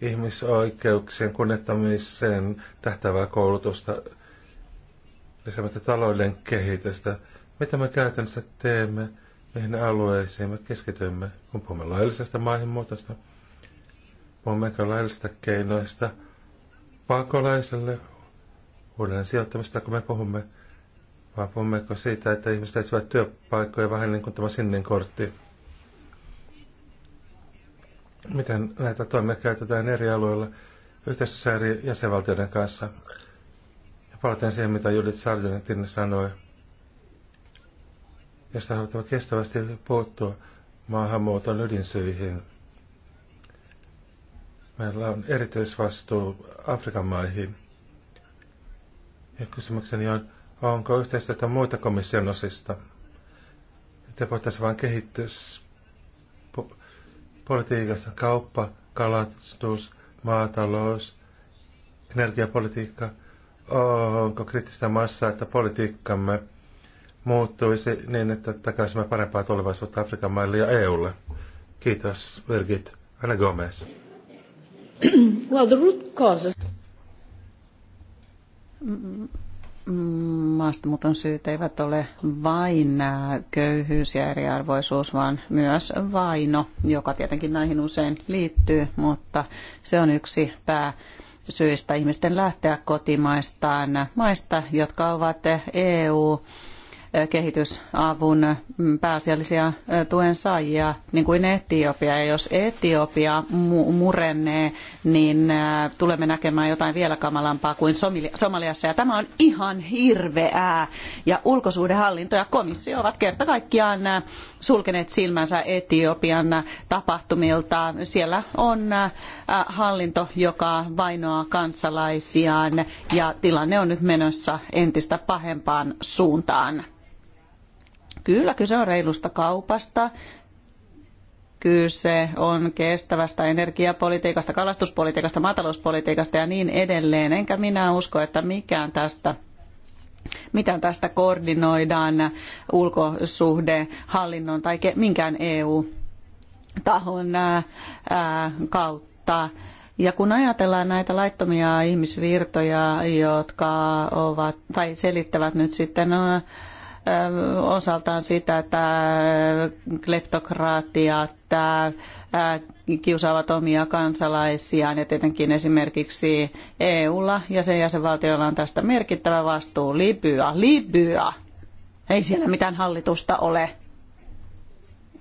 ihmisoikeuksien kunnettamiseen tähtävää koulutusta, lisäämättä talouden kehitystä? Mitä me käytännössä teemme? Mihin alueisiin me keskitymme, kun puhumme laillisesta maahanmuutosta? Puhummeko laillisista keinoista pakolaiselle uuden sijoittamista, kun me puhumme vai puhummeko siitä, että ihmiset etsivät työpaikkoja vähän niin kuin tämä sinnin kortti? Miten näitä toimia käytetään eri alueilla yhteistyössä eri jäsenvaltioiden kanssa? Ja palataan siihen, mitä Judith Sargentin sanoi. Josta halutaan kestävästi puuttua maahanmuuton ydinsyihin, meillä on erityisvastuu Afrikan maihin. Ja kysymykseni on, Onko yhteistyötä muita komission osista? Sitten voitaisiin vain kehittyä po- politiikassa kauppa, kalastus, maatalous, energiapolitiikka. Onko kriittistä massaa, että politiikkamme muuttuisi niin, että takaisimme parempaa tulevaisuutta Afrikan maille ja EUlle? Kiitos, Virgit. Anna Gomez. well, the root causes mm, mm maastamuuton syyt eivät ole vain äh, köyhyys ja eriarvoisuus, vaan myös vaino, joka tietenkin näihin usein liittyy, mutta se on yksi pää syistä ihmisten lähteä kotimaistaan maista, jotka ovat äh, EU- kehitysavun pääasiallisia tuen saajia, niin kuin Etiopia. Ja jos Etiopia murenee, niin tulemme näkemään jotain vielä kamalampaa kuin Somaliassa. Ja tämä on ihan hirveää. Ja ulkosuhdehallinto ja komissio ovat kerta kaikkiaan sulkeneet silmänsä Etiopian tapahtumilta. Siellä on hallinto, joka vainoaa kansalaisiaan ja tilanne on nyt menossa entistä pahempaan suuntaan. Kyllä kyse on reilusta kaupasta, kyse on kestävästä energiapolitiikasta, kalastuspolitiikasta, maatalouspolitiikasta ja niin edelleen. Enkä minä usko, että mikään tästä mitä tästä koordinoidaan hallinnon tai minkään EU-tahon kautta. Ja kun ajatellaan näitä laittomia ihmisvirtoja, jotka ovat, tai selittävät nyt sitten osaltaan sitä, että kleptokraatiat kiusaavat omia kansalaisiaan ja tietenkin esimerkiksi EUlla ja sen jäsenvaltioilla on tästä merkittävä vastuu. Libya, Libya, ei siellä mitään hallitusta ole.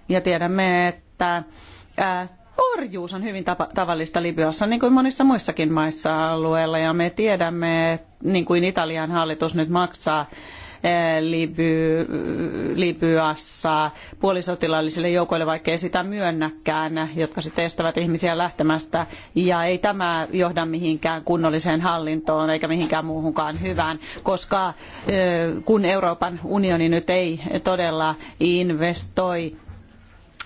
Ja tiedämme, että Orjuus on hyvin tavallista Libyassa, niin kuin monissa muissakin maissa alueella, ja me tiedämme, niin kuin Italian hallitus nyt maksaa Eh, Liby, Libyassa puolisotilaallisille joukoille, vaikka ei sitä myönnäkään, jotka sitten estävät ihmisiä lähtemästä. Ja ei tämä johda mihinkään kunnolliseen hallintoon eikä mihinkään muuhunkaan hyvään, koska eh, kun Euroopan unioni nyt ei todella investoi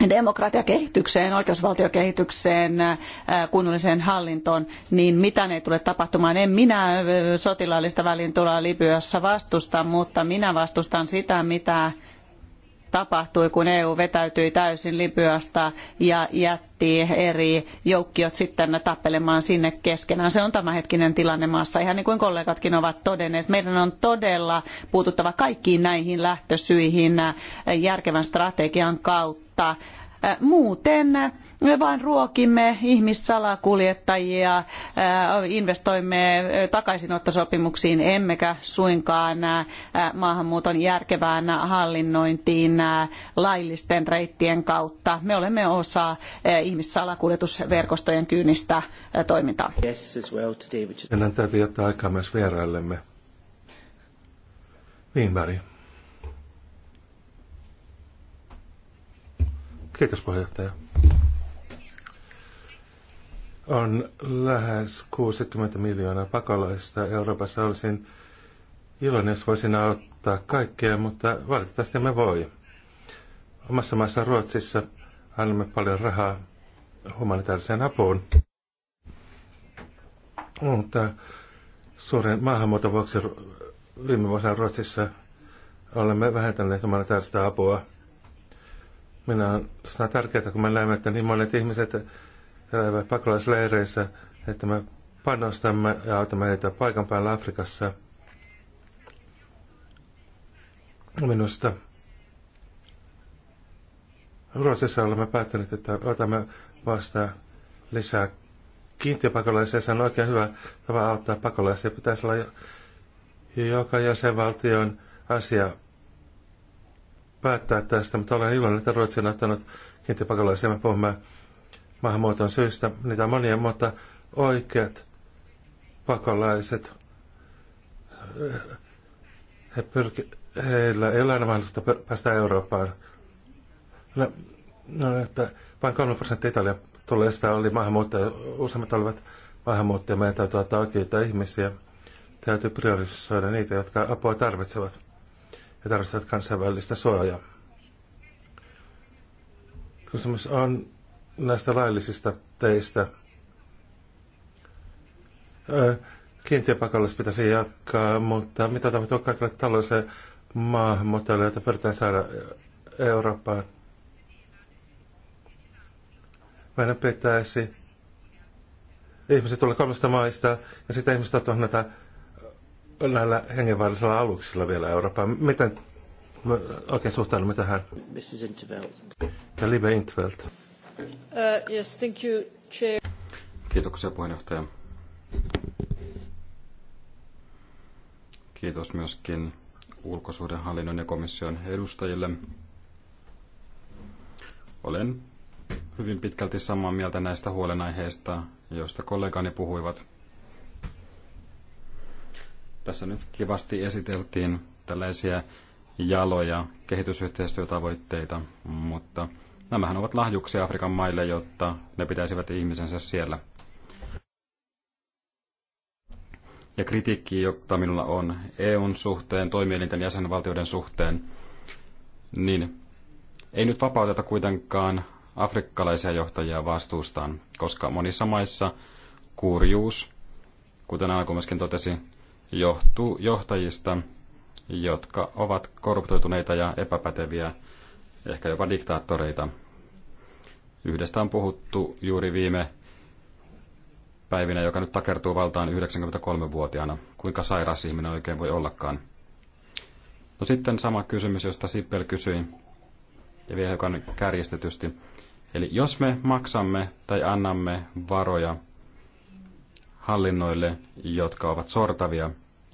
demokratiakehitykseen, oikeusvaltiokehitykseen, äh, kunnalliseen hallintoon, niin mitä ne tulee tapahtumaan. En minä äh, sotilaallista välintuloa Libyassa vastusta, mutta minä vastustan sitä, mitä tapahtui, kun EU vetäytyi täysin Libyasta ja jätti eri joukkiot sitten tappelemaan sinne keskenään. Se on tämänhetkinen tilanne maassa, ihan niin kuin kollegatkin ovat todenneet. Meidän on todella puututtava kaikkiin näihin lähtösyihin järkevän strategian kautta Muuten me vain ruokimme ihmissalakuljettajia, investoimme takaisinottosopimuksiin, emmekä suinkaan maahanmuuton järkevään hallinnointiin laillisten reittien kautta. Me olemme osa ihmissalakuljetusverkostojen kyynistä toimintaa. Ennen täytyy jättää aikaa myös vieraillemme. Kiitos puheenjohtaja. On lähes 60 miljoonaa pakolaista Euroopassa. Olisin iloinen, jos voisin auttaa kaikkia, mutta valitettavasti me voi. Omassa maassa Ruotsissa annamme paljon rahaa humanitaariseen apuun. Mutta suuren maahanmuuton vuoksi viime vuosina Ruotsissa olemme vähentäneet humanitaarista apua – minä on sinä tärkeää, kun me näemme, että niin monet ihmiset elävät pakolaisleireissä, että me panostamme ja autamme heitä paikan päällä Afrikassa. Minusta Ruotsissa olemme päättäneet, että otamme vastaan lisää kiintiöpakolaisia. Se on oikein hyvä tapa auttaa pakolaisia. Pitäisi olla joka jäsenvaltion asia päättää tästä, mutta olen iloinen, että Ruotsi on ottanut kiintiöpakolaisia. Me puhumme maahanmuuton syystä. Niitä on monia, mutta oikeat pakolaiset, he pyrki, heillä ei ole aina mahdollisuutta päästä Eurooppaan. No, no että vain 3 prosenttia Italian tulleista oli maahanmuuttaja, useimmat olivat maahanmuuttajia. Meidän täytyy ottaa oikeita ihmisiä. Täytyy priorisoida niitä, jotka apua tarvitsevat ja tarvitsevat kansainvälistä suojaa. Kysymys on näistä laillisista teistä. Kiintiöpakolaiset pitäisi jatkaa, mutta mitä tapahtuu kaikille taloudellisille maahanmuuttajille, joita pyritään saada Eurooppaan? Meidän pitäisi ihmiset tulee kolmesta maista ja sitten ihmiset ovat näitä näillä hengenvaarallisilla aluksilla vielä Eurooppaan. Miten oikein suhtaudumme tähän? Mrs. Intervelt. Ja Libe Intervelt. Uh, yes, thank you, chair. Kiitoksia puheenjohtaja. Kiitos myöskin ulkosuhdehallinnon ja komission edustajille. Olen hyvin pitkälti samaa mieltä näistä huolenaiheista, joista kollegani puhuivat. Tässä nyt kivasti esiteltiin tällaisia jaloja kehitysyhteistyötavoitteita, mutta nämähän ovat lahjuksia Afrikan maille, jotta ne pitäisivät ihmisensä siellä. Ja kritiikki, jota minulla on EUn suhteen, toimielinten jäsenvaltioiden suhteen, niin ei nyt vapauteta kuitenkaan afrikkalaisia johtajia vastuustaan, koska monissa maissa kurjuus, kuten Alkumaskin totesi, johtuu johtajista, jotka ovat korruptoituneita ja epäpäteviä, ehkä jopa diktaattoreita. Yhdestä on puhuttu juuri viime päivinä, joka nyt takertuu valtaan 93-vuotiaana. Kuinka sairas ihminen oikein voi ollakaan? No sitten sama kysymys, josta Sippel kysyi, ja vielä hiukan kärjistetysti. Eli jos me maksamme tai annamme varoja hallinnoille, jotka ovat sortavia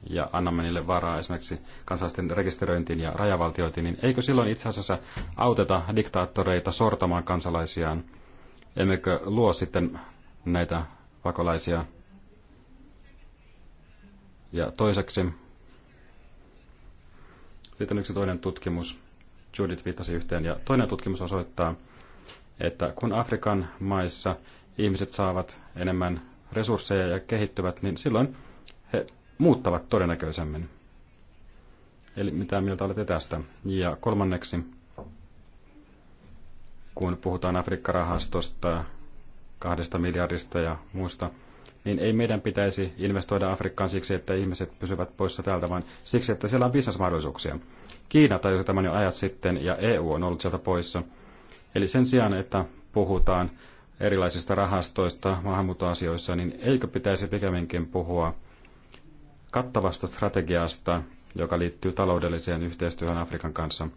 ja annamme niille varaa esimerkiksi kansalaisten rekisteröintiin ja rajavaltioitiin, niin eikö silloin itse asiassa auteta diktaattoreita sortamaan kansalaisiaan? Emmekö luo sitten näitä pakolaisia? Ja toiseksi, sitten yksi toinen tutkimus, Judith viittasi yhteen, ja toinen tutkimus osoittaa, että kun Afrikan maissa ihmiset saavat enemmän resursseja ja kehittyvät, niin silloin he muuttavat todennäköisemmin. Eli mitä mieltä olette tästä? Ja kolmanneksi, kun puhutaan Afrikka-rahastosta, kahdesta miljardista ja muusta, niin ei meidän pitäisi investoida Afrikkaan siksi, että ihmiset pysyvät poissa täältä, vaan siksi, että siellä on bisnesmahdollisuuksia. Kiina tajusi tämän jo ajat sitten ja EU on ollut sieltä poissa. Eli sen sijaan, että puhutaan erilaisista rahastoista maahanmuuttoasioissa, niin eikö pitäisi pikemminkin puhua kattavasta strategiasta, joka liittyy taloudelliseen yhteistyöhön Afrikan kanssa.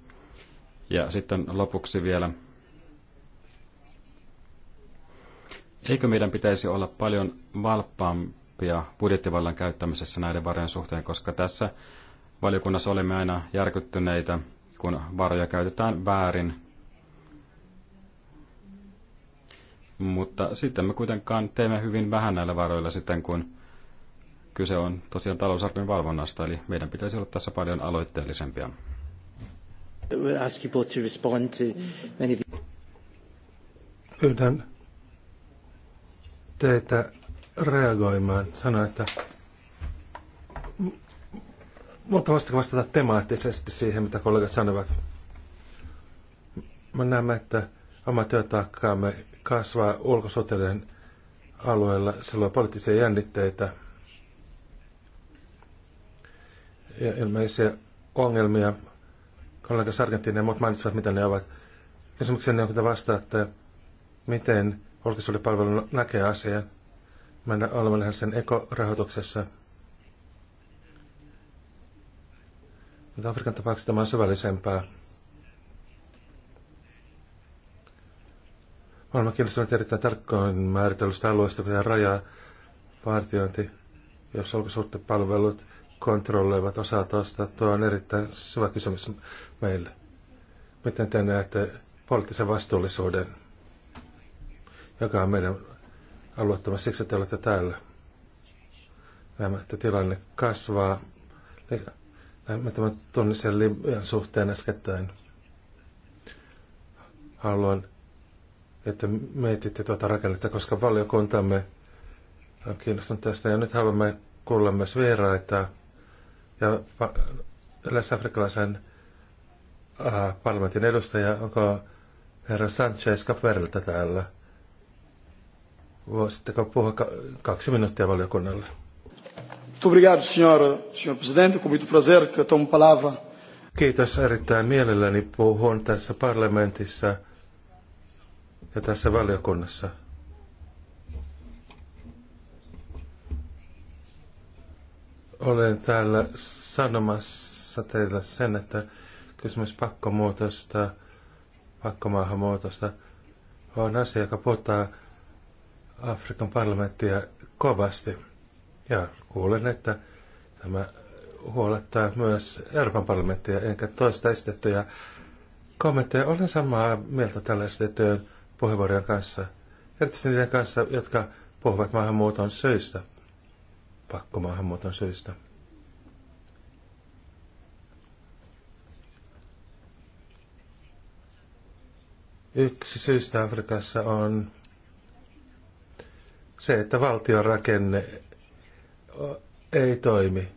Ja sitten lopuksi vielä, eikö meidän pitäisi olla paljon valppaampia budjettivallan käyttämisessä näiden varojen suhteen, koska tässä valiokunnassa olemme aina järkyttyneitä, kun varoja käytetään väärin Mutta sitten me kuitenkaan teemme hyvin vähän näillä varoilla sitten, kun kyse on tosiaan talousarvion valvonnasta, eli meidän pitäisi olla tässä paljon aloitteellisempia. Pyydän teitä reagoimaan. Sano, että mutta voisitko vastata temaattisesti siihen, mitä kollegat sanovat? Me näemme, että oma työtaakkaamme kasvaa ulkosotelen alueella. sillä on poliittisia jännitteitä ja ilmeisiä ongelmia. Kollega Sargentini ja muut mainitsivat, mitä ne ovat. Kysymykseni on, kun vasta, että miten julkisuuspalvelu näkee asian. Mä olen sen ekorahoituksessa. Mutta Afrikan tapauksessa tämä on syvällisempää. Maailmankieliset on erittäin tarkkoin määritellystä alueesta, pitää rajaa vartiointi, jos ulkosuhtepalvelut kontrolloivat osaa tuosta. Tuo on erittäin syvä kysymys meille. Miten te näette poliittisen vastuullisuuden, joka on meidän aluettamme siksi, että te olette täällä? Näemme, että tilanne kasvaa. Näemme tämän tunnisen Libyan suhteen äskettäin. Haluan että mietitte tuota rakennetta, koska valiokuntamme on kiinnostunut tästä. Ja nyt haluamme kuulla myös vieraita ja yleisafrikkalaisen äh, parlamentin edustaja, onko herra Sanchez Caperelta täällä? Voisitteko puhua kaksi minuuttia valiokunnalle? obrigado, senhor, senhor presidente. Com muito prazer que tomo palavra. Kiitos erittäin mielelläni puhun tässä parlamentissa ja tässä valiokunnassa. Olen täällä sanomassa teille sen, että kysymys pakkomuutosta, pakkomaahanmuutosta on asia, joka puhuttaa Afrikan parlamenttia kovasti. Ja kuulen, että tämä huolettaa myös Euroopan parlamenttia, enkä toista esitettyjä kommentteja. Olen samaa mieltä tällä esitettyjen puheenvuorojen kanssa, erityisesti niiden kanssa, jotka puhuvat maahanmuuton syistä, maahanmuuton syistä. Yksi syystä Afrikassa on se, että valtion rakenne ei toimi.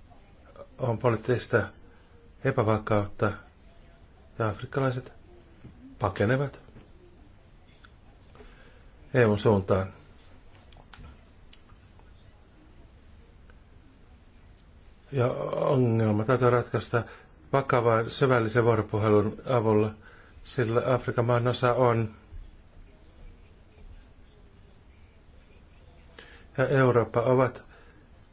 On poliittista epävakautta ja afrikkalaiset pakenevat EUn suuntaan. Ja ongelma täytyy ratkaista vakavan syvällisen vuoropuhelun avulla, sillä Afrikan maan osa on ja Eurooppa ovat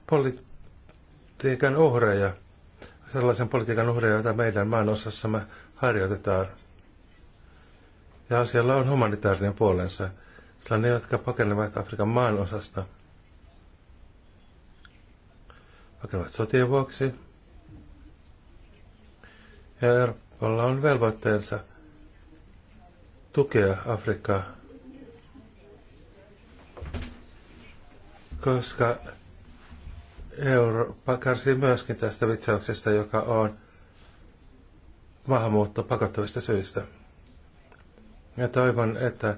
politiikan uhreja, sellaisen politiikan uhreja, jota meidän maan osassamme harjoitetaan. Ja siellä on humanitaarinen puolensa sillä ne, jotka pakenevat Afrikan maan osasta, pakenevat sotien vuoksi. Ja Euroopalla on velvoitteensa tukea Afrikkaa, koska Eurooppa kärsii myöskin tästä vitsauksesta, joka on maahanmuutto pakottavista syistä. Ja toivon, että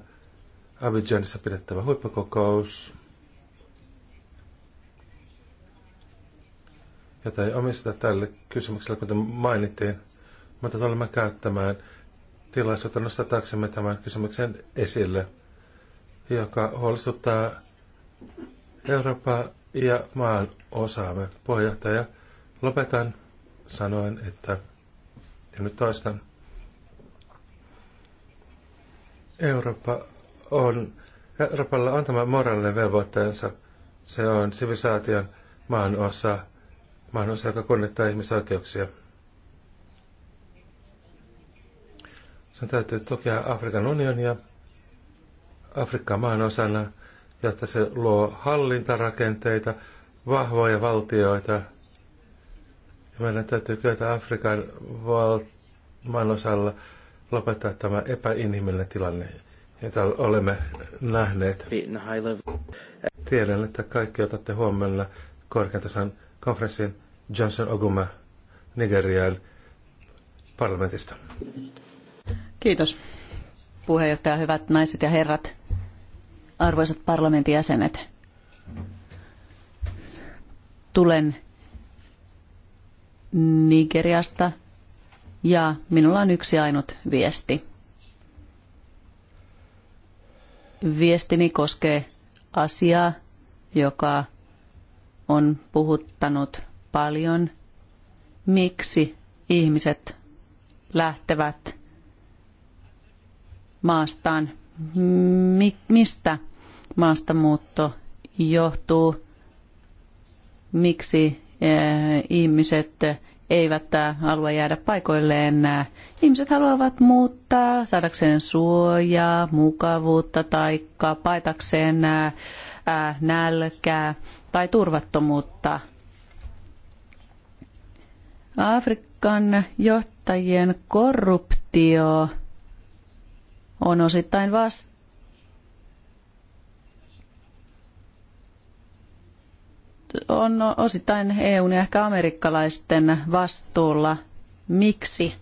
Abidjanissa pidettävä huippukokous, jota ei omisteta tälle kysymykselle, kuten mainittiin, mutta tulemme käyttämään tilaisuutta nostataksemme tämän kysymyksen esille, joka huolestuttaa Eurooppaa ja maan osaamme. Puheenjohtaja, lopetan sanoen, että, ja nyt toistan, Eurooppa on Euroopalla on tämä moraalinen velvoitteensa. Se on sivilisaation maan osa, maan osa, joka kunnittaa ihmisoikeuksia. Sen täytyy tukea Afrikan unionia, Afrikkaa maan osana, jotta se luo hallintarakenteita, vahvoja valtioita. Ja meidän täytyy kyetä Afrikan val- maan osalla lopettaa tämä epäinhimillinen tilanne, jota olemme nähneet. Tiedän, että kaikki otatte huomenna korkean konferenssin Johnson Oguma Nigerian parlamentista. Kiitos puheenjohtaja, hyvät naiset ja herrat, arvoisat parlamentin jäsenet. Tulen Nigeriasta ja minulla on yksi ainut viesti. Viestini koskee asiaa, joka on puhuttanut paljon. Miksi ihmiset lähtevät maastaan? Mi- mistä maastamuutto johtuu? Miksi eh, ihmiset eivät halua jäädä paikoilleen. Ihmiset haluavat muuttaa saadakseen suojaa, mukavuutta tai paitakseen nälkää tai turvattomuutta. Afrikan johtajien korruptio on osittain vasta on osittain EUn ja ehkä amerikkalaisten vastuulla. Miksi?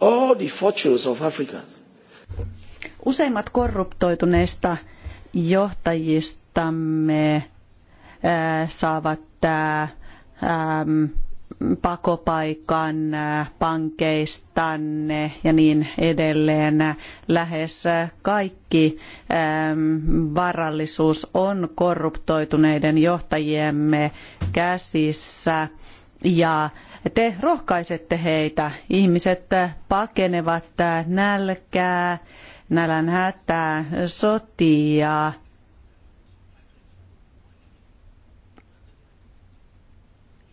All the fortunes of Africa. Useimmat korruptoituneista johtajistamme saavat pakopaikan pankeistanne ja niin edelleen. Lähes kaikki ähm, varallisuus on korruptoituneiden johtajiemme käsissä ja te rohkaisette heitä. Ihmiset pakenevat nälkää, nälänhätää, sotia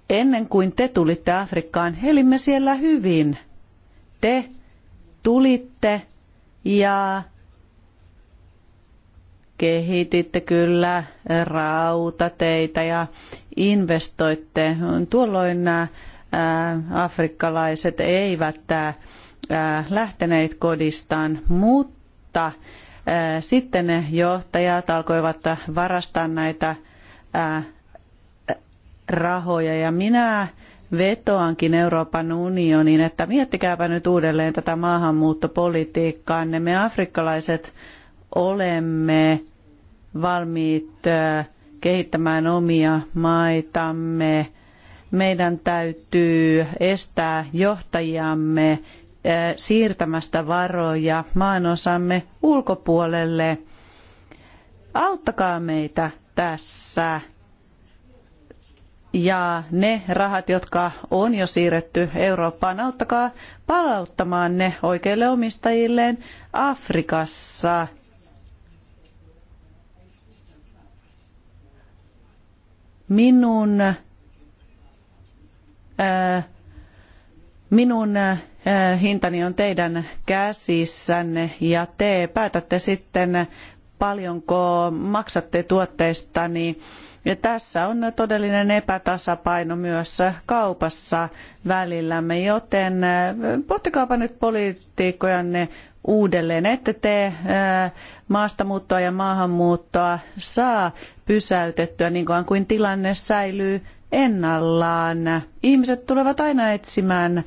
Ennen kuin te tulitte Afrikkaan, elimme siellä hyvin. Te tulitte ja kehititte kyllä rautateitä ja investoitte. Tuolloin nämä äh, afrikkalaiset eivät äh, lähteneet kodistaan, mutta äh, sitten ne johtajat alkoivat varastaa näitä rahoja ja minä vetoankin Euroopan unioniin, että miettikääpä nyt uudelleen tätä maahanmuuttopolitiikkaa. Me afrikkalaiset olemme valmiit kehittämään omia maitamme. Meidän täytyy estää johtajiamme siirtämästä varoja maanosamme ulkopuolelle. Auttakaa meitä tässä ja ne rahat, jotka on jo siirretty Eurooppaan, auttakaa palauttamaan ne oikeille omistajilleen Afrikassa. Minun, äh, minun äh, hintani on teidän käsissänne ja te päätätte sitten paljonko maksatte tuotteistani. Ja tässä on todellinen epätasapaino myös kaupassa välillämme, joten äh, pohtikaapa nyt poliitikkojanne uudelleen, ette te äh, maastamuuttoa ja maahanmuuttoa saa pysäytettyä niin kuin tilanne säilyy ennallaan. Ihmiset tulevat aina etsimään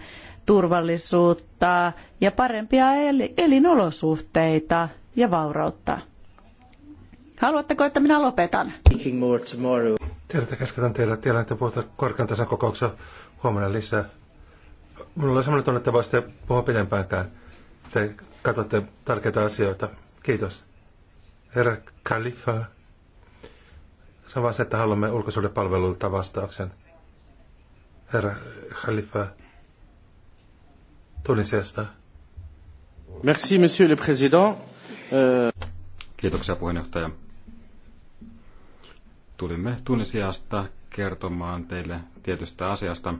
turvallisuutta ja parempia elinolosuhteita ja vaurautta. Haluatteko, että minä lopetan? Tiedätte, käsketään teillä. Tiedän, että puhutaan korkean tasan kokouksessa huomenna lisää. Minulla on sellainen tunne, että voisitte puhua pidempäänkään. Te katsotte tärkeitä asioita. Kiitos. Herra Khalifa. Se on se, että haluamme ulkosuudepalvelulta vastauksen. Herra Khalifa Tunisiasta. Merci, monsieur le président. Euh, Kiitoksia puheenjohtaja tulimme Tunisiasta kertomaan teille tietystä asiasta.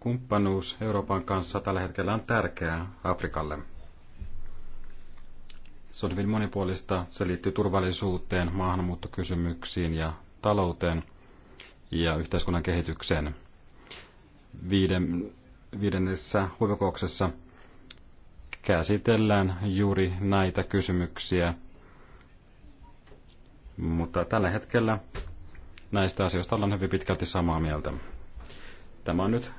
Kumppanuus Euroopan kanssa tällä hetkellä on tärkeää Afrikalle. Se on hyvin monipuolista. Se liittyy turvallisuuteen, maahanmuuttokysymyksiin ja talouteen ja yhteiskunnan kehitykseen. Viiden, viidennessä huippukouksessa käsitellään juuri näitä kysymyksiä – mutta tällä hetkellä näistä asioista ollaan hyvin pitkälti samaa mieltä. Tämä on nyt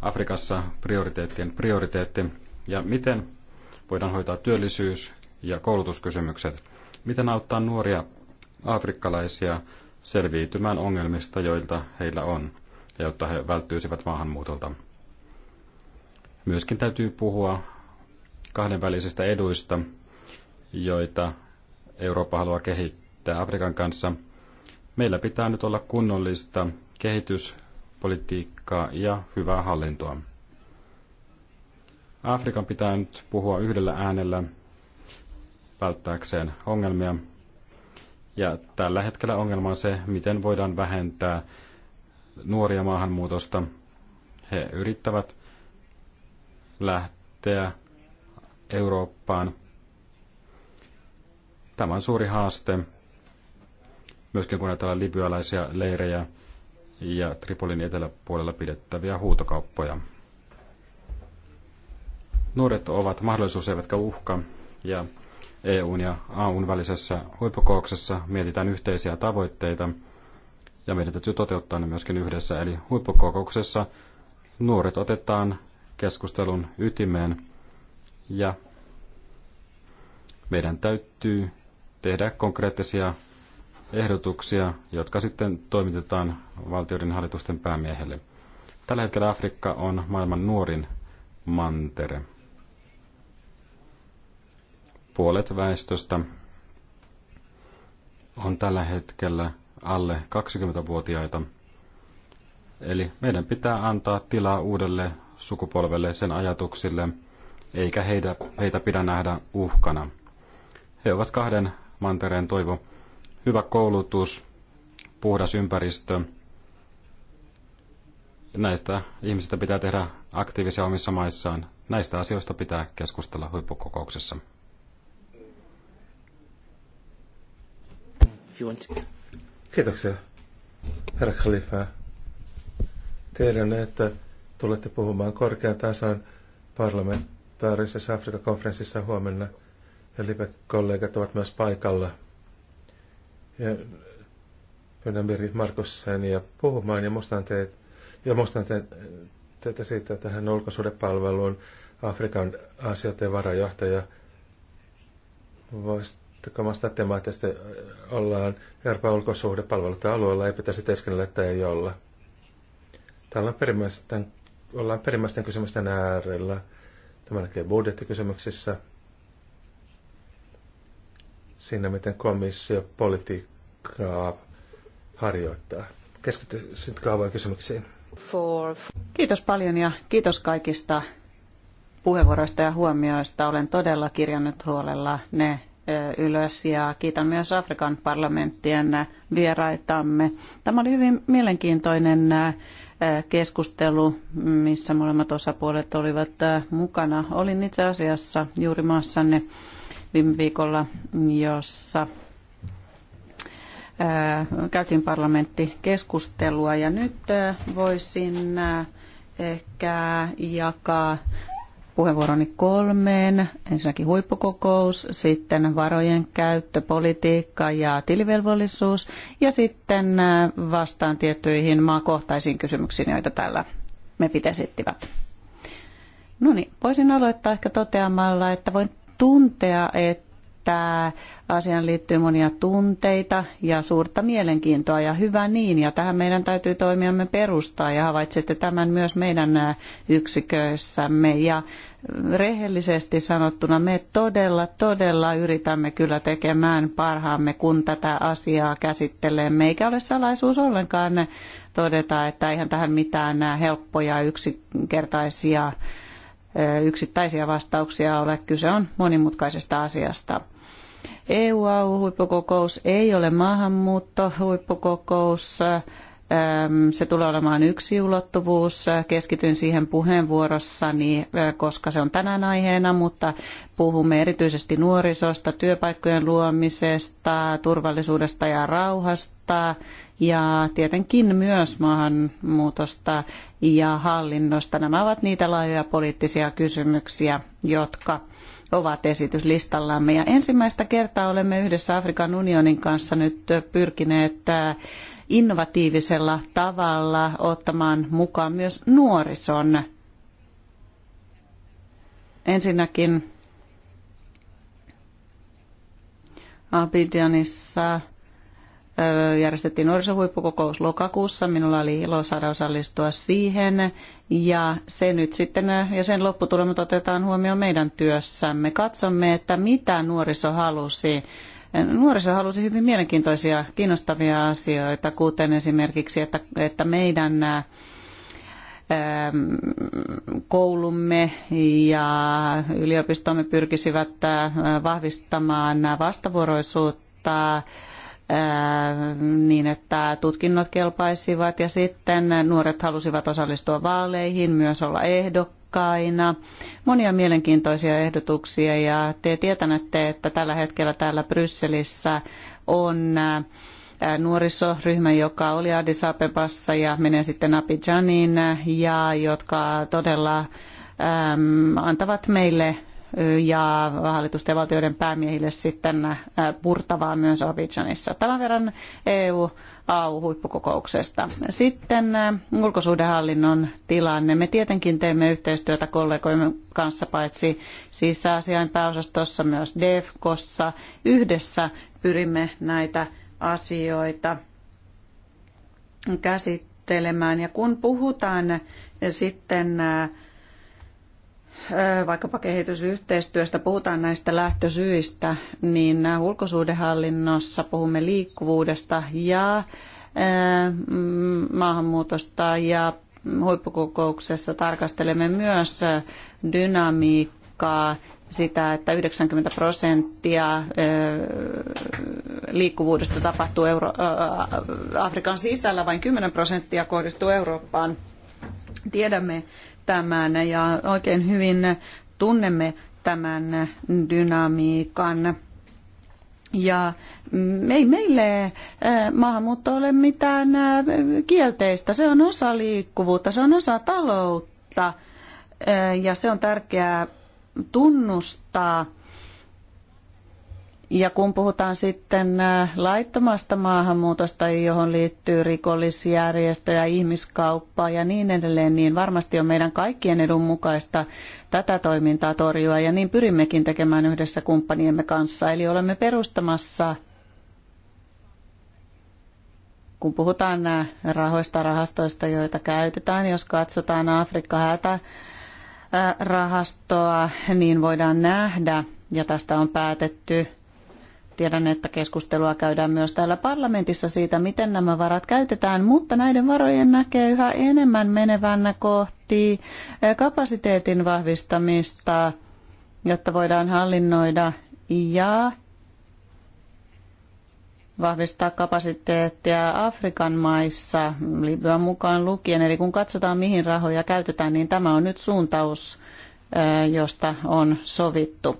Afrikassa prioriteettien prioriteetti. Ja miten voidaan hoitaa työllisyys- ja koulutuskysymykset? Miten auttaa nuoria afrikkalaisia selviytymään ongelmista, joilta heillä on, ja jotta he välttyisivät maahanmuutolta? Myöskin täytyy puhua kahdenvälisistä eduista, joita Eurooppa haluaa kehittää että Afrikan kanssa. Meillä pitää nyt olla kunnollista kehityspolitiikkaa ja hyvää hallintoa. Afrikan pitää nyt puhua yhdellä äänellä välttääkseen ongelmia. Ja tällä hetkellä ongelma on se, miten voidaan vähentää nuoria maahanmuutosta. He yrittävät lähteä Eurooppaan. Tämä on suuri haaste myöskin kun ajatellaan libyalaisia leirejä ja Tripolin eteläpuolella pidettäviä huutokauppoja. Nuoret ovat mahdollisuus eivätkä uhka, ja EUn ja AUn välisessä huippukouksessa mietitään yhteisiä tavoitteita, ja meidän täytyy toteuttaa ne myöskin yhdessä. Eli huippukokouksessa nuoret otetaan keskustelun ytimeen, ja meidän täytyy tehdä konkreettisia ehdotuksia, jotka sitten toimitetaan valtioiden hallitusten päämiehelle. Tällä hetkellä Afrikka on maailman nuorin mantere. Puolet väestöstä on tällä hetkellä alle 20-vuotiaita. Eli meidän pitää antaa tilaa uudelle sukupolvelle sen ajatuksille, eikä heitä, heitä pidä nähdä uhkana. He ovat kahden mantereen toivo, hyvä koulutus, puhdas ympäristö. Näistä ihmisistä pitää tehdä aktiivisia omissa maissaan. Näistä asioista pitää keskustella huippukokouksessa. Kiitoksia, herra Khalifa. Tiedän, että tulette puhumaan korkean tasan parlamentaarisessa Afrikan konferenssissa huomenna ja live-kollegat ovat myös paikalla. Ja pyydän Miri ja puhumaan ja muistan teet, ja muistan teet, teitä siitä, että hän on Afrikan asioiden varajohtaja. Voisitteko vastata temaattisesti ollaan Euroopan ulkosuhdepalveluiden alueella, ei pitäisi teeskennellä, että ei olla. Täällä on perimmäisten, ollaan perimmäisten kysymysten äärellä. Tämä näkee budjettikysymyksissä, siinä miten komissio politiikka politiikkaa harjoittaa. sitten kaavojen kysymyksiin. For... Kiitos paljon ja kiitos kaikista puheenvuoroista ja huomioista. Olen todella kirjannut huolella ne ylös ja kiitän myös Afrikan parlamenttien vieraitamme. Tämä oli hyvin mielenkiintoinen keskustelu, missä molemmat osapuolet olivat mukana. Olin itse asiassa juuri maassanne viime viikolla, jossa käytiin parlamenttikeskustelua ja nyt voisin ehkä jakaa puheenvuoroni kolmeen. Ensinnäkin huippukokous, sitten varojen käyttö, politiikka ja tilivelvollisuus ja sitten vastaan tiettyihin maakohtaisiin kysymyksiin, joita täällä me esittivät. No niin, voisin aloittaa ehkä toteamalla, että voin tuntea, että että asiaan liittyy monia tunteita ja suurta mielenkiintoa ja hyvä niin. Ja tähän meidän täytyy toimiamme perustaa ja havaitsette tämän myös meidän yksiköissämme. Ja rehellisesti sanottuna me todella, todella yritämme kyllä tekemään parhaamme, kun tätä asiaa käsittelemme. Eikä ole salaisuus ollenkaan todeta, että eihän tähän mitään helppoja yksinkertaisia yksittäisiä vastauksia ole. Kyse on monimutkaisesta asiasta. EU-huippukokous ei ole maahanmuuttohuippukokous. Se tulee olemaan yksi ulottuvuus. Keskityn siihen puheenvuorossani, koska se on tänään aiheena, mutta puhumme erityisesti nuorisosta, työpaikkojen luomisesta, turvallisuudesta ja rauhasta ja tietenkin myös maahanmuutosta ja hallinnosta. Nämä ovat niitä laajoja poliittisia kysymyksiä, jotka ovat esityslistallamme. Ja ensimmäistä kertaa olemme yhdessä Afrikan unionin kanssa nyt pyrkineet innovatiivisella tavalla ottamaan mukaan myös nuorison. Ensinnäkin Abidjanissa järjestettiin nuorisohuippukokous lokakuussa. Minulla oli ilo saada osallistua siihen ja se nyt sitten ja sen lopputulemat otetaan huomioon meidän työssämme. Katsomme, että mitä nuoriso halusi Nuoriso halusi hyvin mielenkiintoisia, kiinnostavia asioita, kuten esimerkiksi, että, että meidän ähm, koulumme ja yliopistomme pyrkisivät äh, vahvistamaan vastavuoroisuutta niin, että tutkinnot kelpaisivat ja sitten nuoret halusivat osallistua vaaleihin, myös olla ehdokkaina. Monia mielenkiintoisia ehdotuksia ja te tietänette, että tällä hetkellä täällä Brysselissä on nuorisoryhmä, joka oli Addis Abebassa ja menee sitten Abidjaniin ja jotka todella antavat meille ja hallitusten ja valtioiden päämiehille sitten äh, purtavaa myös Abidjanissa. Tämän verran EU AU-huippukokouksesta. Sitten äh, ulkosuhdehallinnon tilanne. Me tietenkin teemme yhteistyötä kollegoimme kanssa paitsi sisäasiain pääosastossa myös DEFKossa. Yhdessä pyrimme näitä asioita käsittelemään. Ja kun puhutaan sitten äh, vaikkapa kehitysyhteistyöstä, puhutaan näistä lähtösyistä, niin ulkosuudenhallinnossa puhumme liikkuvuudesta ja maahanmuutosta ja huippukokouksessa tarkastelemme myös dynamiikkaa sitä, että 90 prosenttia liikkuvuudesta tapahtuu Euro- Afrikan sisällä, vain 10 prosenttia kohdistuu Eurooppaan. Tiedämme, tämän ja oikein hyvin tunnemme tämän dynamiikan. Ja mm, ei meille eh, maahanmuutto ole mitään eh, kielteistä. Se on osa liikkuvuutta, se on osa taloutta eh, ja se on tärkeää tunnustaa – ja kun puhutaan sitten äh, laittomasta maahanmuutosta, johon liittyy rikollisjärjestöjä, ihmiskauppaa ja niin edelleen, niin varmasti on meidän kaikkien edun mukaista tätä toimintaa torjua ja niin pyrimmekin tekemään yhdessä kumppaniemme kanssa. Eli olemme perustamassa, kun puhutaan nämä äh, rahoista, rahastoista, joita käytetään, jos katsotaan Afrikka-hätä, äh, rahastoa, niin voidaan nähdä, ja tästä on päätetty Tiedän, että keskustelua käydään myös täällä parlamentissa siitä, miten nämä varat käytetään, mutta näiden varojen näkee yhä enemmän menevän kohti eh, kapasiteetin vahvistamista, jotta voidaan hallinnoida ja vahvistaa kapasiteettia Afrikan maissa, Libyan mukaan lukien. Eli kun katsotaan, mihin rahoja käytetään, niin tämä on nyt suuntaus, eh, josta on sovittu.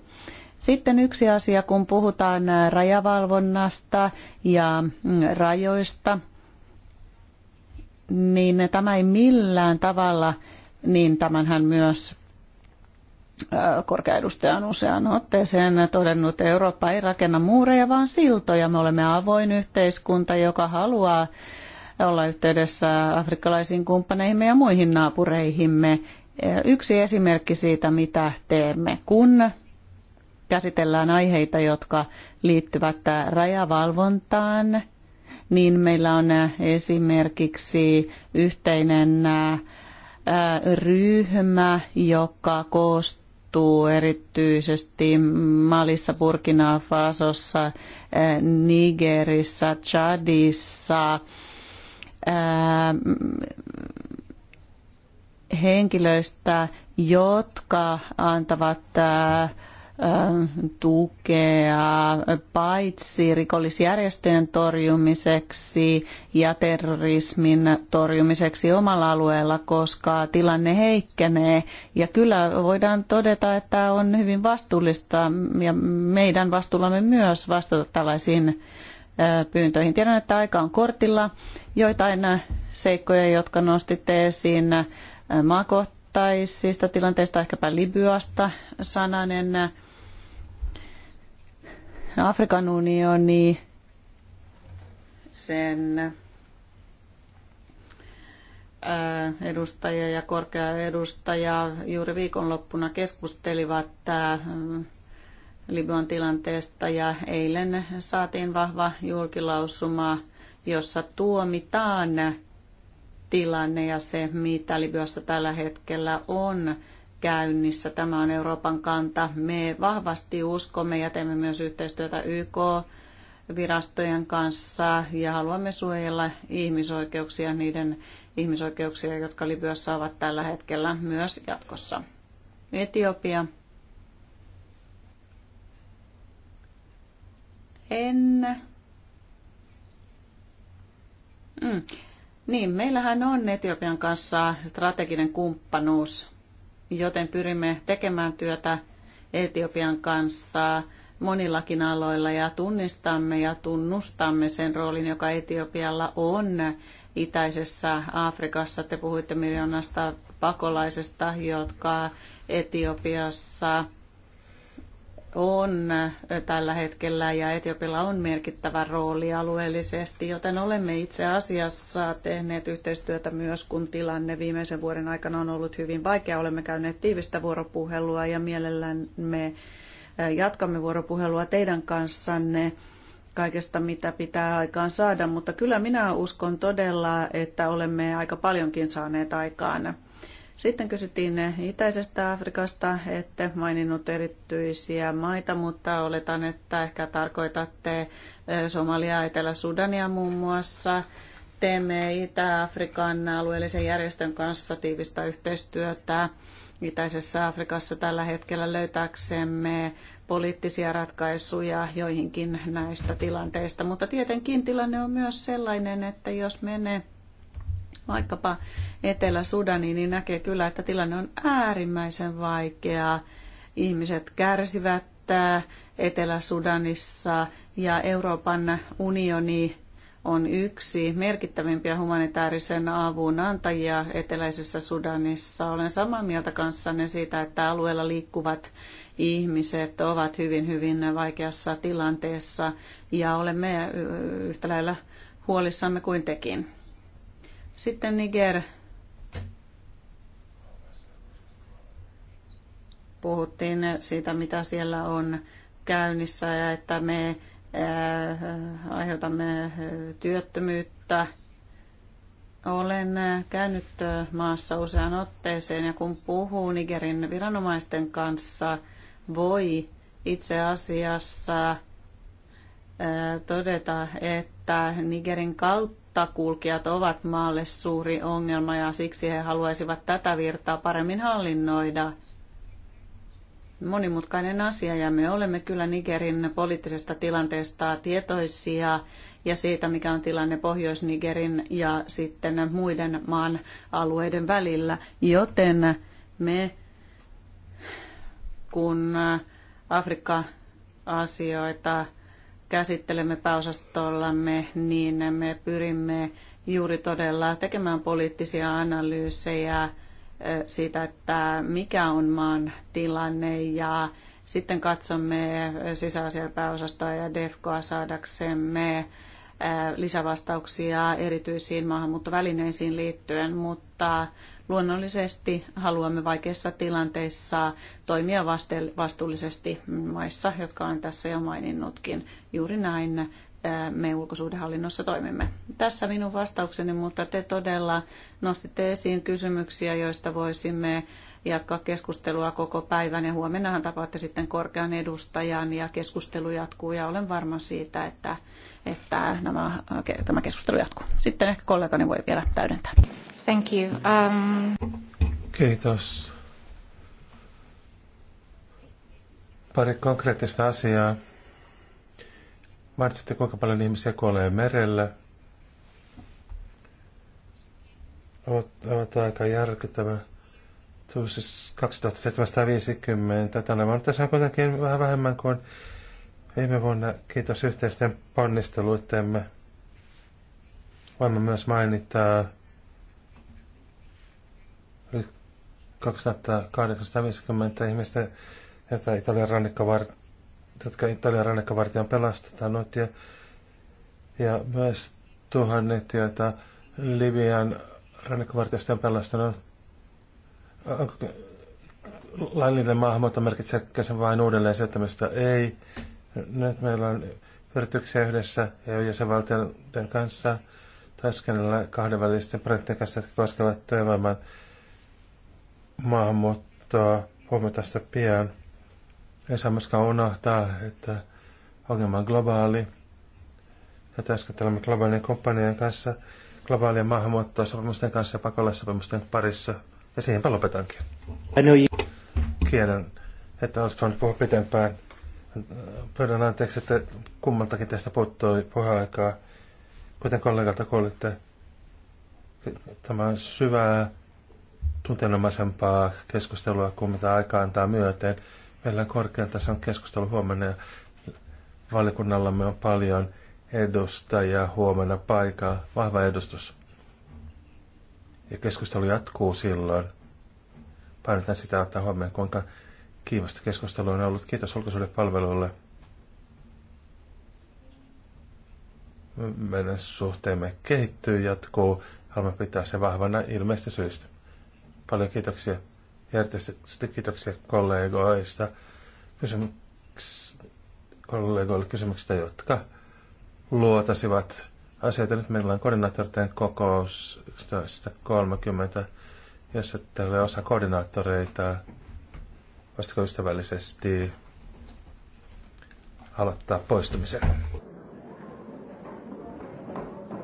Sitten yksi asia, kun puhutaan rajavalvonnasta ja mm, rajoista, niin tämä ei millään tavalla, niin tämänhän myös korkea edustaja on useaan otteeseen todennut, että Eurooppa ei rakenna muureja, vaan siltoja. Me olemme avoin yhteiskunta, joka haluaa olla yhteydessä afrikkalaisiin kumppaneihimme ja muihin naapureihimme. Yksi esimerkki siitä, mitä teemme, kun käsitellään aiheita, jotka liittyvät rajavalvontaan, niin meillä on esimerkiksi yhteinen ryhmä, joka koostuu erityisesti Malissa, Burkina Fasossa, Nigerissä, Chadissa henkilöistä, jotka antavat tukea paitsi rikollisjärjestöjen torjumiseksi ja terrorismin torjumiseksi omalla alueella, koska tilanne heikkenee. Ja kyllä voidaan todeta, että on hyvin vastuullista ja meidän vastuullamme myös vastata tällaisiin pyyntöihin. Tiedän, että aika on kortilla. Joitain seikkoja, jotka nostitte esiin maakohtaisista tilanteista, ehkäpä Libyasta sananen. Afrikan unioni, sen äh, edustaja ja korkea edustaja juuri viikonloppuna keskustelivat äh, Libyan tilanteesta ja eilen saatiin vahva julkilausuma, jossa tuomitaan tilanne ja se, mitä Libyassa tällä hetkellä on käynnissä. Tämä on Euroopan kanta. Me vahvasti uskomme ja teemme myös yhteistyötä YK virastojen kanssa ja haluamme suojella ihmisoikeuksia, niiden ihmisoikeuksia, jotka Libyassa ovat tällä hetkellä myös jatkossa. Etiopia. En. Mm. Niin, meillähän on Etiopian kanssa strateginen kumppanuus joten pyrimme tekemään työtä Etiopian kanssa monillakin aloilla ja tunnistamme ja tunnustamme sen roolin, joka Etiopialla on itäisessä Afrikassa. Te puhuitte miljoonasta pakolaisesta, jotka Etiopiassa – on tällä hetkellä ja Etiopilla on merkittävä rooli alueellisesti, joten olemme itse asiassa tehneet yhteistyötä myös, kun tilanne viimeisen vuoden aikana on ollut hyvin vaikea. Olemme käyneet tiivistä vuoropuhelua ja mielellämme jatkamme vuoropuhelua teidän kanssanne kaikesta, mitä pitää aikaan saada, mutta kyllä minä uskon todella, että olemme aika paljonkin saaneet aikaan sitten kysyttiin Itäisestä Afrikasta, ette maininnut erityisiä maita, mutta oletan, että ehkä tarkoitatte eh, Somalia, Etelä-Sudania muun muassa. Teemme Itä-Afrikan alueellisen järjestön kanssa tiivistä yhteistyötä Itäisessä Afrikassa tällä hetkellä löytääksemme poliittisia ratkaisuja joihinkin näistä tilanteista. Mutta tietenkin tilanne on myös sellainen, että jos menee vaikkapa Etelä-Sudaniin, niin näkee kyllä, että tilanne on äärimmäisen vaikea. Ihmiset kärsivät äh, Etelä-Sudanissa ja Euroopan unioni on yksi merkittävimpiä humanitaarisen avun antajia eteläisessä Sudanissa. Olen samaa mieltä kanssanne siitä, että alueella liikkuvat ihmiset ovat hyvin, hyvin vaikeassa tilanteessa ja olemme yhtä lailla huolissamme kuin tekin. Sitten Niger. Puhuttiin siitä, mitä siellä on käynnissä ja että me äh, aiheutamme työttömyyttä. Olen äh, käynyt äh, maassa useaan otteeseen ja kun puhuu Nigerin viranomaisten kanssa, voi itse asiassa todeta, että Nigerin kautta kauttakulkijat ovat maalle suuri ongelma ja siksi he haluaisivat tätä virtaa paremmin hallinnoida. Monimutkainen asia ja me olemme kyllä Nigerin poliittisesta tilanteesta tietoisia ja siitä, mikä on tilanne Pohjois-Nigerin ja sitten muiden maan alueiden välillä. Joten me, kun Afrikka-asioita käsittelemme pääosastollamme, niin me pyrimme juuri todella tekemään poliittisia analyysejä siitä, että mikä on maan tilanne ja sitten katsomme sisäasiapääosastoa ja DEFCOa saadaksemme Äh, lisävastauksia erityisiin maahanmuuttovälineisiin liittyen, mutta luonnollisesti haluamme vaikeissa tilanteissa toimia vastuullisesti maissa, jotka on tässä jo maininnutkin. Juuri näin äh, me ulkosuhdehallinnossa toimimme. Tässä minun vastaukseni, mutta te todella nostitte esiin kysymyksiä, joista voisimme jatkaa keskustelua koko päivän ja huomennahan tapaatte sitten korkean edustajan ja keskustelu jatkuu ja olen varma siitä, että että nämä, tämä keskustelu jatkuu. Sitten ehkä kollegani voi vielä täydentää. Thank you. Um... Kiitos. Pari konkreettista asiaa. Mainitsitte, kuinka paljon ihmisiä kuolee merellä. Ovat, ovat aika järkyttävä. Tuo siis 2750. Tänä vuonna tässä on kuitenkin vähän vähemmän kuin Viime vuonna, kiitos yhteisten ponnisteluittemme, voimme myös mainita 2850 ihmistä, jotka Italian rannikkovart- jotka Italian rannikkovartijan pelastetaan, ja, ja myös tuhannet, joita Libian rannikkovartijasta on pelastanut. Laillinen maahanmuutto merkitsee se vain uudelleen sijoittamista? Ei. Nyt meillä on yrityksiä yhdessä EU-jäsenvaltioiden kanssa työskennellä kahdenvälisten projektien kanssa, jotka koskevat työvoiman maahanmuuttoa. Puhumme tästä pian. Ei saa myöskään unohtaa, että ongelma on globaali. Ja työskentelemme globaalien kumppanien kanssa, globaalien maahanmuuttosopimusten kanssa ja pakolaissopimusten parissa. Ja siihenpä lopetankin. Kielen, että olisit voinut puhua pitempään. Pyydän anteeksi, että kummaltakin tästä puuttui puheaikaa. Kuten kollegalta kuulitte, tämä on syvää, tuntelemaisempaa keskustelua kuin mitä aika antaa myöten. Meillä on korkean tason keskustelu huomenna ja valikunnallamme on paljon edustajia huomenna paikaa, vahva edustus. Ja keskustelu jatkuu silloin. Painotan sitä ottaa huomioon, kuinka kiivasta keskustelua on ollut. Kiitos palveluille. Meidän suhteemme kehittyy, jatkuu. Haluamme pitää se vahvana ilmeistä syistä. Paljon kiitoksia. erityisesti kiitoksia kollegoista. Kysymyks... kollegoille kysymyksistä, jotka luotasivat asioita. Nyt meillä on koordinaattorien kokous 30, jossa täällä osa koordinaattoreita Voisitko ystävällisesti aloittaa poistumisen?